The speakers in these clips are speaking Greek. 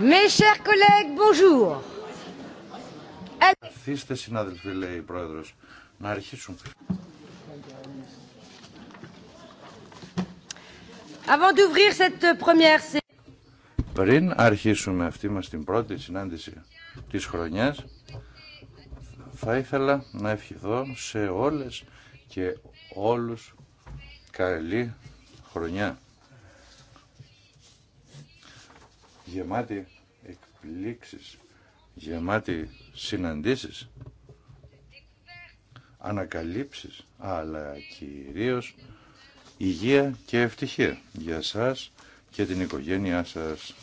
Mes chers collègues, bonjour. Καθίστε συνάδελφοι, λέει η πρόεδρο. Να αρχίσουν. Avant d'ouvrir cette première Πριν αρχίσουμε αυτή μας την πρώτη συνάντηση της χρονιάς, θα ήθελα να ευχηθώ σε όλες και όλους καλή χρονιά. γεμάτη εκπλήξεις, γεμάτη συναντήσεις, ανακαλύψεις, αλλά κυρίως υγεία και ευτυχία για σας και την οικογένειά σας.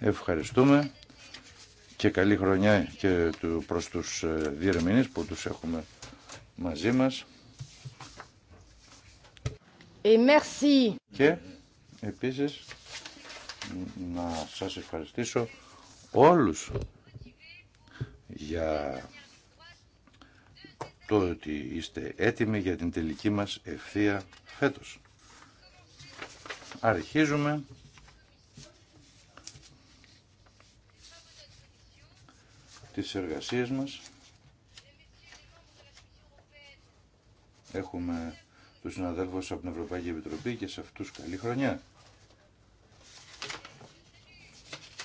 Ευχαριστούμε και καλή χρονιά και προς τους ε, διερμηνείς που τους έχουμε μαζί μας. Et Και επίσης να σας ευχαριστήσω όλους για το ότι είστε έτοιμοι για την τελική μας ευθεία φέτος. Αρχίζουμε τις εργασίες μας. Έχουμε τους συναδέλφους από την Ευρωπαϊκή Επιτροπή και σε αυτούς καλή χρονιά.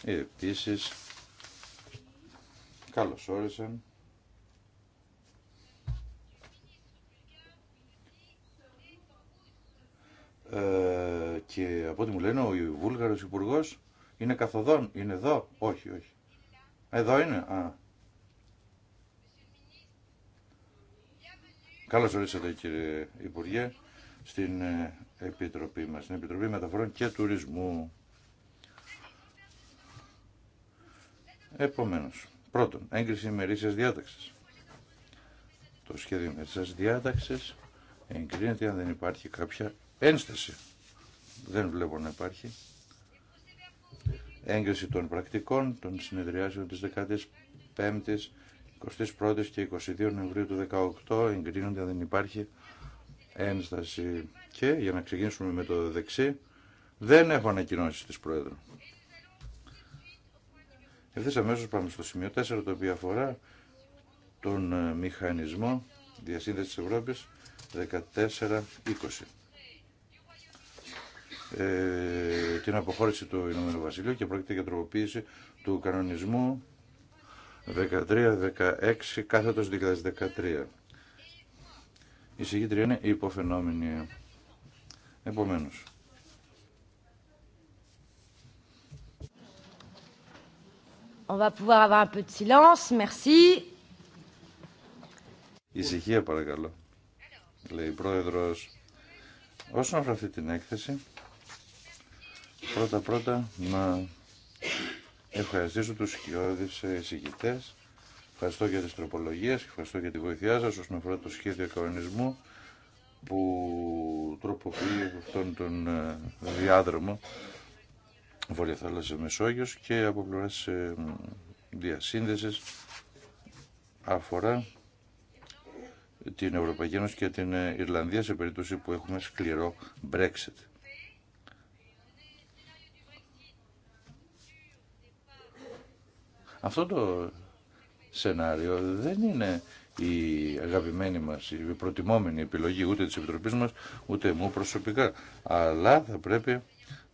Επίσης, καλώς όρισαν. Ε, και από ό,τι μου λένε, ο Βούλγαρος υπουργό είναι καθοδόν, είναι εδώ, όχι, όχι. Εδώ είναι, α. Καλώς ορίσατε κύριε Υπουργέ στην ε, Επιτροπή μας, στην Επιτροπή Μεταφορών και Τουρισμού. Επομένω. πρώτον, έγκριση ημερήσια διάταξη. Το σχέδιο ημερήσια διάταξη, εγκρίνεται αν δεν υπάρχει κάποια ένσταση. Δεν βλέπω να υπάρχει. Έγκριση των πρακτικών των συνεδριάσεων της 15 η 21ης και 22 Νοεμβρίου του 2018 εγκρίνονται αν δεν υπάρχει ένσταση. Και για να ξεκινήσουμε με το δεξί, δεν έχω ανακοινώσει τη Πρόεδρου. Ευθύ αμέσω πάμε στο σημείο 4, το οποίο αφορά τον ε, μηχανισμό διασύνδεση τη Ευρώπη 14-20. Ε, την αποχώρηση του Ηνωμένου Βασιλείου και πρόκειται για τροποποίηση του κανονισμού 13-16 κάθετο 2013. Η συγκήτρια είναι υποφαινόμενη. Επομένως, On va pouvoir avoir un peu de silence. Merci. Ησυχία παρακαλώ, λέει η Πρόεδρος. Όσον αφορά αυτή την έκθεση, πρώτα-πρώτα να ευχαριστήσω του σκιώδεις εισηγητές. Ευχαριστώ για τι τροπολογίε και ευχαριστώ για τη βοήθειά σα όσον αφορά το σχέδιο κανονισμού που τροποποιεί αυτόν τον ε, διάδρομο Βόρεια Θάλασσα Μεσόγειος και από πλευράς ε, διασύνδεσης αφορά την Ευρωπαϊκή Ένωση και την ε, Ιρλανδία σε περίπτωση που έχουμε σκληρό Brexit. Αυτό το σενάριο δεν είναι η αγαπημένη μας, η προτιμόμενη επιλογή ούτε της Επιτροπής μας, ούτε μου προσωπικά. Αλλά θα πρέπει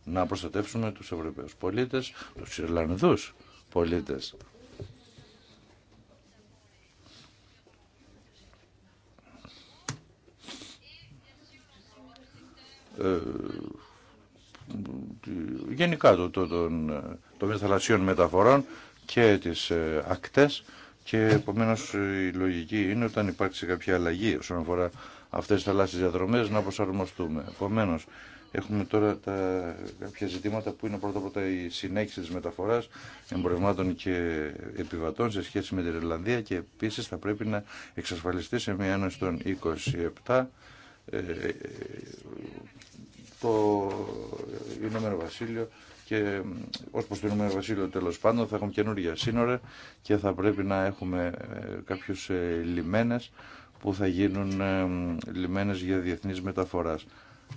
να προστατεύσουμε τους Ευρωπαίους πολίτες, τους Ιρλανδούς πολίτες. Ε, γενικά το, το, των, θαλασσίων μεταφορών και τις ε, ακτές και επομένως η λογική είναι όταν υπάρξει κάποια αλλαγή όσον αφορά αυτές τις θαλάσσιες διαδρομές να προσαρμοστούμε. Επομένως Έχουμε τώρα τα, κάποια ζητήματα που είναι πρώτα πρώτα η συνέχιση της μεταφοράς εμπορευμάτων και επιβατών σε σχέση με την Ιρλανδία και επίσης θα πρέπει να εξασφαλιστεί σε μια ένωση των 27 ε, το Ηνωμένο Βασίλειο και ε, ως προς το Ηνωμένο Βασίλειο τέλος πάντων θα έχουμε καινούργια σύνορα και θα πρέπει να έχουμε ε, κάποιους λιμένες που θα γίνουν λιμένες για διεθνής μεταφοράς.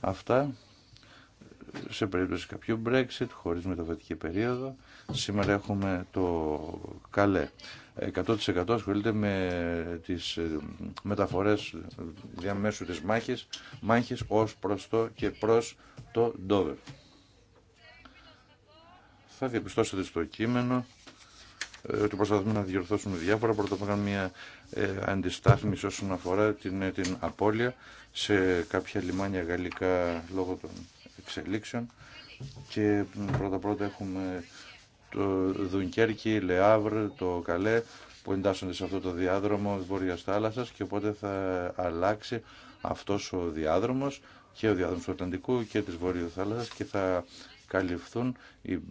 Αυτά σε περίπτωση κάποιου Brexit χωρίς μεταβατική περίοδο. Σήμερα έχουμε το καλέ. 100% ασχολείται με τις ε, μεταφορές διαμέσου της μάχης, μάχης ως προς το και προς το Dover. Θα διαπιστώσετε στο κείμενο ε, ότι προσπαθούμε να διορθώσουμε διάφορα. Πρώτα μια ε, αντιστάθμιση όσον αφορά την, ε, την απώλεια σε κάποια λιμάνια γαλλικά λόγω των εξελίξεων και πρώτα πρώτα έχουμε το Δουνκέρκι, Λεάβρ, το Καλέ που εντάσσονται σε αυτό το διάδρομο Βόρειας Θάλασσας και οπότε θα αλλάξει αυτός ο διάδρομος και ο διάδρομος του Ατλαντικού και της Βόρειας και θα καλυφθούν οι, οι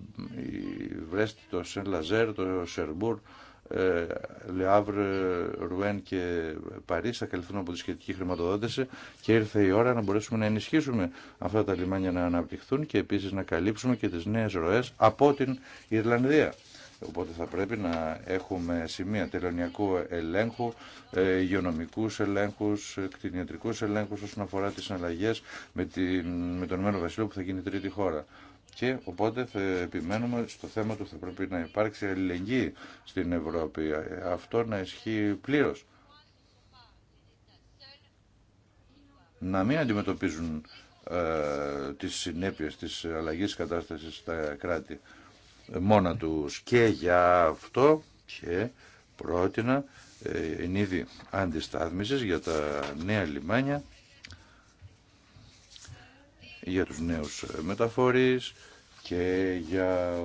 Βρέστη, το Σεν Λαζέρ, το Σερμπούρ, ε, Λεάβρ, Ρουέν και Παρίσι θα καλυφθούν από τη σχετική χρηματοδότηση και ήρθε η ώρα να μπορέσουμε να ενισχύσουμε αυτά τα λιμάνια να αναπτυχθούν και επίσης να καλύψουμε και τις νέες ροές από την Ιρλανδία. Οπότε θα πρέπει να έχουμε σημεία τελωνιακού ελέγχου, ε, υγειονομικού ελέγχου, ε, κτηνιατρικού ελέγχου όσον αφορά τι συναλλαγέ με, με τον Βασίλειο που θα γίνει τρίτη χώρα. Και οπότε επιμένουμε στο θέμα του θα πρέπει να υπάρξει αλληλεγγύη στην Ευρώπη. Αυτό να ισχύει πλήρως. Να μην αντιμετωπίζουν ε, τις συνέπειες της αλλαγής κατάστασης στα κράτη μόνα του. Και για αυτό και πρότεινα ε, εν είδη αντιστάθμισης για τα νέα λιμάνια για τους νέους ε, μεταφορείς και για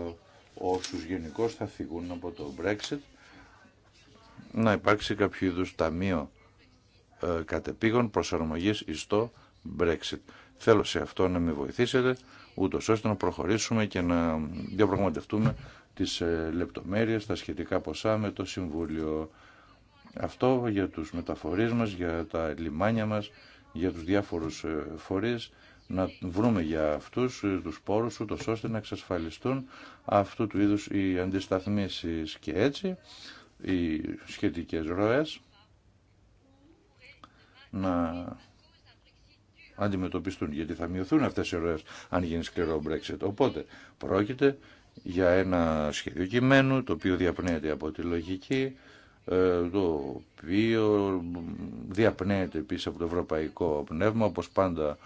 όσους γενικώ θα φυγούν από το Brexit να υπάρξει κάποιο είδου ταμείο ε, κατεπήγων προσαρμογής εις το Brexit. Θέλω σε αυτό να με βοηθήσετε ούτως ώστε να προχωρήσουμε και να διαπραγματευτούμε τις ε, λεπτομέρειες, τα σχετικά ποσά με το Συμβούλιο. Αυτό για τους μεταφορείς μας, για τα λιμάνια μας, για τους διάφορους ε, φορείς να βρούμε για αυτούς ε, τους πόρους το ώστε να εξασφαλιστούν αυτού του είδους οι αντισταθμίσεις και έτσι οι σχετικές ροές να αντιμετωπιστούν γιατί θα μειωθούν αυτές οι ροές αν γίνει σκληρό Brexit. Οπότε πρόκειται για ένα σχέδιο κειμένου το οποίο διαπνέεται από τη λογική ε, το οποίο διαπνέεται επίσης από το ευρωπαϊκό πνεύμα όπως πάντα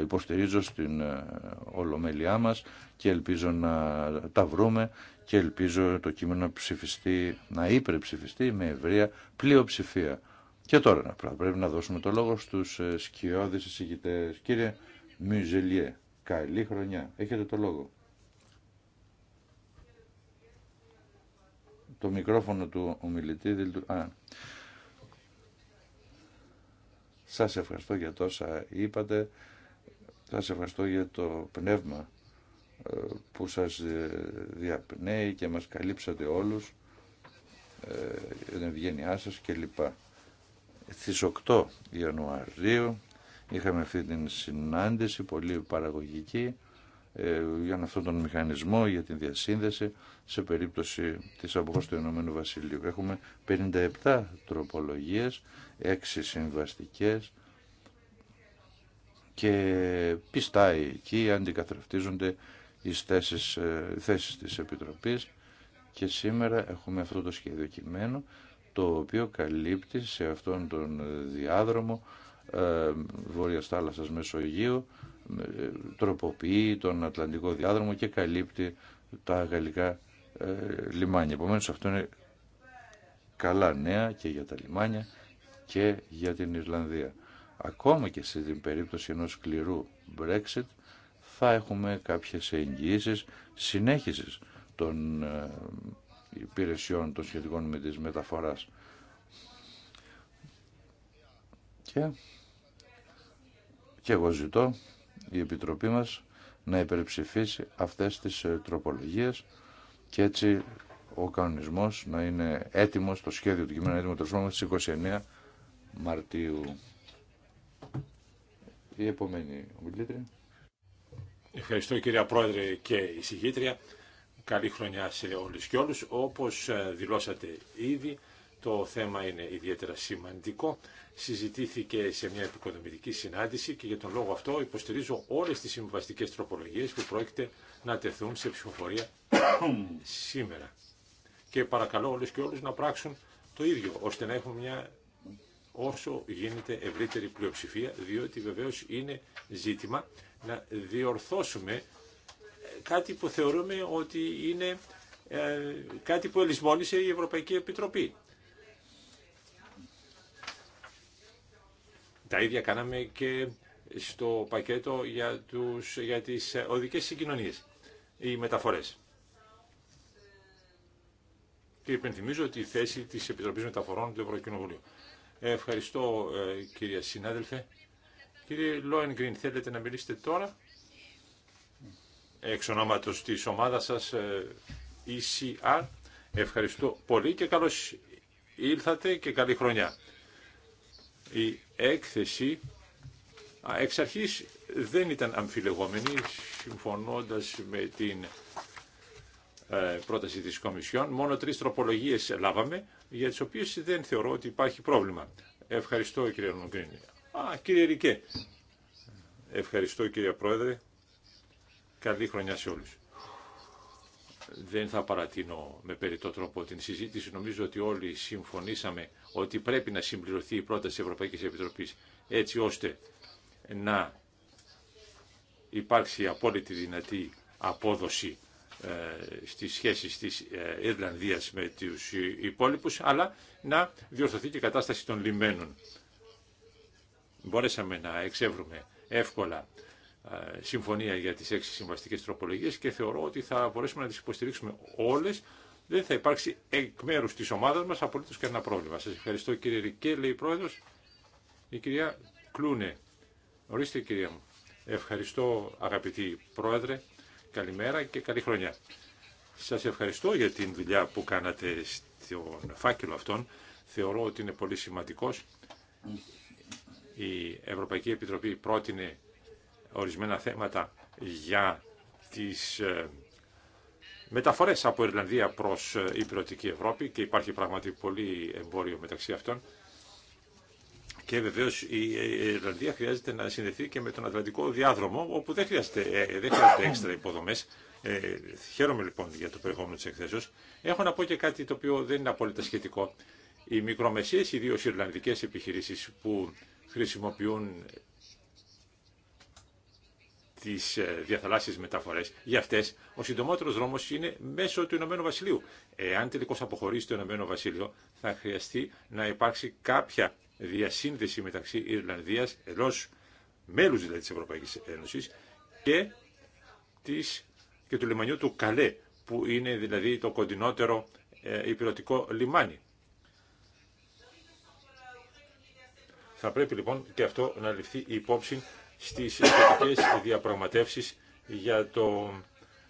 υποστηρίζω στην ε, ολομέλειά μας και ελπίζω να τα βρούμε και ελπίζω το κείμενο να ψηφιστεί, να υπερψηφιστεί με ευρεία πλειοψηφία. Και τώρα πρέπει να δώσουμε το λόγο στους ε, σκιώδεις εισηγητές. Κύριε Μιζελιέ, καλή χρονιά. Έχετε το λόγο. Το μικρόφωνο του ομιλητή σας ευχαριστώ για τόσα είπατε. Σας ευχαριστώ για το πνεύμα ε, που σας ε, διαπνέει και μας καλύψατε όλους ε, την ευγένειά σας και λοιπά. Στις 8 Ιανουαρίου είχαμε αυτή την συνάντηση πολύ παραγωγική ε, για αυτόν τον μηχανισμό, για την διασύνδεση σε περίπτωση της αποχώρησης του Ηνωμένου Βασιλείου. Έχουμε 57 τροπολογίες, 6 συμβαστικές και πιστάει εκεί αντικαθρεφτίζονται οι θέσεις, ε, θέσεις της Επιτροπής και σήμερα έχουμε αυτό το σχέδιο κειμένο το οποίο καλύπτει σε αυτόν τον διάδρομο ε, Βόρειας Θάλασσας Μεσογείου τροποποιεί τον Ατλαντικό διάδρομο και καλύπτει τα γαλλικά ε, λιμάνια. Επομένως αυτό είναι καλά νέα και για τα λιμάνια και για την Ισλανδία. Ακόμα και σε την περίπτωση ενός σκληρού Brexit θα έχουμε κάποιες εγγυήσεις συνέχισης των ε, υπηρεσιών των σχετικών με τις μεταφοράς. Και, και εγώ ζητώ η Επιτροπή μας να υπερψηφίσει αυτές τις ε, τροπολογίες και έτσι ο κανονισμός να είναι έτοιμος, το σχέδιο του κειμένου έτοιμο το στις 29 Μαρτίου. Η επόμενη ομιλήτρια. Ευχαριστώ κυρία Πρόεδρε και η Καλή χρονιά σε όλους και όλους. Όπως ε, δηλώσατε ήδη, το θέμα είναι ιδιαίτερα σημαντικό. Συζητήθηκε σε μια επικοδομητική συνάντηση και για τον λόγο αυτό υποστηρίζω όλες τις συμβαστικές τροπολογίες που πρόκειται να τεθούν σε ψηφοφορία σήμερα. Και παρακαλώ όλες και όλους να πράξουν το ίδιο, ώστε να έχουμε μια όσο γίνεται ευρύτερη πλειοψηφία, διότι βεβαίως είναι ζήτημα να διορθώσουμε κάτι που θεωρούμε ότι είναι ε, κάτι που ελισμόνησε η Ευρωπαϊκή Επιτροπή. Τα ίδια κάναμε και στο πακέτο για, τους, για τις ε, οδικές συγκοινωνίες, οι μεταφορές. Και υπενθυμίζω τη θέση της Επιτροπής Μεταφορών του Ευρωκοινοβουλίου. Ευχαριστώ ε, κυρία συνάδελφε. Κύριε Λόεν Γκριν, θέλετε να μιλήσετε τώρα. Εξ ονόματος της ομάδας σας ε, ECR. Ευχαριστώ πολύ και καλώς ήλθατε και καλή χρονιά. Η έκθεση εξ αρχής δεν ήταν αμφιλεγόμενη, συμφωνώντας με την ε, πρόταση της Κομισιόν. Μόνο τρεις τροπολογίες λάβαμε, για τις οποίες δεν θεωρώ ότι υπάρχει πρόβλημα. Ευχαριστώ κύριε Ρονογκρίνη. Α, κύριε Ρικέ. Ευχαριστώ κύριε Πρόεδρε. Καλή χρονιά σε όλους δεν θα παρατείνω με περιττό τρόπο την συζήτηση. Νομίζω ότι όλοι συμφωνήσαμε ότι πρέπει να συμπληρωθεί η πρόταση της Ευρωπαϊκής Επιτροπής έτσι ώστε να υπάρξει απόλυτη δυνατή απόδοση ε, στις σχέσεις της ε, Ιρλανδίας με τους υπόλοιπους, αλλά να διορθωθεί και η κατάσταση των λιμένων. Μπορέσαμε να εξεύρουμε εύκολα ε, συμφωνία για τις έξι συμβαστικές τροπολογίες και θεωρώ ότι θα μπορέσουμε να τις υποστηρίξουμε όλες. Δεν θα υπάρξει εκ μέρου της ομάδας μας απολύτως κανένα πρόβλημα. Σας ευχαριστώ κύριε Ρικέ, λέει η πρόεδρος. Η κυρία Κλούνε. Ορίστε κυρία μου. Ευχαριστώ αγαπητή πρόεδρε. Καλημέρα και καλή χρονιά. Σας ευχαριστώ για την δουλειά που κάνατε στον φάκελο αυτόν. Θεωρώ ότι είναι πολύ σημαντικός. Η Ευρωπαϊκή Επιτροπή πρότεινε ορισμένα θέματα για τις ε, μεταφορές από Ιρλανδία προς ε, Υπηρετική Ευρώπη και υπάρχει πράγματι πολύ εμπόριο μεταξύ αυτών. Και βεβαίω η Ιρλανδία χρειάζεται να συνδεθεί και με τον Ατλαντικό διάδρομο, όπου δεν χρειάζεται, ε, δεν χρειάζεται έξτρα υποδομέ. Ε, χαίρομαι λοιπόν για το περιεχόμενο τη εκθέσεω. Έχω να πω και κάτι το οποίο δεν είναι απόλυτα σχετικό. Οι μικρομέσίε, ιδίω οι Ιρλανδικέ επιχειρήσει που χρησιμοποιούν τις ε, διαθαλάσσιε μεταφορές, για αυτές ο συντομότερος δρόμος είναι μέσω του Ηνωμένου Βασιλείου. Εάν τελικώς αποχωρήσει το Ηνωμένο Βασίλειο, θα χρειαστεί να υπάρξει κάποια διασύνδεση μεταξύ Ιρλανδίας, ενό μέλους δηλαδή της Ευρωπαϊκής Ένωσης, και, της, και του λιμανιού του Καλέ, που είναι δηλαδή το κοντινότερο ε, υπηρετικό λιμάνι. Θα πρέπει λοιπόν και αυτό να ληφθεί υπόψη στις σχετικές διαπραγματεύσεις για, το,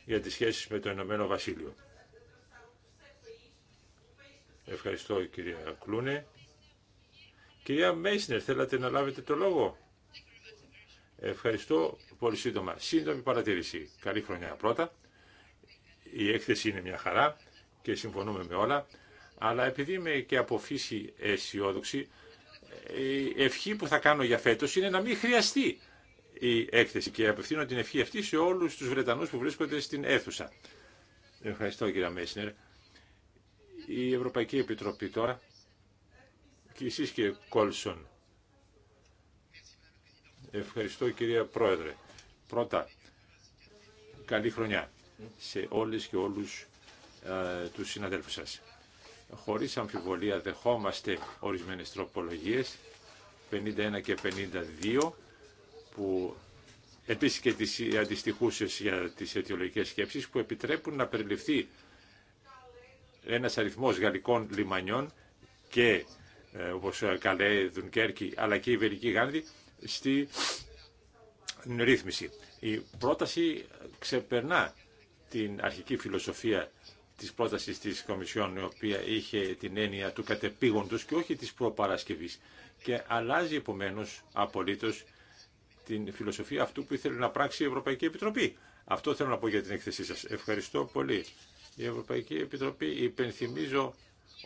για τις σχέσεις με το Ενωμένο Βασίλειο. Ευχαριστώ κυρία Κλούνε. Κυρία Μέισνερ, θέλατε να λάβετε το λόγο. Ευχαριστώ πολύ σύντομα. Σύντομη παρατήρηση. Καλή χρονιά πρώτα. Η έκθεση είναι μια χαρά και συμφωνούμε με όλα. Αλλά επειδή είμαι και από φύση αισιόδοξη, η ευχή που θα κάνω για φέτος είναι να μην χρειαστεί η έκθεση και απευθύνω την ευχή αυτή σε όλους τους Βρετανούς που βρίσκονται στην αίθουσα. Ευχαριστώ κύριε Μέσνερ. Η Ευρωπαϊκή Επιτροπή τώρα και εσείς κύριε Κόλσον. Ευχαριστώ κυρία Πρόεδρε. Πρώτα, καλή χρονιά σε όλες και όλους του τους συναδέλφους σας. Χωρίς αμφιβολία δεχόμαστε ορισμένες τροπολογίες, 51 και 52, που επίσης και τις αντιστοιχούσες για τις αιτιολογικές σκέψεις που επιτρέπουν να περιληφθεί ένας αριθμός γαλλικών λιμανιών και ε, όπως ε, Καλέ, Δουνκέρκη αλλά και η Βερική Γάνδη στη ρύθμιση. Η πρόταση ξεπερνά την αρχική φιλοσοφία της πρότασης της Κομισιόν η οποία είχε την έννοια του κατεπήγοντος και όχι της προπαρασκευής και αλλάζει επομένως απολύτως την φιλοσοφία αυτού που ήθελε να πράξει η Ευρωπαϊκή Επιτροπή. Αυτό θέλω να πω για την έκθεσή σας. Ευχαριστώ πολύ. Η Ευρωπαϊκή Επιτροπή υπενθυμίζω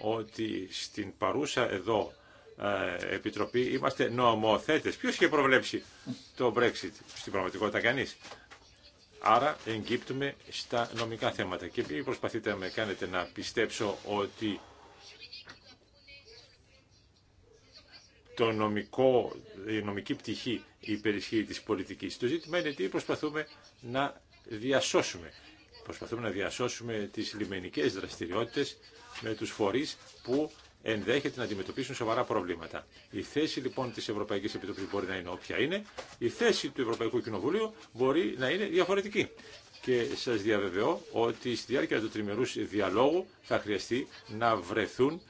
ότι στην παρούσα εδώ ε, Επιτροπή είμαστε νομοθέτες. Ποιος είχε προβλέψει το Brexit στην πραγματικότητα κανείς. Άρα εγκύπτουμε στα νομικά θέματα. Και επειδή προσπαθείτε να με κάνετε να πιστέψω ότι το νομικό, η νομική πτυχή υπερισχύει της πολιτικής. Το ζήτημα είναι τι προσπαθούμε να διασώσουμε. Προσπαθούμε να διασώσουμε τις λιμενικές δραστηριότητες με τους φορείς που ενδέχεται να αντιμετωπίσουν σοβαρά προβλήματα. Η θέση λοιπόν της Ευρωπαϊκής Επιτροπής μπορεί να είναι όποια είναι, η θέση του Ευρωπαϊκού Κοινοβουλίου μπορεί να είναι διαφορετική. Και σας διαβεβαιώ ότι στη διάρκεια του τριμερούς διαλόγου θα χρειαστεί να βρεθούν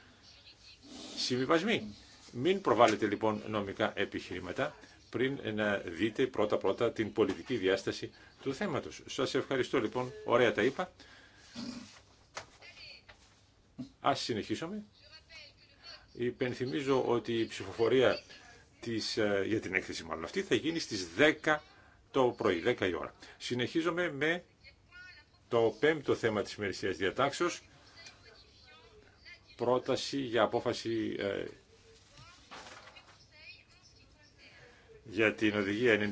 συμβιβασμοί μην προβάλλετε λοιπόν νομικά επιχειρήματα πριν να δείτε πρώτα-πρώτα την πολιτική διάσταση του θέματος. Σας ευχαριστώ λοιπόν, ωραία τα είπα. Ας συνεχίσουμε. Υπενθυμίζω ότι η ψηφοφορία της, ε, για την έκθεση μάλλον αυτή θα γίνει στις 10 το πρωί, 10 η ώρα. Συνεχίζουμε με το πέμπτο θέμα της ημερησίας διατάξεως, πρόταση για απόφαση ε, για την οδηγία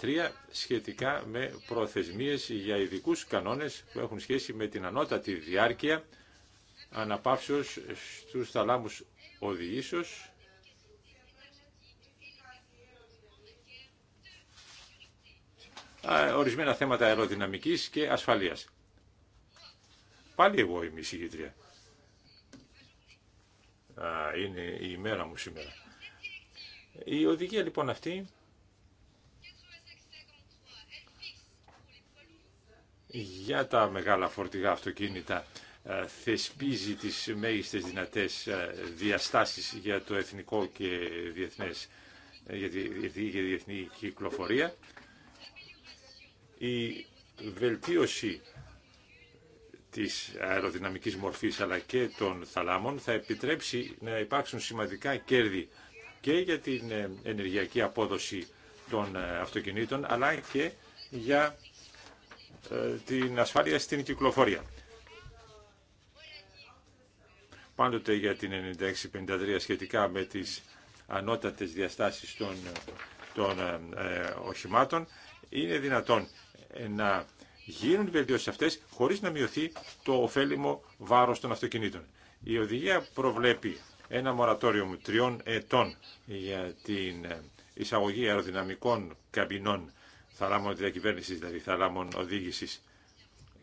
9653 σχετικά με προθεσμίες για ειδικούς κανόνες που έχουν σχέση με την ανώτατη διάρκεια αναπαύσεως στους θαλάμους οδηγήσεως ορισμένα θέματα αεροδυναμικής και ασφαλείας. Πάλι εγώ είμαι η συγκήτρια. Είναι η ημέρα μου σήμερα. Η οδηγία λοιπόν αυτή για τα μεγάλα φορτηγά αυτοκίνητα ε, θεσπίζει τις μέγιστες δυνατές ε, διαστάσεις για το εθνικό και διεθνές ε, για τη διεθνή κυκλοφορία. Η βελτίωση της αεροδυναμικής μορφής αλλά και των θαλάμων θα επιτρέψει να υπάρξουν σημαντικά κέρδη και για την ε, ενεργειακή απόδοση των ε, αυτοκινήτων, αλλά και για ε, την ασφάλεια στην κυκλοφορία. Πάντοτε για την 96-53 σχετικά με τις ανώτατες διαστάσεις των, των οχημάτων, είναι δυνατόν να γίνουν βελτιώσεις αυτές χωρίς να μειωθεί το ωφέλιμο βάρος των αυτοκινήτων. Η οδηγία προβλέπει ένα μορατόριο τριών ετών για την εισαγωγή αεροδυναμικών καμπινών θαλάμων διακυβέρνησης, δηλαδή θαλάμων οδήγησης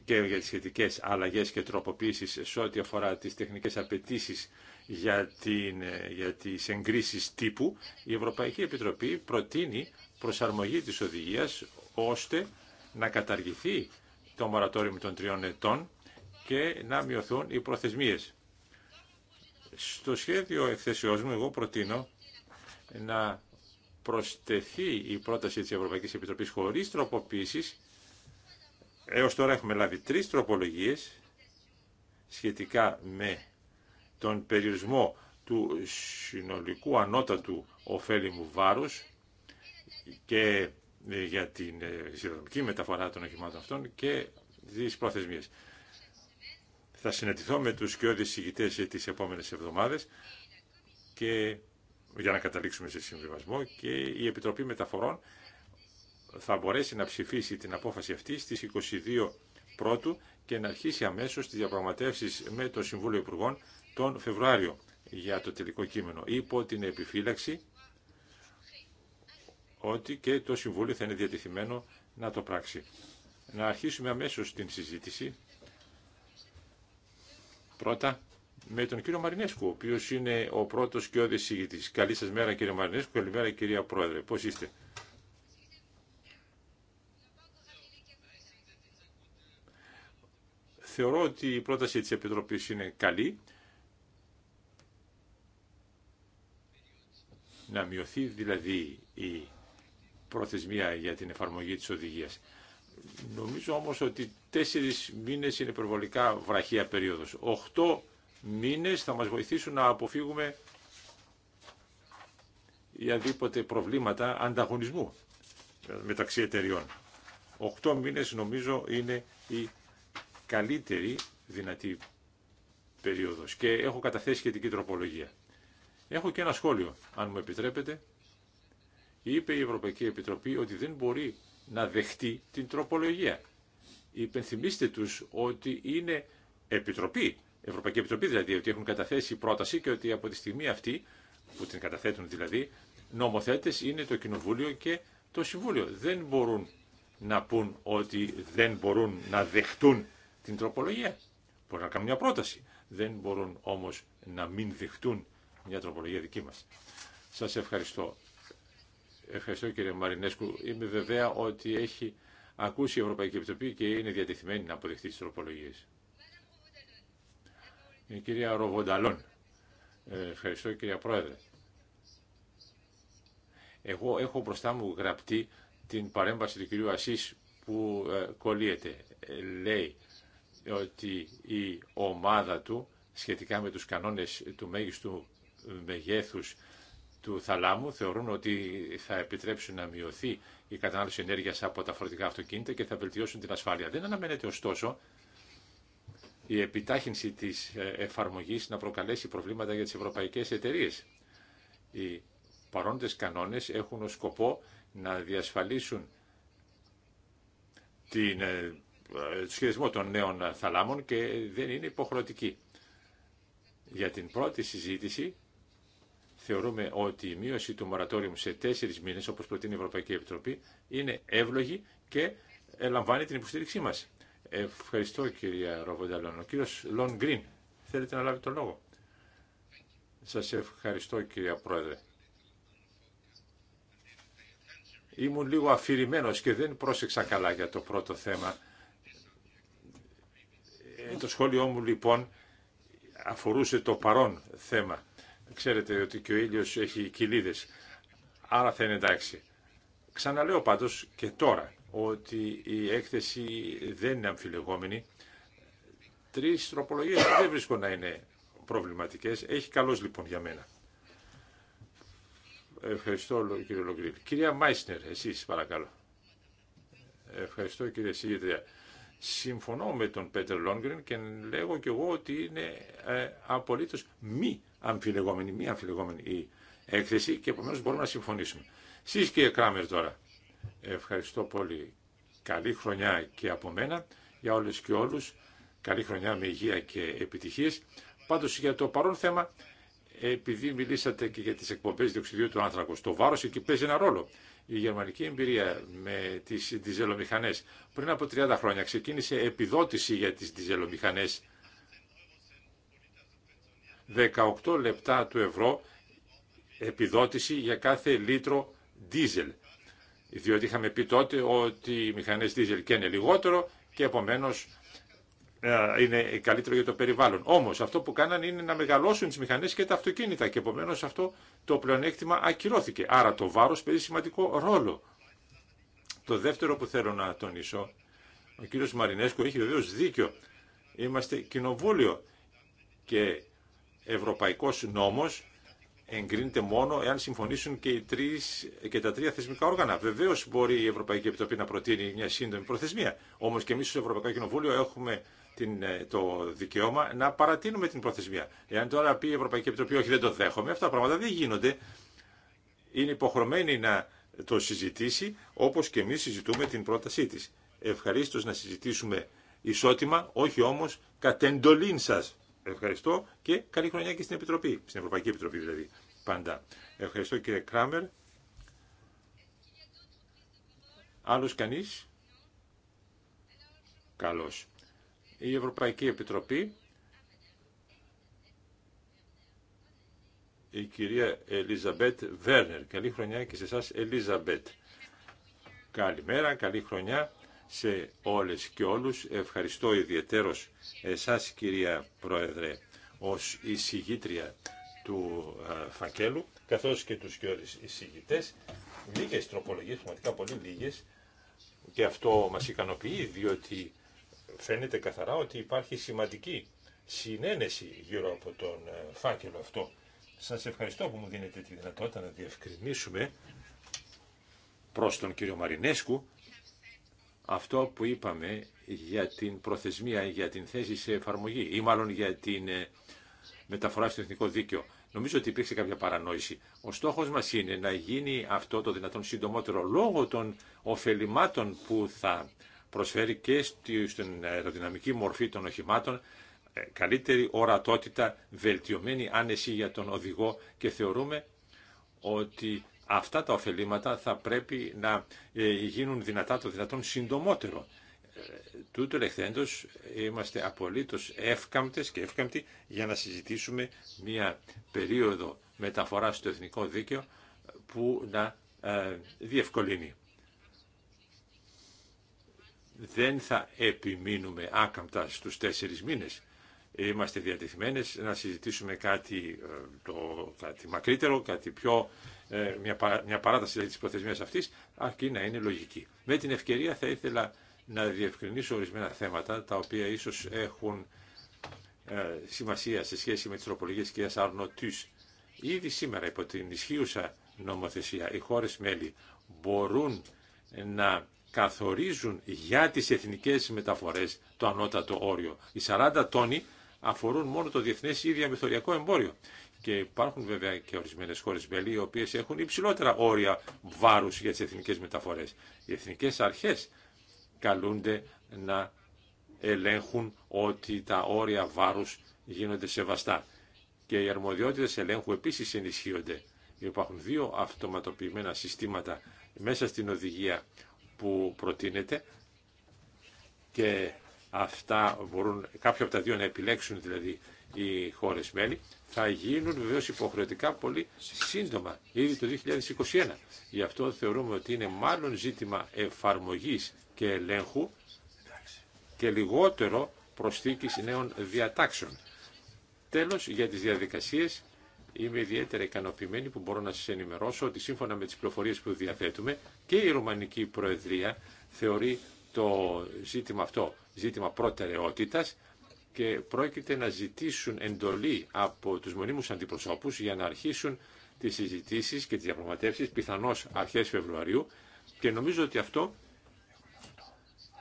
και για τις σχετικές αλλαγές και τροποποίησεις σε ό,τι αφορά τις τεχνικές απαιτήσει για, την, για τις εγκρίσεις τύπου, η Ευρωπαϊκή Επιτροπή προτείνει προσαρμογή της οδηγίας ώστε να καταργηθεί το μορατόριο των τριών ετών και να μειωθούν οι προθεσμίες. Στο σχέδιο εκθεσιο μου εγώ προτείνω να προστεθεί η πρόταση της Ευρωπαϊκής Επιτροπής χωρίς τροποποίησης. Έως τώρα έχουμε λάβει τρεις τροπολογίες σχετικά με τον περιορισμό του συνολικού ανώτατου ωφέλιμου βάρους και για την ε, συνδρομική μεταφορά των οχημάτων αυτών και τις προθεσμίες. Θα συναντηθώ με τους και ηγητές τις επόμενες εβδομάδες και για να καταλήξουμε σε συμβιβασμό και η Επιτροπή Μεταφορών θα μπορέσει να ψηφίσει την απόφαση αυτή στις 22 πρώτου και να αρχίσει αμέσως τις διαπραγματεύσεις με το Συμβούλιο Υπουργών τον Φεβρουάριο για το τελικό κείμενο υπό την επιφύλαξη ότι και το Συμβούλιο θα είναι διατεθειμένο να το πράξει. Να αρχίσουμε αμέσως την συζήτηση Πρώτα με τον κύριο Μαρινέσκου, ο οποίο είναι ο πρώτος και ο τη. Καλή σα μέρα κύριε Μαρινέσκου, καλημέρα κυρία Πρόεδρε. Πώς είστε. Θεωρώ ότι η πρόταση της Επιτροπής είναι καλή. Να μειωθεί δηλαδή η προθεσμία για την εφαρμογή της οδηγίας. Νομίζω όμως ότι τέσσερις μήνες είναι υπερβολικά βραχία περίοδος. Οχτώ μήνες θα μας βοηθήσουν να αποφύγουμε οποιαδήποτε προβλήματα ανταγωνισμού μεταξύ εταιριών. Οχτώ μήνες νομίζω είναι η καλύτερη δυνατή περίοδος και έχω καταθέσει σχετική τροπολογία. Έχω και ένα σχόλιο, αν μου επιτρέπετε. Είπε η Ευρωπαϊκή Επιτροπή ότι δεν μπορεί να δεχτεί την τροπολογία. Υπενθυμίστε τους ότι είναι επιτροπή, Ευρωπαϊκή Επιτροπή δηλαδή, ότι έχουν καταθέσει πρόταση και ότι από τη στιγμή αυτή, που την καταθέτουν δηλαδή, νομοθέτες είναι το Κοινοβούλιο και το Συμβούλιο. Δεν μπορούν να πούν ότι δεν μπορούν να δεχτούν την τροπολογία. Μπορεί να κάνουν μια πρόταση. Δεν μπορούν όμως να μην δεχτούν μια τροπολογία δική μας. Σας ευχαριστώ. Ευχαριστώ κύριε Μαρινέσκου. Είμαι βεβαία ότι έχει ακούσει η Ευρωπαϊκή Επιτροπή και είναι διατεθειμένη να αποδεχτεί τις τροπολογίες. Η κυρία Ροβονταλόν. Ε, ευχαριστώ κύριε Πρόεδρε. Εγώ έχω μπροστά μου γραπτή την παρέμβαση του κυρίου Ασής που ε, κολλείεται. Ε, λέει ότι η ομάδα του σχετικά με τους κανόνες του μέγιστου μεγέθους του θαλάμου θεωρούν ότι θα επιτρέψουν να μειωθεί η κατανάλωση ενέργεια από τα φορτηγά αυτοκίνητα και θα βελτιώσουν την ασφάλεια. Δεν αναμένεται ωστόσο η επιτάχυνση τη ε, εφαρμογή να προκαλέσει προβλήματα για τι ευρωπαϊκέ εταιρείε. Οι παρόντες κανόνε έχουν ως σκοπό να διασφαλίσουν την, ε, ε, το σχεδιασμό των νέων θαλάμων και δεν είναι υποχρεωτική. Για την πρώτη συζήτηση θεωρούμε ότι η μείωση του μορατόριου σε τέσσερι μήνε, όπω προτείνει η Ευρωπαϊκή Επιτροπή, είναι εύλογη και ε, λαμβάνει την υποστήριξή μα. Ευχαριστώ, κυρία Ροβονταλόν. Ο κύριο Λον Γκριν, θέλετε να λάβετε τον λόγο. Σα ευχαριστώ, κυρία Πρόεδρε. Ήμουν λίγο αφηρημένο και δεν πρόσεξα καλά για το πρώτο θέμα. Ε, το σχόλιο μου λοιπόν αφορούσε το παρόν θέμα Ξέρετε ότι και ο ήλιος έχει κοιλίδες, άρα θα είναι εντάξει. Ξαναλέω πάντως και τώρα ότι η έκθεση δεν είναι αμφιλεγόμενη. Τρεις τροπολογίες δεν βρίσκω να είναι προβληματικές. Έχει καλός λοιπόν για μένα. Ευχαριστώ κύριε Λογκρίλ. Κυρία Μάισνερ, εσείς παρακαλώ. Ευχαριστώ κύριε Συγγετρία. Συμφωνώ με τον Πέτερ Λόγκριν και λέγω κι εγώ ότι είναι ε, απολύτως μη αμφιλεγόμενη, μη αμφιλεγόμενη η έκθεση και επομένως μπορούμε να συμφωνήσουμε. Σεις κύριε Κράμερ τώρα, ευχαριστώ πολύ. Καλή χρονιά και από μένα για όλες και όλους. Καλή χρονιά με υγεία και επιτυχίες. Πάντως για το παρόν θέμα, επειδή μιλήσατε και για τις εκπομπές διοξιδίου του άνθρακος, το βάρος εκεί παίζει ένα ρόλο. Η γερμανική εμπειρία με τις διζελομηχανές πριν από 30 χρόνια ξεκίνησε επιδότηση για τις διζελομηχανές 18 λεπτά του ευρώ επιδότηση για κάθε λίτρο δίζελ. Διότι είχαμε πει τότε ότι οι μηχανές δίζελ καίνε λιγότερο και επομένως ε, είναι καλύτερο για το περιβάλλον. Όμως αυτό που κάνανε είναι να μεγαλώσουν τις μηχανές και τα αυτοκίνητα και επομένως αυτό το πλεονέκτημα ακυρώθηκε. Άρα το βάρος παίζει σημαντικό ρόλο. Το δεύτερο που θέλω να τονίσω, ο κύριος Μαρινέσκο έχει βεβαίω δίκιο. Είμαστε κοινοβούλιο και ευρωπαϊκός νόμος εγκρίνεται μόνο εάν συμφωνήσουν και, οι τρεις, και τα τρία θεσμικά όργανα. Βεβαίω μπορεί η Ευρωπαϊκή Επιτροπή να προτείνει μια σύντομη προθεσμία. Όμω και εμεί στο Ευρωπαϊκό Κοινοβούλιο έχουμε την, ε, το δικαίωμα να παρατείνουμε την προθεσμία. Εάν τώρα πει η Ευρωπαϊκή Επιτροπή, όχι δεν το δέχομαι, αυτά τα πράγματα δεν γίνονται. Είναι υποχρεωμένη να το συζητήσει όπω και εμεί συζητούμε την πρότασή τη. Ευχαρίστω να συζητήσουμε ισότιμα, όχι όμω κατ' εντολήν σα. Ευχαριστώ και καλή χρονιά και στην Επιτροπή, στην Ευρωπαϊκή Επιτροπή δηλαδή, πάντα. Ευχαριστώ κύριε Κράμερ. Άλλος κανείς. Καλώς. Η Ευρωπαϊκή Επιτροπή, η κυρία Ελίζαμπετ Βέρνερ. Καλή χρονιά και σε εσά Ελίζαμπετ. Καλημέρα, καλή χρονιά σε όλες και όλους. Ευχαριστώ ιδιαίτερος εσάς κυρία Πρόεδρε ως εισηγήτρια του φακέλου, καθώς και τους και όλες εισηγητές. Λίγες τροπολογίες, πραγματικά πολύ λίγες, και αυτό μας ικανοποιεί, διότι φαίνεται καθαρά ότι υπάρχει σημαντική συνένεση γύρω από τον φάκελο αυτό. Σας ευχαριστώ που μου δίνετε τη δυνατότητα να διευκρινίσουμε προς τον κύριο Μαρινέσκου αυτό που είπαμε για την προθεσμία, για την θέση σε εφαρμογή ή μάλλον για την ε, μεταφορά στο εθνικό δίκαιο. Νομίζω ότι υπήρξε κάποια παρανόηση. Ο στόχο μα είναι να γίνει αυτό το δυνατόν συντομότερο λόγω των ωφελημάτων που θα προσφέρει και στην αεροδυναμική μορφή των οχημάτων ε, καλύτερη ορατότητα, βελτιωμένη άνεση για τον οδηγό και θεωρούμε ότι αυτά τα ωφελήματα θα πρέπει να ε, γίνουν δυνατά το δυνατόν συντομότερο. Ε, τούτο λεχθέντος, ε, είμαστε απολύτως εύκαμπτες και εύκαμπτοι για να συζητήσουμε μια περίοδο μεταφοράς στο εθνικό δίκαιο που να διευκολύνει. Δεν θα επιμείνουμε άκαμπτα στους τέσσερις μήνες. Είμαστε διατεθειμένες να συζητήσουμε κάτι, το, κάτι μακρύτερο, κάτι πιο ε, μια παράταση δηλαδή, της προθεσμίας αυτής, αρκεί να είναι λογική. Με την ευκαιρία θα ήθελα να διευκρινίσω ορισμένα θέματα, τα οποία ίσως έχουν ε, σημασία σε σχέση με τις τροπολογίες κυρίας Αρνοτής. Ήδη σήμερα υπό την ισχύουσα νομοθεσία οι χώρες μέλη μπορούν να καθορίζουν για τις εθνικές μεταφορές το ανώτατο όριο. Οι 40 τόνοι αφορούν μόνο το διεθνές ή διαμεθοριακό εμπόριο. Και υπάρχουν βέβαια και ορισμένε χώρε μέλη οι οποίε έχουν υψηλότερα όρια βάρου για τι εθνικέ μεταφορέ. Οι εθνικέ αρχέ καλούνται να ελέγχουν ότι τα όρια βάρους γίνονται σεβαστά. Και οι αρμοδιότητες ελέγχου επίσης ενισχύονται. Υπάρχουν δύο αυτοματοποιημένα συστήματα μέσα στην οδηγία που προτείνεται και αυτά μπορούν, κάποια από τα δύο να επιλέξουν δηλαδή οι χώρε μέλη, θα γίνουν βεβαίω υποχρεωτικά πολύ σύντομα, ήδη το 2021. Γι' αυτό θεωρούμε ότι είναι μάλλον ζήτημα εφαρμογής και ελέγχου και λιγότερο προσθήκης νέων διατάξεων. Τέλος, για τις διαδικασίες, είμαι ιδιαίτερα ικανοποιημένη που μπορώ να σας ενημερώσω ότι σύμφωνα με τις πληροφορίες που διαθέτουμε και η Ρουμανική Προεδρία θεωρεί το ζήτημα αυτό ζήτημα προτεραιότητας και πρόκειται να ζητήσουν εντολή από τους μονίμους αντιπροσώπους για να αρχίσουν τις συζητήσεις και τις διαπραγματεύσεις πιθανώς αρχές Φεβρουαρίου και νομίζω ότι αυτό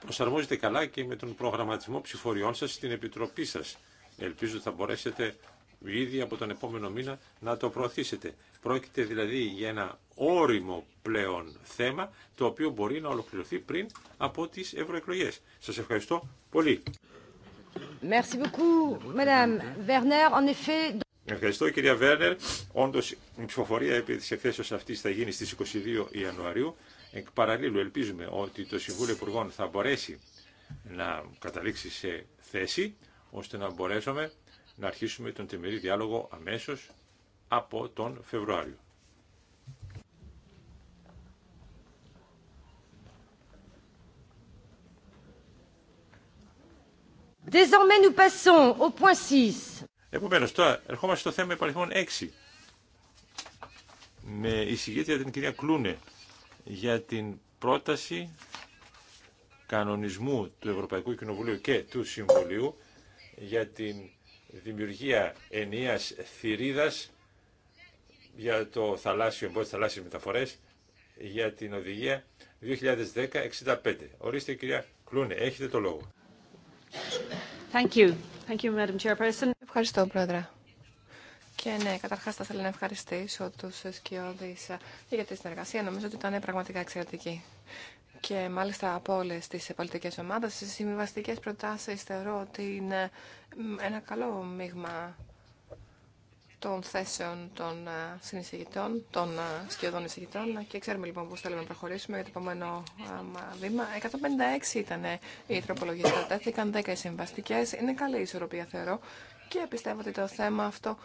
προσαρμόζεται καλά και με τον προγραμματισμό ψηφοριών σας στην Επιτροπή σας. Ελπίζω ότι θα μπορέσετε ήδη από τον επόμενο μήνα να το προωθήσετε. Πρόκειται δηλαδή για ένα όριμο πλέον θέμα το οποίο μπορεί να ολοκληρωθεί πριν από τις ευρωεκλογές. Σας ευχαριστώ πολύ. Ευχαριστώ κυρία Βέρνερ. Όντω η ψηφοφορία επί τη εκθέσεω αυτή θα γίνει στι 22 Ιανουαρίου. Εκ παραλίλου ελπίζουμε ότι το Συμβούλιο Υπουργών θα μπορέσει να καταλήξει σε θέση ώστε να μπορέσουμε να αρχίσουμε τον τεμερή διάλογο αμέσω από τον Φεβρουάριο. Désormais, passons au point 6. Επομένως, τώρα ερχόμαστε στο θέμα υπαριθμών 6. Με εισηγήτρια την κυρία Κλούνε για την πρόταση κανονισμού του Ευρωπαϊκού Κοινοβουλίου και του Συμβουλίου για την δημιουργία ενιαίας θηρίδας για το θαλάσσιο εμπόδιο, θαλάσσιες μεταφορές για την οδηγία 2010-65. Ορίστε κυρία Κλούνε, έχετε το λόγο. Ευχαριστώ, Πρόεδρε. Και ναι, καταρχά θα ήθελα να ευχαριστήσω του σκιώδει για τη συνεργασία. Νομίζω ότι ήταν πραγματικά εξαιρετική. Και μάλιστα από όλε τι πολιτικέ ομάδε, οι συμβιβαστικέ προτάσει θεωρώ ότι είναι ένα καλό μείγμα των θέσεων των ε, συνεισηγητών, των ε, σκιωδών εισηγητών και ξέρουμε λοιπόν πώς θέλουμε να προχωρήσουμε για το επόμενο ε, βήμα. 156 ήταν οι τροπολογίες που τέθηκαν, 10 οι συμβαστικές. Είναι καλή ισορροπία θεωρώ και πιστεύω ότι το θέμα αυτό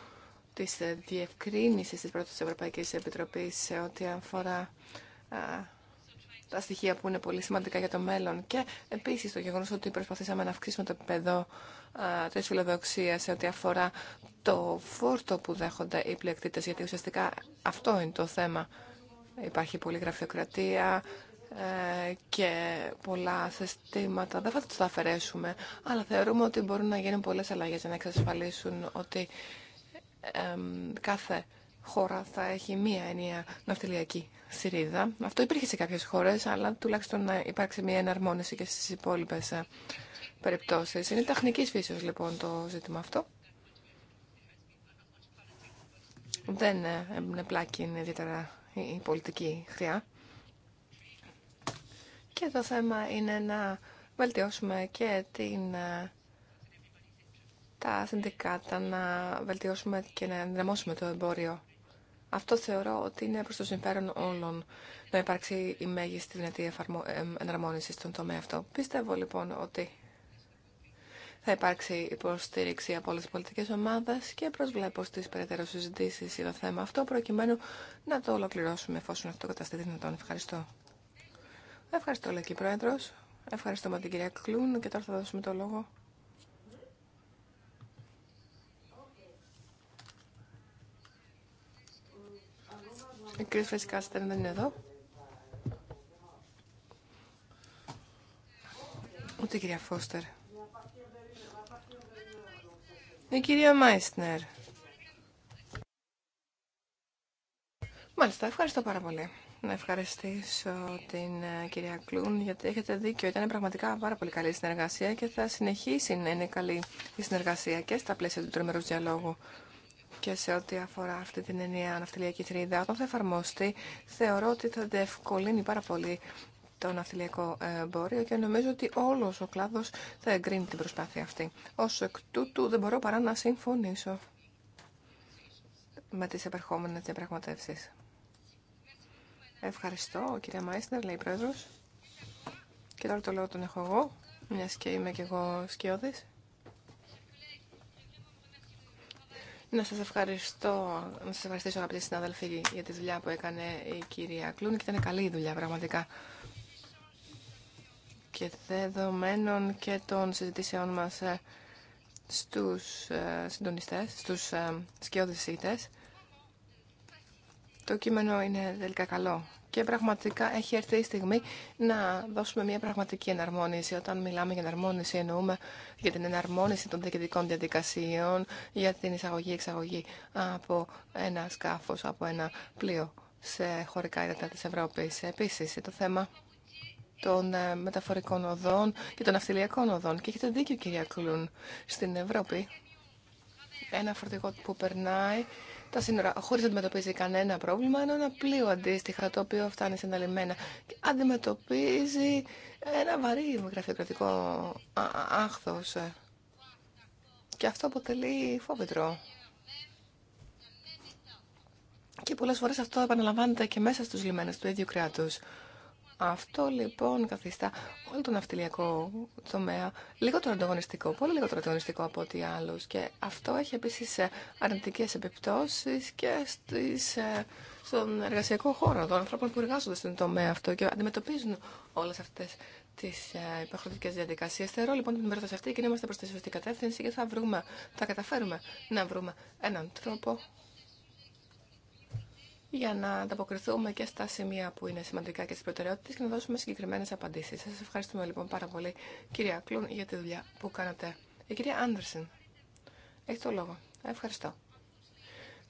της διευκρίνησης της πρώτης Ευρωπαϊκής Επιτροπής σε ό,τι αφορά τα στοιχεία που είναι πολύ σημαντικά για το μέλλον και επίσης το γεγονό ότι προσπαθήσαμε να αυξήσουμε το επίπεδο της φιλοδοξία σε ό,τι αφορά το φόρτο που δέχονται οι πλεκτήτε, γιατί ουσιαστικά αυτό είναι το θέμα. Υπάρχει πολλή γραφειοκρατία ε, και πολλά συστήματα. Δεν θα τα αφαιρέσουμε, αλλά θεωρούμε ότι μπορούν να γίνουν πολλές αλλαγές για να εξασφαλίσουν ότι κάθε χώρα θα έχει μία ενιαία ναυτιλιακή αυτό υπήρχε σε κάποιες χώρες, αλλά τουλάχιστον να υπάρξει μια εναρμόνιση και στις υπόλοιπες ε, περιπτώσεις. Είναι τεχνικής φύσεως λοιπόν το ζήτημα αυτό. Δεν είναι πλάκι, είναι ιδιαίτερα η πολιτική χρειά. Και το θέμα είναι να βελτιώσουμε και την, ε, τα συνδικάτα, να βελτιώσουμε και να ενδρεμώσουμε το εμπόριο αυτό θεωρώ ότι είναι προς το συμφέρον όλων να υπάρξει η μέγιστη δυνατή εναρμόνιση στον τομέα αυτό. Πιστεύω λοιπόν ότι θα υπάρξει υποστήριξη από όλες τις πολιτικές ομάδες και προσβλέπω στις περαιτέρω συζητήσει για το θέμα αυτό προκειμένου να το ολοκληρώσουμε εφόσον αυτό καταστεί δυνατόν. Ευχαριστώ. Ευχαριστώ, Λεκή Πρόεδρος. Ευχαριστούμε την κυρία Κλούν και τώρα θα δώσουμε το λόγο Ο Φρέσκα Φεσκάστερ δεν είναι εδώ. Ούτε η κυρία Φώστερ. Η κυρία Μάιστνερ. Μάλιστα, ευχαριστώ πάρα πολύ. Να ευχαριστήσω την ε, κυρία Κλούν γιατί έχετε δίκιο. Ήταν πραγματικά πάρα πολύ καλή συνεργασία και θα συνεχίσει να είναι καλή η συνεργασία και στα πλαίσια του τρομερού διαλόγου και σε ό,τι αφορά αυτή την ενιαία ναυτιλιακή τρίδα, Όταν θα εφαρμοστεί, θεωρώ ότι θα διευκολύνει πάρα πολύ το ναυτιλιακό ε, εμπόριο και νομίζω ότι όλο ο κλάδο θα εγκρίνει την προσπάθεια αυτή. Ω εκ τούτου δεν μπορώ παρά να συμφωνήσω με τι επερχόμενε διαπραγματεύσει. Ευχαριστώ, κυρία Μάισνερ, λέει η Και τώρα το λόγο τον έχω εγώ, μια και είμαι και εγώ σκιώδης. Να σας ευχαριστώ, να σας ευχαριστήσω αγαπητοί συνάδελφοι για τη δουλειά που έκανε η κυρία Κλούν και ήταν καλή η δουλειά πραγματικά. Και δεδομένων και των συζητήσεών μας ε, στους ε, συντονιστές, στους ε, σκιώδησίτες, το κείμενο είναι τελικά καλό και πραγματικά έχει έρθει η στιγμή να δώσουμε μια πραγματική εναρμόνιση. Όταν μιλάμε για εναρμόνιση, εννοούμε για την εναρμόνιση των διοικητικών διαδικασίων, για την εισαγωγή-εξαγωγή από ένα σκάφο, από ένα πλοίο σε χωρικά ύδατα της Ευρώπης. Επίσης, το θέμα των ε, μεταφορικών οδών και των αυτιλιακών οδών. Και έχετε δίκιο, κυρία Κλούν, στην Ευρώπη. Ένα φορτηγό που περνάει τα σύνορα χωρίς να αντιμετωπίζει κανένα πρόβλημα, ενώ ένα πλοίο αντίστοιχα το οποίο φτάνει σε λιμένα αντιμετωπίζει ένα βαρύ γραφειοκρατικό άχθος. Και αυτό αποτελεί φόβητρο. Και πολλές φορές αυτό επαναλαμβάνεται και μέσα στους λιμένες του ίδιου κράτους. Αυτό λοιπόν καθιστά όλο τον ναυτιλιακό τομέα λιγότερο ανταγωνιστικό, πολύ λιγότερο ανταγωνιστικό από ό,τι άλλου. Και αυτό έχει επίση ε, αρνητικέ επιπτώσει και στις, ε, στον εργασιακό χώρο των ανθρώπων που εργάζονται στον τομέα αυτό και αντιμετωπίζουν όλε αυτέ τι ε, υποχρεωτικέ διαδικασίε. Θεωρώ λοιπόν την περίπτωση αυτή και είμαστε προ τη σωστή κατεύθυνση και θα βρούμε, θα καταφέρουμε να βρούμε έναν τρόπο για να ανταποκριθούμε και στα σημεία που είναι σημαντικά και στις προτεραιότητες και να δώσουμε συγκεκριμένες απαντήσεις. Σας ευχαριστούμε λοιπόν πάρα πολύ κυρία Κλούν για τη δουλειά που κάνατε. Η κυρία Άντερσεν, έχει το λόγο. Ευχαριστώ.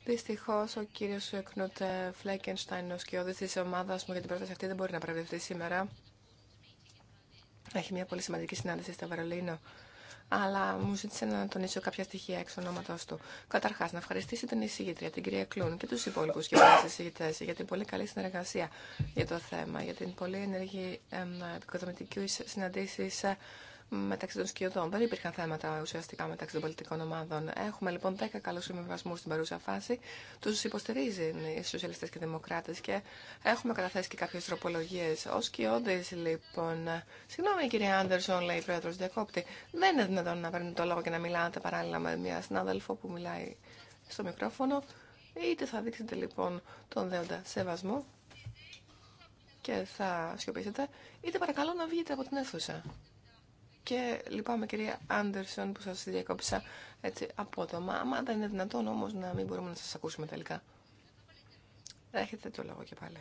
Δυστυχώ ο κύριο Κνούτ Φλέκενστάιν, ο σκιώδη τη ομάδα μου για την πρόταση αυτή, δεν μπορεί να παρευρεθεί σήμερα. Έχει μια πολύ σημαντική συνάντηση στο Βερολίνο αλλά μου ζήτησε να τονίσω κάποια στοιχεία εξ ονόματο του. Καταρχά, να ευχαριστήσει την εισηγήτρια, την κυρία Κλούν και του υπόλοιπου κυρίε εισηγητέ για την πολύ καλή συνεργασία για το θέμα, για την πολύ ενεργή επικοδομητική συναντήση ε, μεταξύ των σκιωδών. Δεν υπήρχαν θέματα ουσιαστικά μεταξύ των πολιτικών ομάδων. Έχουμε λοιπόν 10 καλού συμβιβασμού στην παρούσα φάση. Του υποστηρίζει οι σοσιαλιστέ και δημοκράτε και έχουμε καταθέσει και κάποιε τροπολογίε. Ω σκιώδη λοιπόν. Συγγνώμη κύρια Άντερσον, λέει η πρόεδρο Διακόπτη. Δεν είναι δυνατόν να παίρνετε το λόγο και να μιλάτε παράλληλα με μια συνάδελφο που μιλάει στο μικρόφωνο. Είτε θα δείξετε λοιπόν τον δέοντα σεβασμό και θα σιωπήσετε, είτε παρακαλώ να βγείτε από την αίθουσα. Και λυπάμαι κυρία Άντερσον που σας διακόψα έτσι απότομα. Άμα δεν είναι δυνατόν όμως να μην μπορούμε να σας ακούσουμε τελικά. Έχετε το λόγο και πάλι.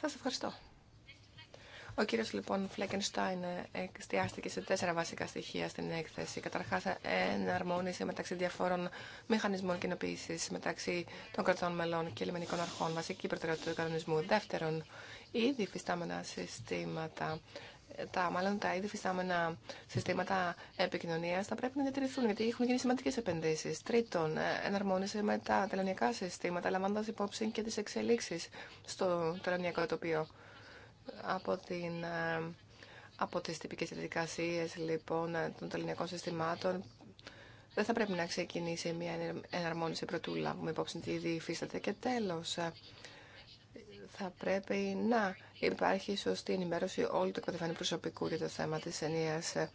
Σας ευχαριστώ. Ο κύριος λοιπόν Φλέκενστάιν ε, εστιάστηκε σε τέσσερα βασικά στοιχεία στην έκθεση. Καταρχάς, εναρμόνιση μεταξύ διαφόρων μηχανισμών κοινοποίηση μεταξύ των κρατών μελών και λιμενικών αρχών, βασική προτεραιότητα του κανονισμού. Δεύτερον, ήδη φυστάμενα συστήματα τα, μάλλον τα ήδη φυστάμενα συστήματα επικοινωνία θα πρέπει να διατηρηθούν, γιατί έχουν γίνει σημαντικέ επενδύσει. Τρίτον, ε, εναρμόνιση με τα τελωνιακά συστήματα, λαμβάνοντα υπόψη και τι εξελίξει στο τελωνιακό τοπίο. Από, την, ε, από τις τυπικές διαδικασίες λοιπόν ε, των τελωνιακών συστημάτων δεν θα πρέπει να ξεκινήσει μια εναρμόνιση πρωτού λάβουμε υπόψη τι ήδη υφίσταται. Και τέλος, θα πρέπει να υπάρχει σωστή ενημέρωση όλου του εκπαιδευμένου προσωπικού για το θέμα τη ενία ε,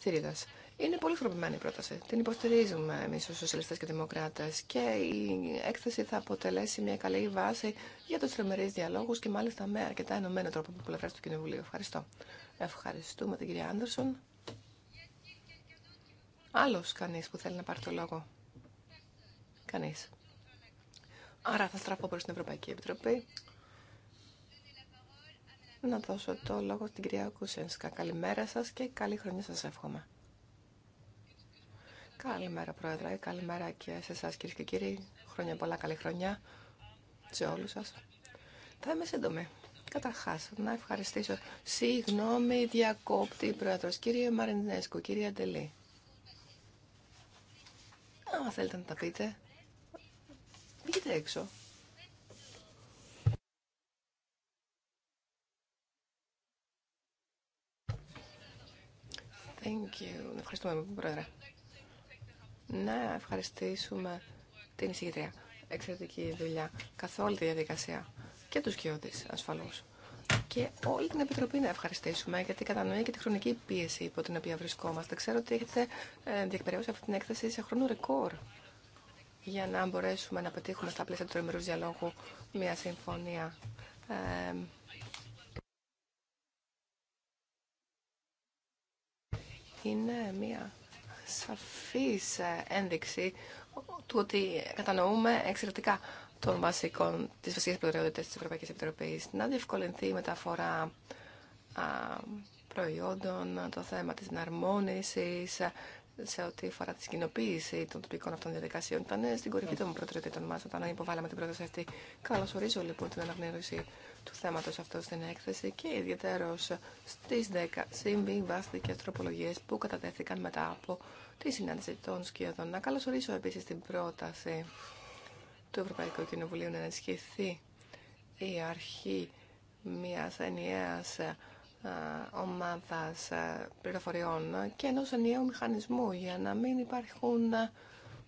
θηρίδα. Είναι πολύ χρησιμοποιημένη η πρόταση. Την υποστηρίζουμε εμεί ω σοσιαλιστέ και δημοκράτε και η έκθεση θα αποτελέσει μια καλή βάση για του τρομερεί διαλόγου και μάλιστα με αρκετά ενωμένο τρόπο από πλευρά του Κοινοβουλίου. Ευχαριστώ. Ευχαριστούμε την κυρία Άντερσον. Άλλο κανεί που θέλει να πάρει το λόγο. Κανεί. Άρα θα στραφώ προ την Ευρωπαϊκή Επιτροπή να δώσω το λόγο στην κυρία Κουσένσκα. Καλημέρα σας και καλή χρονιά σας εύχομαι. Καλημέρα Πρόεδρε, καλημέρα και σε εσάς κυρίε και κύριοι. Χρόνια πολλά, καλή χρονιά σε όλους σας. Θα είμαι σύντομη. Καταχάσω. να ευχαριστήσω. Συγγνώμη, διακόπτη η πρόεδρο. Κύριε Μαρινέσκου, κύριε Αντελή. Αν θέλετε να τα πείτε, βγείτε έξω. Thank you. Ευχαριστούμε, Πρόεδρε. Να ευχαριστήσουμε την εισηγητρία. Εξαιρετική δουλειά καθ' όλη τη διαδικασία και του κοιότης ασφαλώς. Και όλη την Επιτροπή να ευχαριστήσουμε για την κατανοή και τη χρονική πίεση υπό την οποία βρισκόμαστε. Ξέρω ότι έχετε ε, διεκπαιρεώσει αυτή την έκθεση σε χρόνο ρεκόρ για να μπορέσουμε να πετύχουμε στα πλαίσια του τρομερούς διαλόγου μια συμφωνία ε, είναι μια σαφής ένδειξη του ότι κατανοούμε εξαιρετικά των βασικών, της βασικής προτεραιότητας της Ευρωπαϊκής Επιτροπής. Να διευκολυνθεί η μεταφορά προϊόντων, το θέμα της εναρμόνισης, σε ό,τι αφορά τη κοινοποίηση των τοπικών αυτών διαδικασιών. Ήταν στην κορυφή των προτεραιοτήτων μας όταν υποβάλαμε την πρόταση αυτή. ορίζω λοιπόν την αναγνώριση του θέματος αυτό στην έκθεση και ιδιαίτερως στις 10 συμβιβαστικές τροπολογίες που κατατέθηκαν μετά από τη συνάντηση των σκιωδών. Να καλωσορίσω επίσης την πρόταση του Ευρωπαϊκού Κοινοβουλίου να ενισχυθεί η αρχή μιας ενιαίας ε, ομάδας ε, πληροφοριών και ενός ενιαίου μηχανισμού για να μην υπάρχουν ε,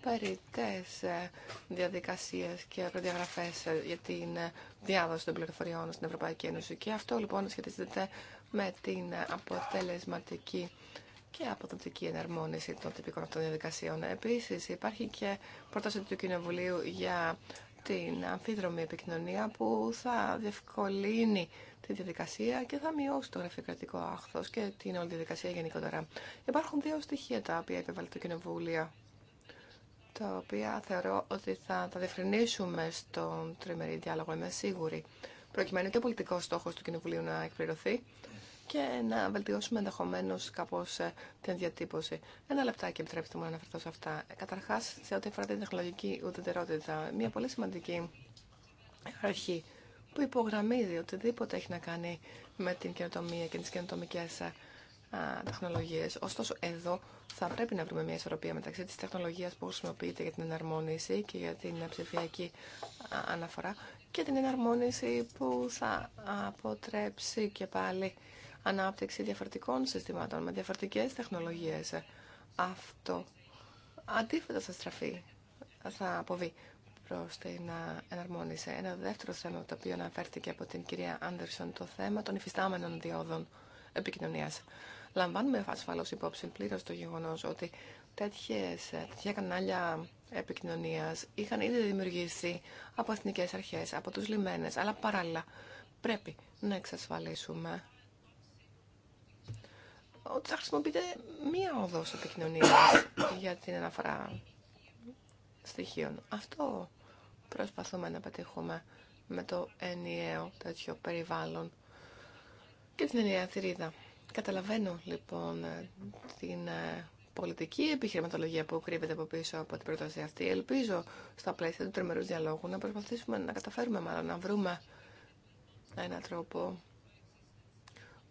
περιττές ε, διαδικασίες και προδιαγραφές ε, για την ε, διάδοση των πληροφοριών στην Ευρωπαϊκή Ένωση. Και αυτό λοιπόν σχετίζεται με την αποτελεσματική και αποδοτική εναρμόνιση των τυπικών αυτών διαδικασιών. Επίσης υπάρχει και πρόταση του Κοινοβουλίου για την αμφίδρομη επικοινωνία που θα διευκολύνει τη διαδικασία και θα μειώσει το γραφειοκρατικό άχθος και την όλη διαδικασία γενικότερα. Υπάρχουν δύο στοιχεία τα οποία επιβάλλει το Κοινοβούλιο τα οποία θεωρώ ότι θα τα διευκρινίσουμε στον τριμερή διάλογο, είμαι σίγουρη, προκειμένου και ο πολιτικό στόχο του Κοινοβουλίου να εκπληρωθεί και να βελτιώσουμε ενδεχομένω κάπω ε, την διατύπωση. Ένα λεπτάκι επιτρέψτε μου να αναφερθώ σε αυτά. Ε, Καταρχά, σε ό,τι αφορά την τεχνολογική ουδετερότητα, μια πολύ σημαντική αρχή που υπογραμμίζει οτιδήποτε έχει να κάνει με την καινοτομία και τι καινοτομικέ ε, τεχνολογίες. Ωστόσο, εδώ θα πρέπει να βρούμε μια ισορροπία μεταξύ της τεχνολογίας που χρησιμοποιείται για την εναρμόνιση και για την ψηφιακή αναφορά και την εναρμόνιση που θα αποτρέψει και πάλι ανάπτυξη διαφορετικών συστημάτων με διαφορετικές τεχνολογίες. Αυτό αντίθετα θα στραφεί, θα αποβεί προς την εναρμόνιση. Ένα δεύτερο θέμα το οποίο αναφέρθηκε από την κυρία Άντερσον, το θέμα των υφιστάμενων διόδων επικοινωνία λαμβάνουμε ασφαλώς υπόψη πλήρως το γεγονός ότι τέτοιες, τέτοια κανάλια επικοινωνίας είχαν ήδη δημιουργήσει από εθνικές αρχές, από τους λιμένες, αλλά παράλληλα πρέπει να εξασφαλίσουμε ότι θα χρησιμοποιείται μία οδός επικοινωνία για την αναφορά στοιχείων. Αυτό προσπαθούμε να πετύχουμε με το ενιαίο τέτοιο περιβάλλον και την ενιαία θηρίδα. Καταλαβαίνω λοιπόν ε, την ε, πολιτική επιχειρηματολογία που κρύβεται από πίσω από την πρόταση αυτή. Ελπίζω στα πλαίσια του τριμερού διαλόγου να προσπαθήσουμε να καταφέρουμε μάλλον να βρούμε έναν τρόπο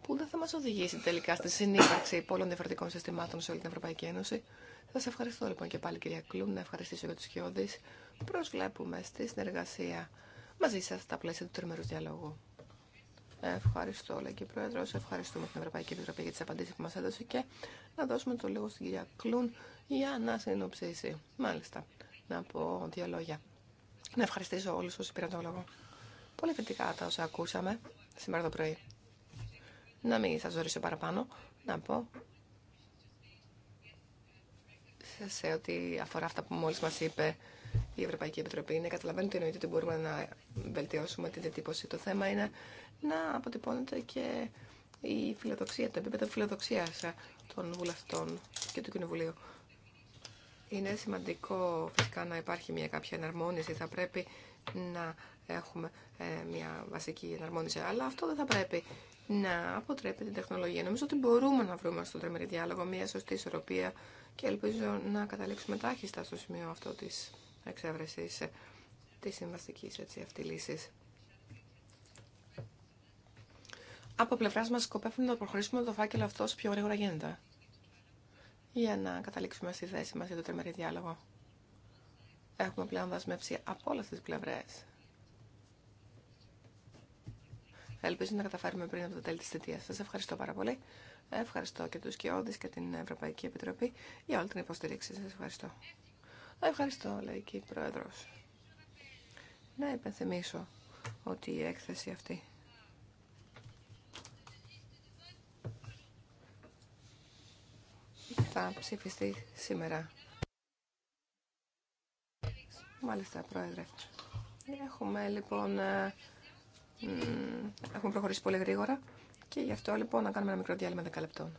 που δεν θα μας οδηγήσει τελικά στη συνύπαρξη πολλών διαφορετικών συστημάτων σε όλη την Ευρωπαϊκή Ένωση. Σα ευχαριστώ λοιπόν και πάλι κυρία Κλούμ να ευχαριστήσω για τους Χιώδης. Προσβλέπουμε στη συνεργασία μαζί σας στα πλαίσια του τριμερού διαλόγου. Ευχαριστώ, λέει και Πρόεδρο. Ευχαριστούμε την Ευρωπαϊκή Επιτροπή για τι απαντήσει που μα έδωσε και να δώσουμε το λόγο στην κυρία Κλούν για να συνοψίσει. Μάλιστα, να πω δύο λόγια. Να ευχαριστήσω όλου όσοι πήραν το λόγο. Πολύ θετικά τα όσα ακούσαμε σήμερα το πρωί. Να μην σα ζωρίσω παραπάνω, να πω σε ό,τι αφορά αυτά που μόλις μας είπε η Ευρωπαϊκή Επιτροπή είναι. Καταλαβαίνω ότι εννοείται ότι μπορούμε να βελτιώσουμε την διατύπωση. Το θέμα είναι να αποτυπώνεται και η φιλοδοξία, το επίπεδο φιλοδοξία των βουλευτών και του Κοινοβουλίου. Είναι σημαντικό φυσικά να υπάρχει μια κάποια εναρμόνιση. Θα πρέπει να έχουμε ε, μια βασική εναρμόνιση. Αλλά αυτό δεν θα πρέπει να αποτρέπει την τεχνολογία. Νομίζω ότι μπορούμε να βρούμε στον τρεμερή διάλογο μια σωστή ισορροπία και ελπίζω να καταλήξουμε τάχιστα στο σημείο αυτό της Εξέβρεση της συμβαστικής έτσι, αυτή λύσης. Από πλευρά μα σκοπεύουμε να προχωρήσουμε το φάκελο αυτό όσο πιο γρήγορα γίνεται. Για να καταλήξουμε στη θέση μα για το τριμερή διάλογο. Έχουμε πλέον δασμεύσει από όλε τι πλευρέ. Ελπίζω να καταφέρουμε πριν από το τέλη τη θητεία. Σα ευχαριστώ πάρα πολύ. Ευχαριστώ και του Κιόντι και την Ευρωπαϊκή Επιτροπή για όλη την υποστήριξη. Σα ευχαριστώ. Ευχαριστώ, Λαϊκή Πρόεδρος. Να υπενθυμίσω ότι η έκθεση αυτή θα ψηφιστεί σήμερα. Μάλιστα, Πρόεδρε. Έχουμε λοιπόν ε, έχουμε προχωρήσει πολύ γρήγορα και γι' αυτό λοιπόν να κάνουμε ένα μικρό διάλειμμα 10 λεπτών.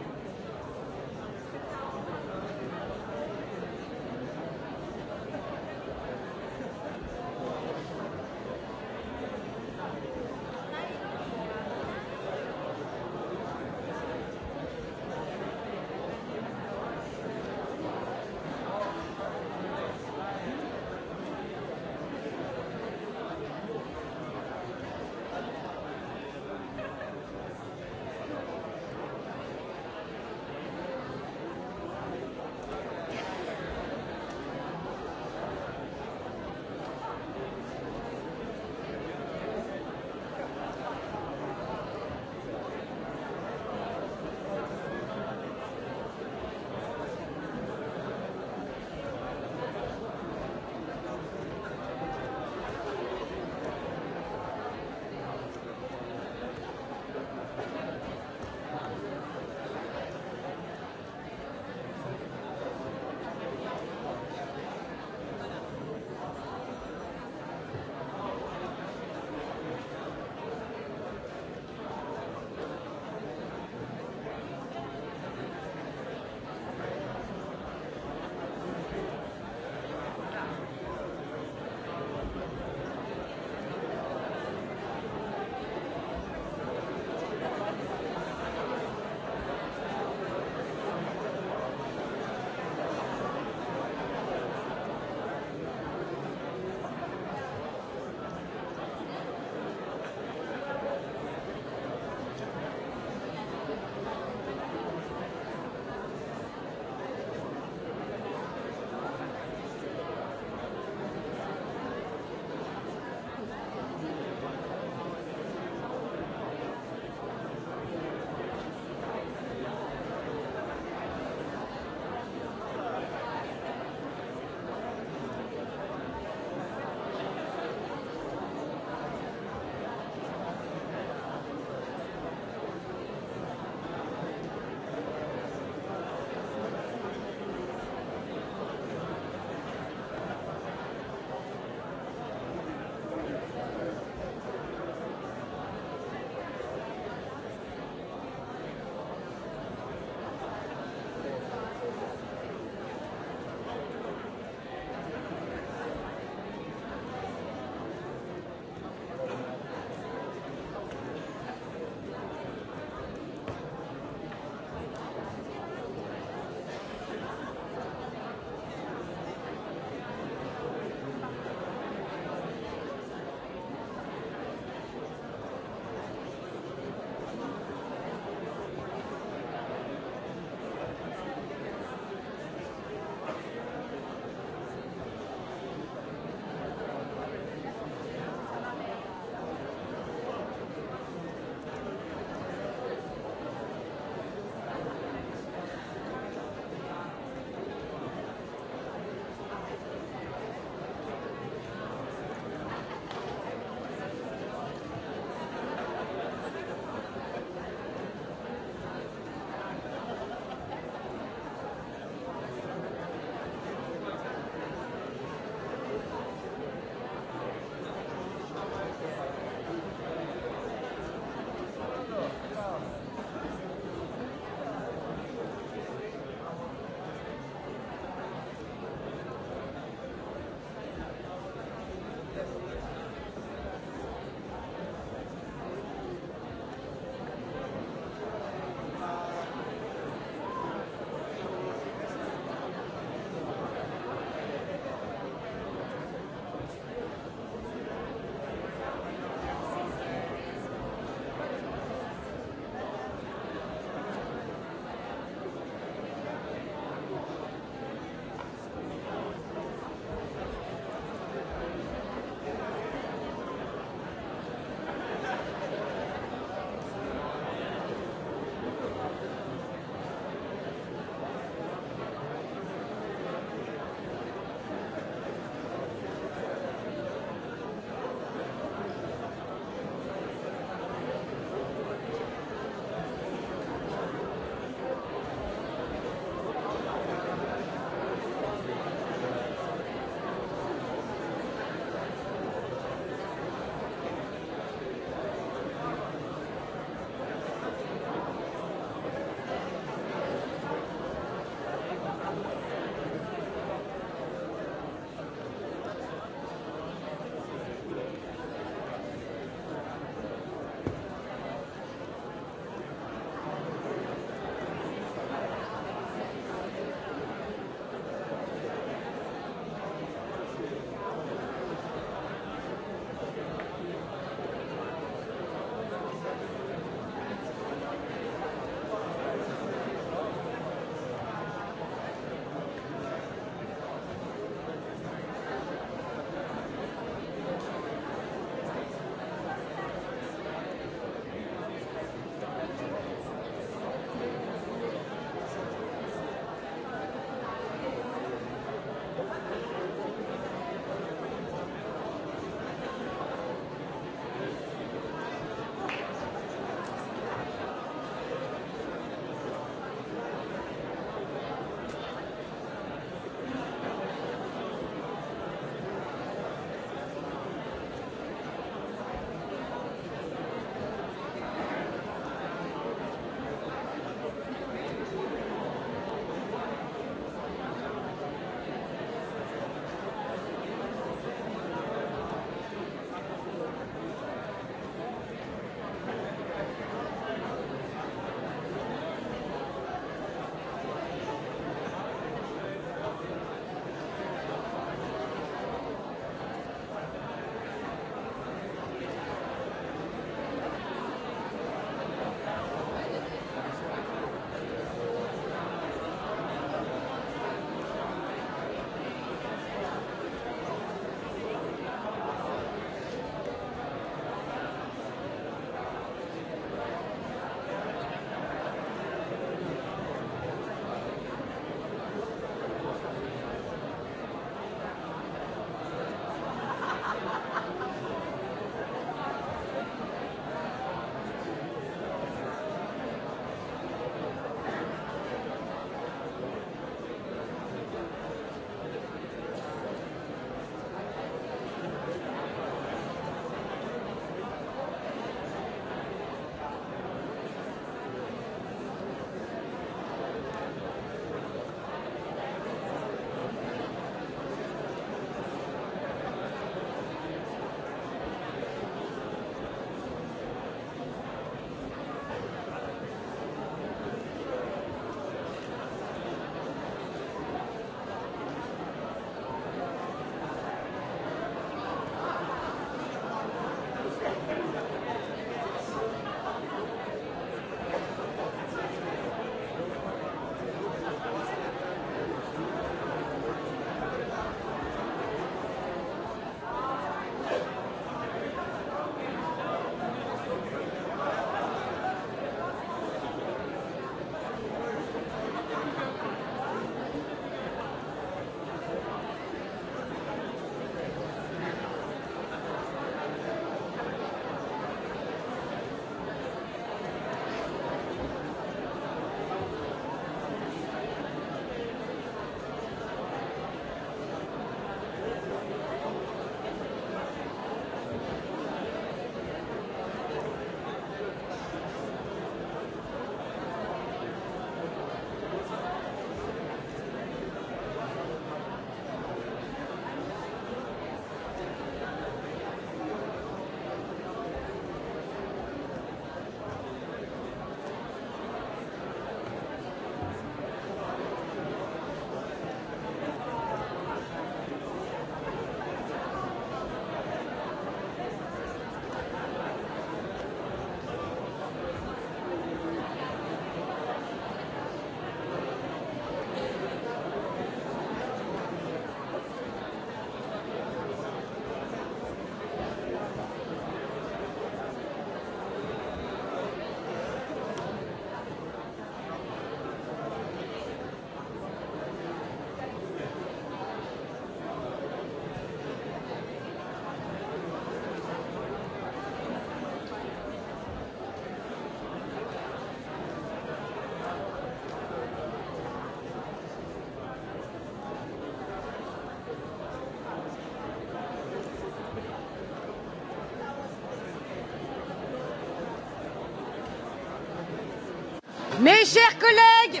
Mes chers collègues.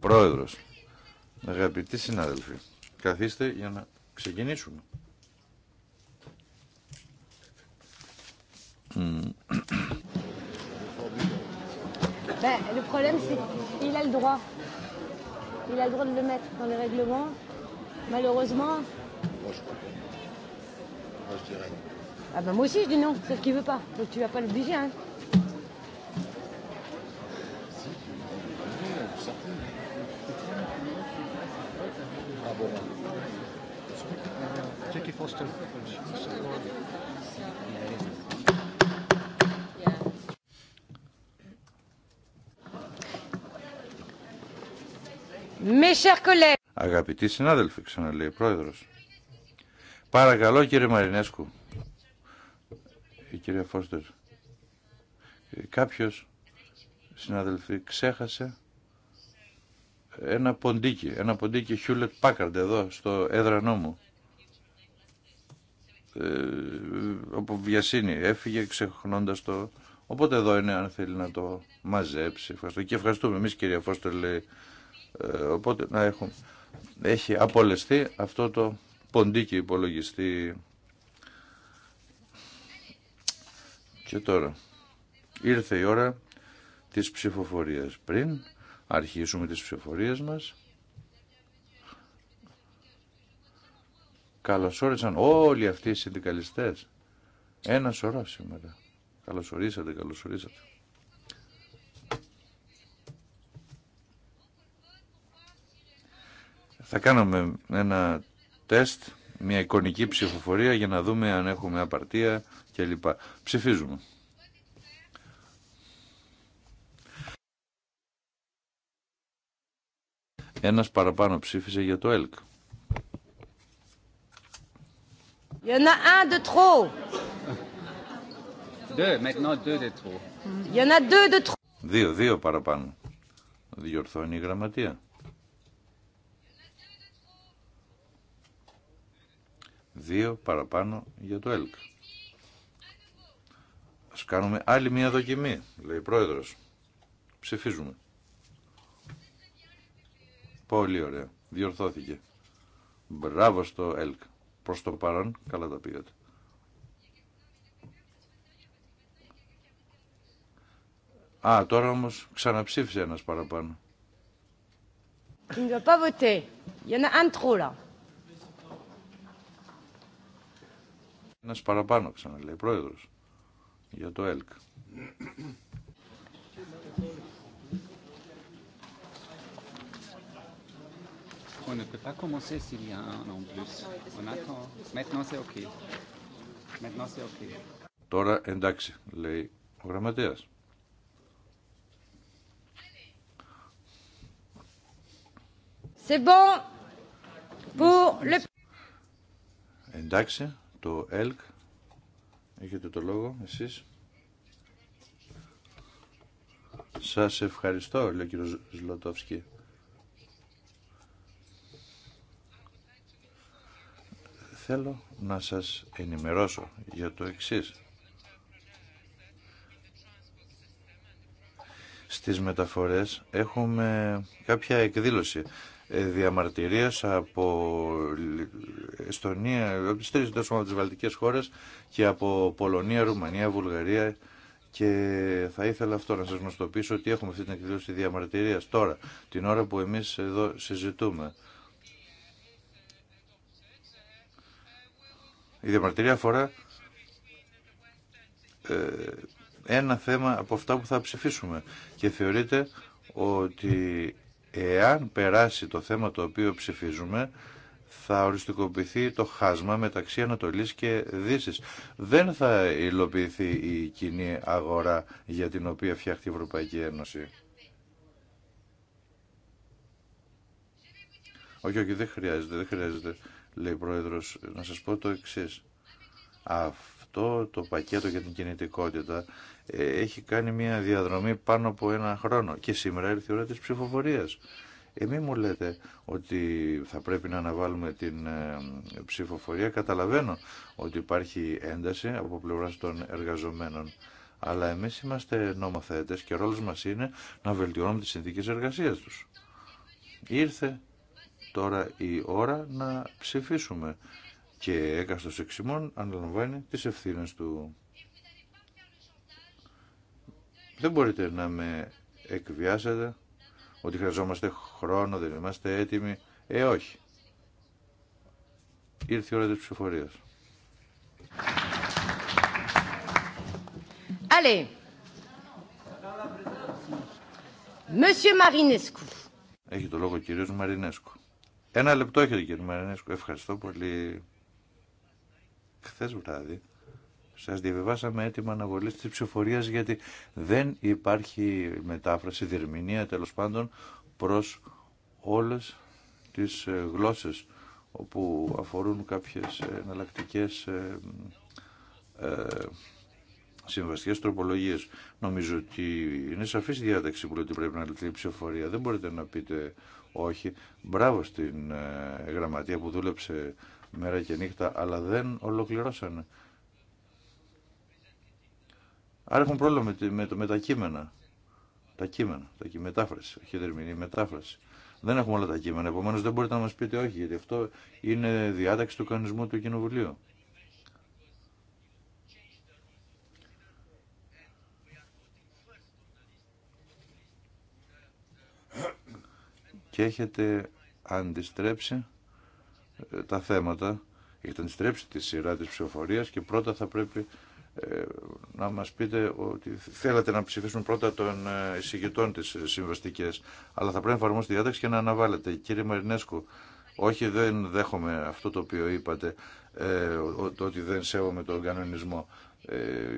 Πρόεδρος, αγαπητοί συνάδελφοι, καθίστε για να ξεκινήσουμε. Ben, le problème, c'est qu'il a le droit. Il a le droit de le mettre dans les règlements. Malheureusement. Moi, je comprends. Moi, je dirais. Ah ben, moi aussi, je dis non. ce qu'il veut pas. Donc, tu vas pas l'obliger, hein. Αγαπητοί συνάδελφοι, ξαναλέει ο πρόεδρος. Παρακαλώ κύριε Μαρινέσκου. Η κυρία Φώστερ. Κάποιος, συνάδελφοι, ξέχασε ένα ποντίκι, ένα ποντίκι Χιούλετ Πάκαρντ εδώ στο έδρανό μου. Ε, όπου βιασύνη έφυγε ξεχνώντας το... Οπότε εδώ είναι αν θέλει να το μαζέψει. Ευχαριστώ. Και ευχαριστούμε εμείς κύριε Φώστερ λέει ε, οπότε να έχουν, έχει απολεστεί αυτό το ποντίκι υπολογιστή. Και τώρα ήρθε η ώρα της ψηφοφορίας. Πριν αρχίσουμε τις ψηφοφορίες μας, καλωσόρισαν όλοι αυτοί οι συνδικαλιστές. Ένα σωρό σήμερα. Καλωσορίσατε, καλωσορίσατε. Θα κάνουμε ένα τεστ, μια εικονική ψηφοφορία για να δούμε αν έχουμε απαρτία κλπ. Ψηφίζουμε. Ένας παραπάνω ψήφισε για το ΕΛΚ. de trop. Deux, Δύο, δύο παραπάνω. Διορθώνει η γραμματεία. Δύο παραπάνω για το ΕΛΚ. Ας κάνουμε άλλη μια δοκιμή, λέει ο Πρόεδρος. Ψηφίζουμε. Πολύ ωραία. Διορθώθηκε. Μπράβο στο ΕΛΚ. Προς το παρόν, καλά τα πήγατε. Α, τώρα όμως ξαναψήφισε ένας παραπάνω. Il ne doit pas voter. Il y en Ένα παραπάνω ξαναλέει πρόεδρο για το ΕΛΚ. On ne peut pas commencer s'il y a un en plus. On attend. Maintenant c'est OK. Maintenant c'est OK. Τώρα εντάξει, λέει ο γραμματέα. C'est bon pour le... Εντάξει, το ΕΛΚ. Έχετε το λόγο εσείς. Σας ευχαριστώ, λέει ο κύριος Ζλωτόφσκι. Θέλω να σας ενημερώσω για το εξής. Στις μεταφορές έχουμε κάποια εκδήλωση διαμαρτυρίας από Εστονία, από τις τρεις από τις βαλτικές χώρες και από Πολωνία, Ρουμανία, Βουλγαρία και θα ήθελα αυτό να σας γνωστοποιήσω ότι έχουμε αυτή την εκδήλωση διαμαρτυρία. τώρα, την ώρα που εμείς εδώ συζητούμε. Η διαμαρτυρία αφορά ε, ένα θέμα από αυτά που θα ψηφίσουμε και θεωρείται ότι Εάν περάσει το θέμα το οποίο ψηφίζουμε, θα οριστικοποιηθεί το χάσμα μεταξύ Ανατολής και Δύσης. Δεν θα υλοποιηθεί η κοινή αγορά για την οποία φτιάχτηκε η Ευρωπαϊκή Ένωση. Όχι, όχι, δεν χρειάζεται, δεν χρειάζεται, λέει ο Πρόεδρος. Να σας πω το εξής. Αυτό το πακέτο για την κινητικότητα έχει κάνει μια διαδρομή πάνω από ένα χρόνο και σήμερα ήρθε η ώρα της ψηφοφορίας. Εμεί μου λέτε ότι θα πρέπει να αναβάλουμε την ε, ψηφοφορία. Καταλαβαίνω ότι υπάρχει ένταση από πλευρά των εργαζομένων. Αλλά εμείς είμαστε νομοθέτες και ρόλος μας είναι να βελτιώνουμε τις συνθήκες εργασίας τους. Ήρθε τώρα η ώρα να ψηφίσουμε και έκαστος εξημών αναλαμβάνει τις ευθύνες του. Δεν μπορείτε να με εκβιάσετε ότι χρειαζόμαστε χρόνο, δεν είμαστε έτοιμοι. Ε, όχι. Ήρθε η ώρα της ψηφοφορίας. Allez. Monsieur Marinescu. Έχει το λόγο ο κύριος Μαρινέσκου. Ένα λεπτό έχετε κύριε Μαρινέσκου. Ευχαριστώ πολύ. Χθες βράδυ Σα διαβιβάσαμε έτοιμα αναβολή τη ψηφοφορίας γιατί δεν υπάρχει μετάφραση, διερμηνία τέλος πάντων προς όλες τις ε, γλώσσες όπου αφορούν κάποιες εναλλακτικέ ε, ε, συμβαστικέ τροπολογίες. Νομίζω ότι είναι σαφής η διάταξη που λέει ότι πρέπει να λειτουργεί η ψηφοφορία. Δεν μπορείτε να πείτε όχι. Μπράβο στην γραμματεία που δούλεψε μέρα και νύχτα, αλλά δεν ολοκληρώσανε. Άρα έχουν πρόβλημα με, με, με τα κείμενα. Τα κείμενα, τα μετάφραση, όχι δερμηνή, μετάφραση. Δεν έχουμε όλα τα κείμενα, επομένω δεν μπορείτε να μα πείτε όχι, γιατί αυτό είναι διάταξη του κανονισμού του Κοινοβουλίου. Και έχετε αντιστρέψει ε, τα θέματα, έχετε αντιστρέψει τη σειρά της ψηφοφορίας και πρώτα θα πρέπει ε, να μας πείτε ότι θέλατε να ψηφίσουν πρώτα των ε, εισηγητών της συμβαστικές, αλλά θα πρέπει να εφαρμόσετε διάταξη και να αναβάλλετε. Κύριε Μαρινέσκου, όχι δεν δέχομαι αυτό το οποίο είπατε, ε, το ότι δεν σέβομαι τον κανονισμό.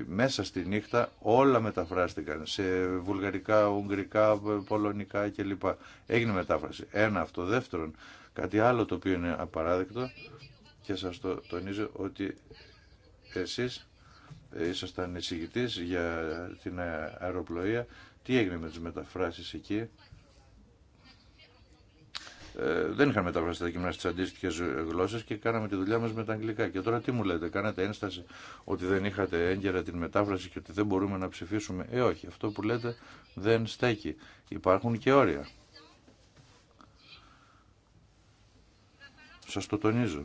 μέσα στη νύχτα όλα μεταφράστηκαν σε βουλγαρικά, ουγγρικά, πολωνικά κλπ. Έγινε μετάφραση. Ένα αυτό. Δεύτερον, κάτι άλλο το οποίο είναι απαράδεκτο και σας το τονίζω ότι εσείς ήσασταν εισηγητή για την αεροπλοεία. Τι έγινε με τι μεταφράσεις εκεί. Ε, δεν είχαν μεταφράσει τα κείμενα στι αντίστοιχε γλώσσε και κάναμε τη δουλειά μα με τα αγγλικά. Και τώρα τι μου λέτε, κάνατε ένσταση ότι δεν είχατε έγκαιρα την μετάφραση και ότι δεν μπορούμε να ψηφίσουμε. Ε, όχι, αυτό που λέτε δεν στέκει. Υπάρχουν και όρια. Σας το τονίζω.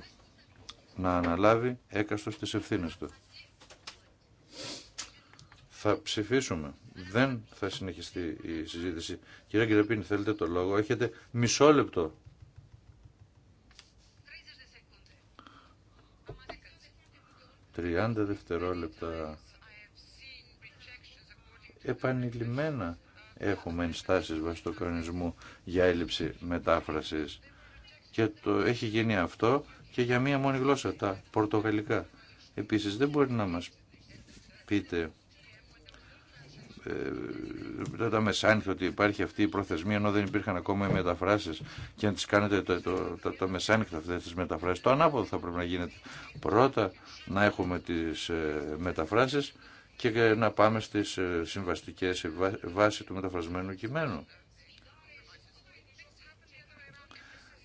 Να αναλάβει έκαστος τις ευθύνες του θα ψηφίσουμε. Δεν θα συνεχιστεί η συζήτηση. Κυρία Κυραπίνη, θέλετε το λόγο. Έχετε μισό λεπτό. Τριάντα δευτερόλεπτα. Επανειλημμένα έχουμε ενστάσεις βάσει του κρονισμού για έλλειψη μετάφρασης. Και το έχει γίνει αυτό και για μία μόνη γλώσσα, τα πορτογαλικά. Επίσης δεν μπορεί να μας πείτε ε, Τότε με ότι υπάρχει αυτή η προθεσμία ενώ δεν υπήρχαν ακόμα οι μεταφράσεις και αν τις κάνετε το, το, το, τα μεσάνυχτα αυτέ τι μεταφράσει. Το ανάποδο θα πρέπει να γίνεται. Πρώτα να έχουμε τις ε, μεταφράσει και ε, να πάμε στις ε, συμβαστικέ βάσει του μεταφρασμένου κειμένου.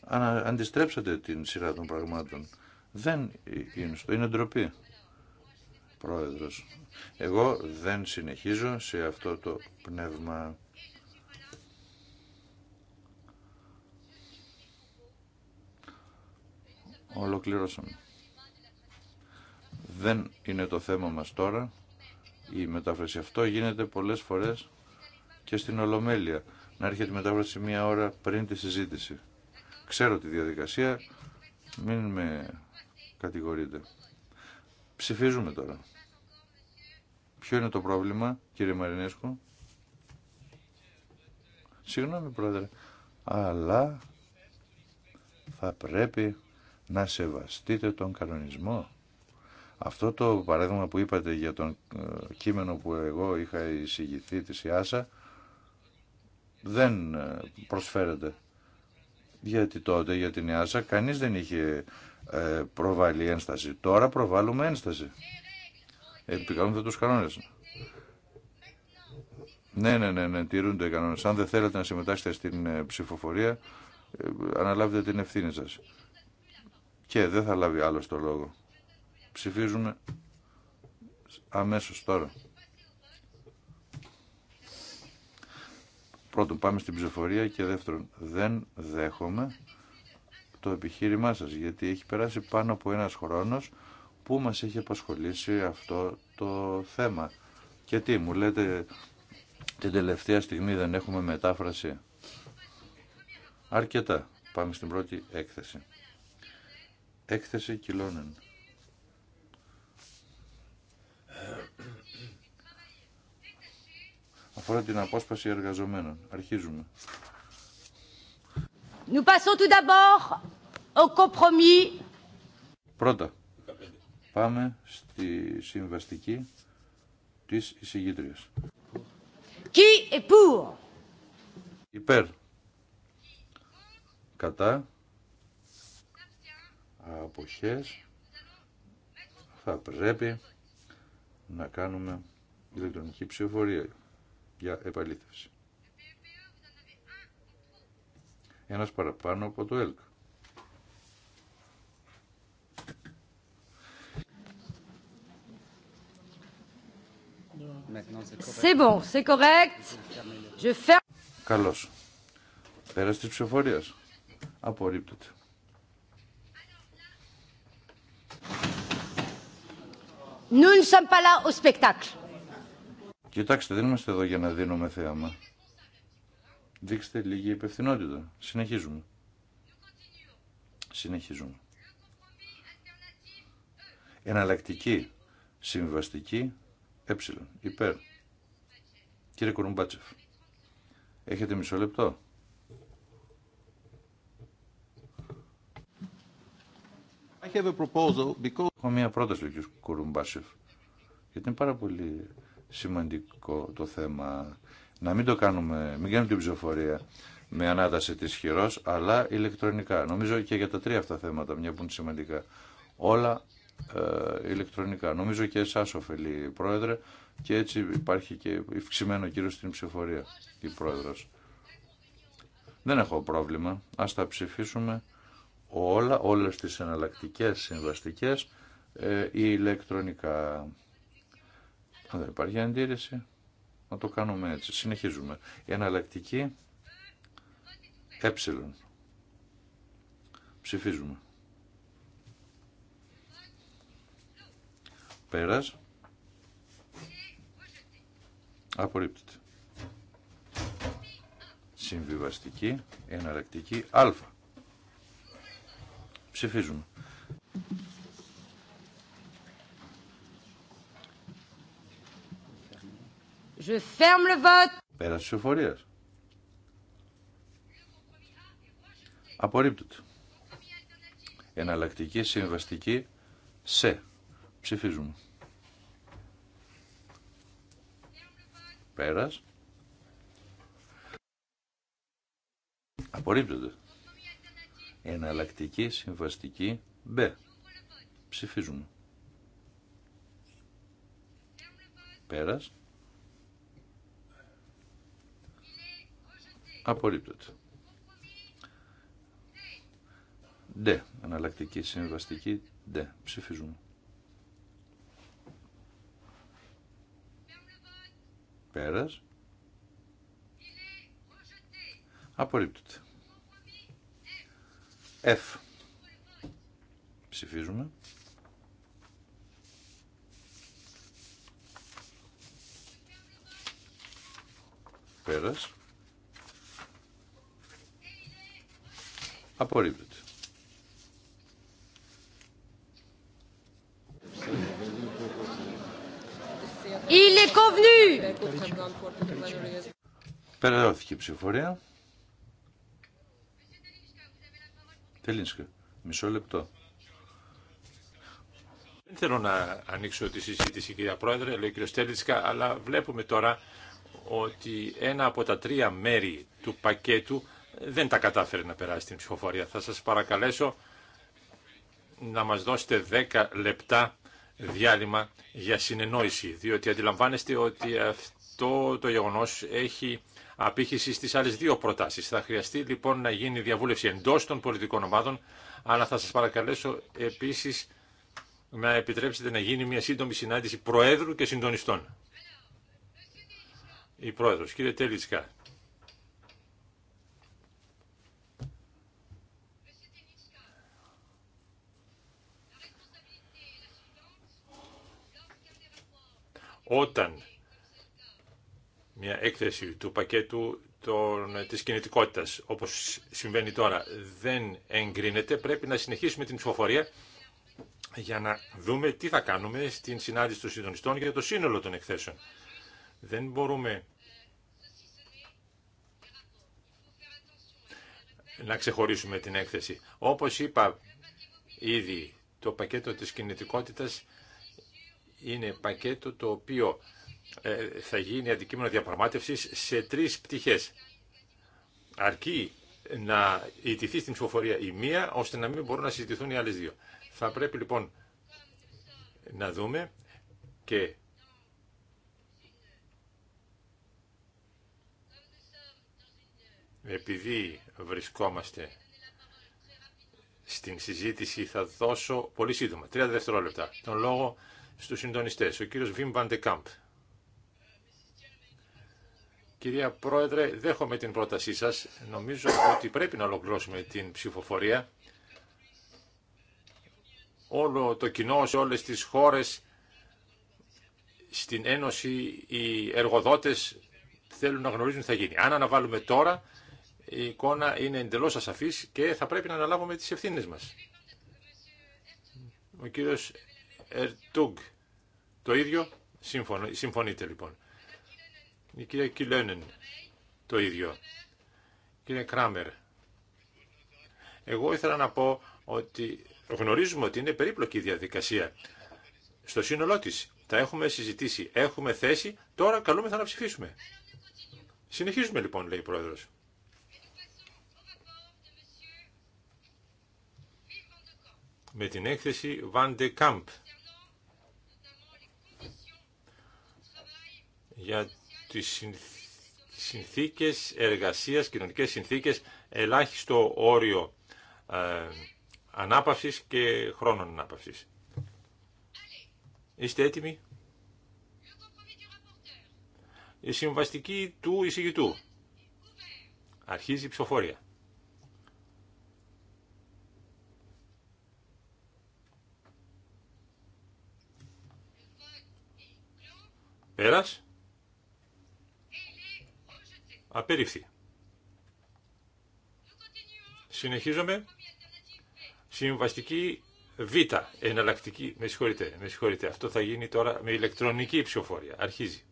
Ανα, αντιστρέψατε την σειρά των πραγμάτων. Δεν είναι στο, είναι ντροπή. Πρόεδρος. Εγώ δεν συνεχίζω σε αυτό το πνεύμα. Ολοκληρώσαμε. Δεν είναι το θέμα μας τώρα. Η μετάφραση αυτό γίνεται πολλές φορές και στην Ολομέλεια. Να έρχεται η μετάφραση μία ώρα πριν τη συζήτηση. Ξέρω τη διαδικασία. Μην με κατηγορείτε. Ψηφίζουμε τώρα. Ποιο είναι το πρόβλημα, κύριε Μαρινέσκο. Συγγνώμη, πρόεδρε, αλλά θα πρέπει να σεβαστείτε τον κανονισμό. Αυτό το παράδειγμα που είπατε για τον ε, κείμενο που εγώ είχα εισηγηθεί της ΙΑΣΑ δεν ε, προσφέρεται. Γιατί τότε για την ΙΑΣΑ κανείς δεν είχε ε, προβάλει ένσταση. Τώρα προβάλλουμε ένσταση επικαλούνται τους κανόνες. Ναι, ναι, ναι, ναι, τηρούνται οι κανόνες. Αν δεν θέλετε να συμμετάσχετε στην ε, ψηφοφορία, ε, αναλάβετε την ευθύνη σα. Και δεν θα λάβει άλλο το λόγο. Ψηφίζουμε αμέσως τώρα. Πρώτον, πάμε στην ψηφοφορία και δεύτερον, δεν δέχομαι το επιχείρημά σας, γιατί έχει περάσει πάνω από ένας χρόνος που μας έχει απασχολήσει αυτό το θέμα. Και τι μου λέτε την τελευταία στιγμή δεν έχουμε μετάφραση. Αρκετά. Πάμε στην πρώτη έκθεση. Έκθεση κιλώνεν. Αφορά την απόσπαση εργαζομένων. Αρχίζουμε. Nous passons tout d'abord au compromis. Πρώτα, Πάμε στη συμβαστική της εισηγήτριας. Κι Υπέρ. Κατά. Αποχές. Θα πρέπει να κάνουμε ηλεκτρονική ψηφοφορία για επαλήθευση. Ένας παραπάνω από το ΕΛΚ. C'est bon, c'est correct. Καλώς. Πέρας της ψηφοφορίας. Απορρίπτεται. Nous ne sommes pas là au Κοιτάξτε, δεν είμαστε εδώ για να δίνουμε θέαμα. Δείξτε λίγη υπευθυνότητα. Συνεχίζουμε. Συνεχίζουμε. Εναλλακτική, συμβαστική, ε, υπέρ. Κύριε Κουρουμπάτσεφ, έχετε μισό λεπτό. Έχω μία πρόταση, κ. Κουρουμπάτσεφ, γιατί είναι πάρα πολύ σημαντικό το θέμα. Να μην το κάνουμε, μην κάνουμε την ψηφοφορία με ανάταση της χειρός, αλλά ηλεκτρονικά. Νομίζω και για τα τρία αυτά θέματα, μια που είναι σημαντικά. Όλα ε, ηλεκτρονικά. Νομίζω και εσάς ωφελεί η Πρόεδρε και έτσι υπάρχει και ευξημένο κύριο στην ψηφορία η Πρόεδρος. Δεν έχω πρόβλημα. Ας τα ψηφίσουμε όλα, όλες τις εναλλακτικέ συμβαστικές ε, ηλεκτρονικά. Αν δεν υπάρχει αντίρρηση, να το κάνουμε έτσι. Συνεχίζουμε. Η εναλλακτική ε. Ψηφίζουμε. Πέρας. Απορρίπτεται. Συμβιβαστική, εναλλακτική, α. Ψηφίζουμε. Je ferme le vote. Πέρα τη εφορία. Εναλλακτική συμβαστική σε. Ψηφίζουμε. Πέρας. Απορρίπτονται. Εναλλακτική συμβαστική B. Ψηφίζουμε. Πέρας. Απορρίπτονται. Ντε. Εναλλακτική συμβαστική Ντε. Ψηφίζουμε. Πέρας. Απορρίπτεται. F. Ψηφίζουμε. Πέρας. Απορρίπτεται. Il est convenu. Περαδόθηκε η ψηφορία. Τελίνσκα, μισό λεπτό. Δεν θέλω να ανοίξω τη συζήτηση, κυρία Πρόεδρε, λέει ο Τέλινσκα, αλλά βλέπουμε τώρα ότι ένα από τα τρία μέρη του πακέτου δεν τα κατάφερε να περάσει την ψηφοφορία. Θα σας παρακαλέσω να μας δώσετε 10 λεπτά διάλειμμα για συνεννόηση, διότι αντιλαμβάνεστε ότι αυτό το γεγονός έχει απήχηση στις άλλες δύο προτάσεις. Θα χρειαστεί λοιπόν να γίνει διαβούλευση εντός των πολιτικών ομάδων, αλλά θα σας παρακαλέσω επίσης να επιτρέψετε να γίνει μια σύντομη συνάντηση Προέδρου και Συντονιστών. Η Πρόεδρος, κύριε Τελίτσκα. όταν μια έκθεση του πακέτου των, της κινητικότητας, όπως συμβαίνει τώρα, δεν εγκρίνεται, πρέπει να συνεχίσουμε την ψηφοφορία για να δούμε τι θα κάνουμε στην συνάντηση των συντονιστών για το σύνολο των εκθέσεων. Δεν μπορούμε να ξεχωρίσουμε την έκθεση. Όπως είπα ήδη, το πακέτο της κινητικότητας είναι πακέτο το οποίο ε, θα γίνει αντικείμενο διαπραγμάτευσης σε τρεις πτυχές. Αρκεί να ιτηθεί στην ψηφοφορία η μία, ώστε να μην μπορούν να συζητηθούν οι άλλες δύο. Θα πρέπει λοιπόν να δούμε και επειδή βρισκόμαστε στην συζήτηση θα δώσω πολύ σύντομα, 30 δευτερόλεπτα, τον λόγο στους συντονιστές. Ο κύριος Βιμ Βαντεκάμπ. Κυρία Πρόεδρε, δέχομαι την πρότασή σας. Νομίζω ότι πρέπει να ολοκληρώσουμε την ψηφοφορία. Όλο το κοινό σε όλες τις χώρες στην Ένωση οι εργοδότες θέλουν να γνωρίζουν τι θα γίνει. Αν αναβάλουμε τώρα, η εικόνα είναι εντελώς ασαφής και θα πρέπει να αναλάβουμε τις ευθύνες μας. Ο κύριος Ερτούγκ. Το ίδιο. Συμφωνείτε λοιπόν. Η κυρία Κιλένεν. Το ίδιο. Κύριε Κράμερ. Εγώ ήθελα να πω ότι γνωρίζουμε ότι είναι περίπλοκη η διαδικασία. Στο σύνολό της. Τα έχουμε συζητήσει. Έχουμε θέση. Τώρα καλούμεθα να ψηφίσουμε. Συνεχίζουμε λοιπόν, λέει η Πρόεδρος. με την έκθεση Van de για τις συνθήκες εργασίας, κοινωνικές συνθήκες, ελάχιστο όριο ε, ανάπαυσης και χρόνων ανάπαυσης. Είστε έτοιμοι? Η συμβαστική του εισηγητού. Αρχίζει η ψηφοφορία. Πέρας. Απερίφθη. Συνεχίζουμε. Συμβαστική Β. Εναλλακτική. Με συγχωρείτε, με συγχωρείτε. Αυτό θα γίνει τώρα με ηλεκτρονική ψηφοφορία. Αρχίζει.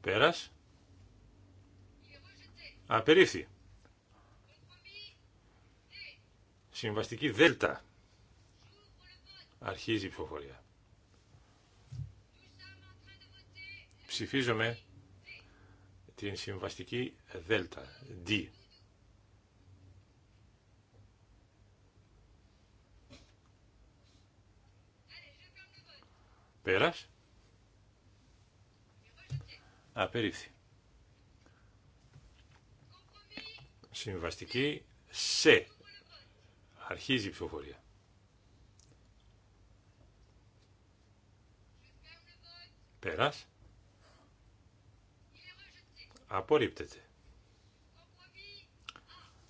Πέρας. Απερίφθη. Συμβαστική δέλτα. Αρχίζει η ψηφοφορία. Ψηφίζουμε την συμβαστική δέλτα, D. Πέρας. Απερίφθη. Συμβαστική σε. Αρχίζει η ψηφοφορία. Πέρας. Απορρίπτεται.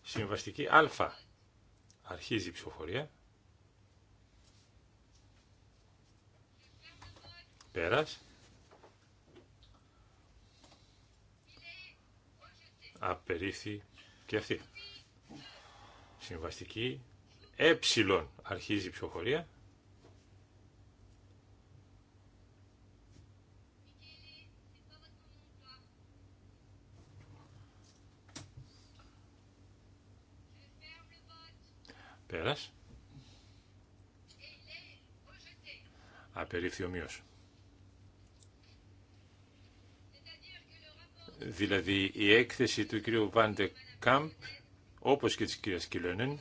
Συμβαστική α. Αρχίζει η ψηφοφορία. Πέρας. Απερίφθη και αυτή. Συμβαστική ε. Αρχίζει η ψηφοφορία. Πέρας. Απερίφθη ομοίως. Δηλαδή η έκθεση του κυρίου Βάντε Κάμπ, όπως και της κυρίας Κιλένεν,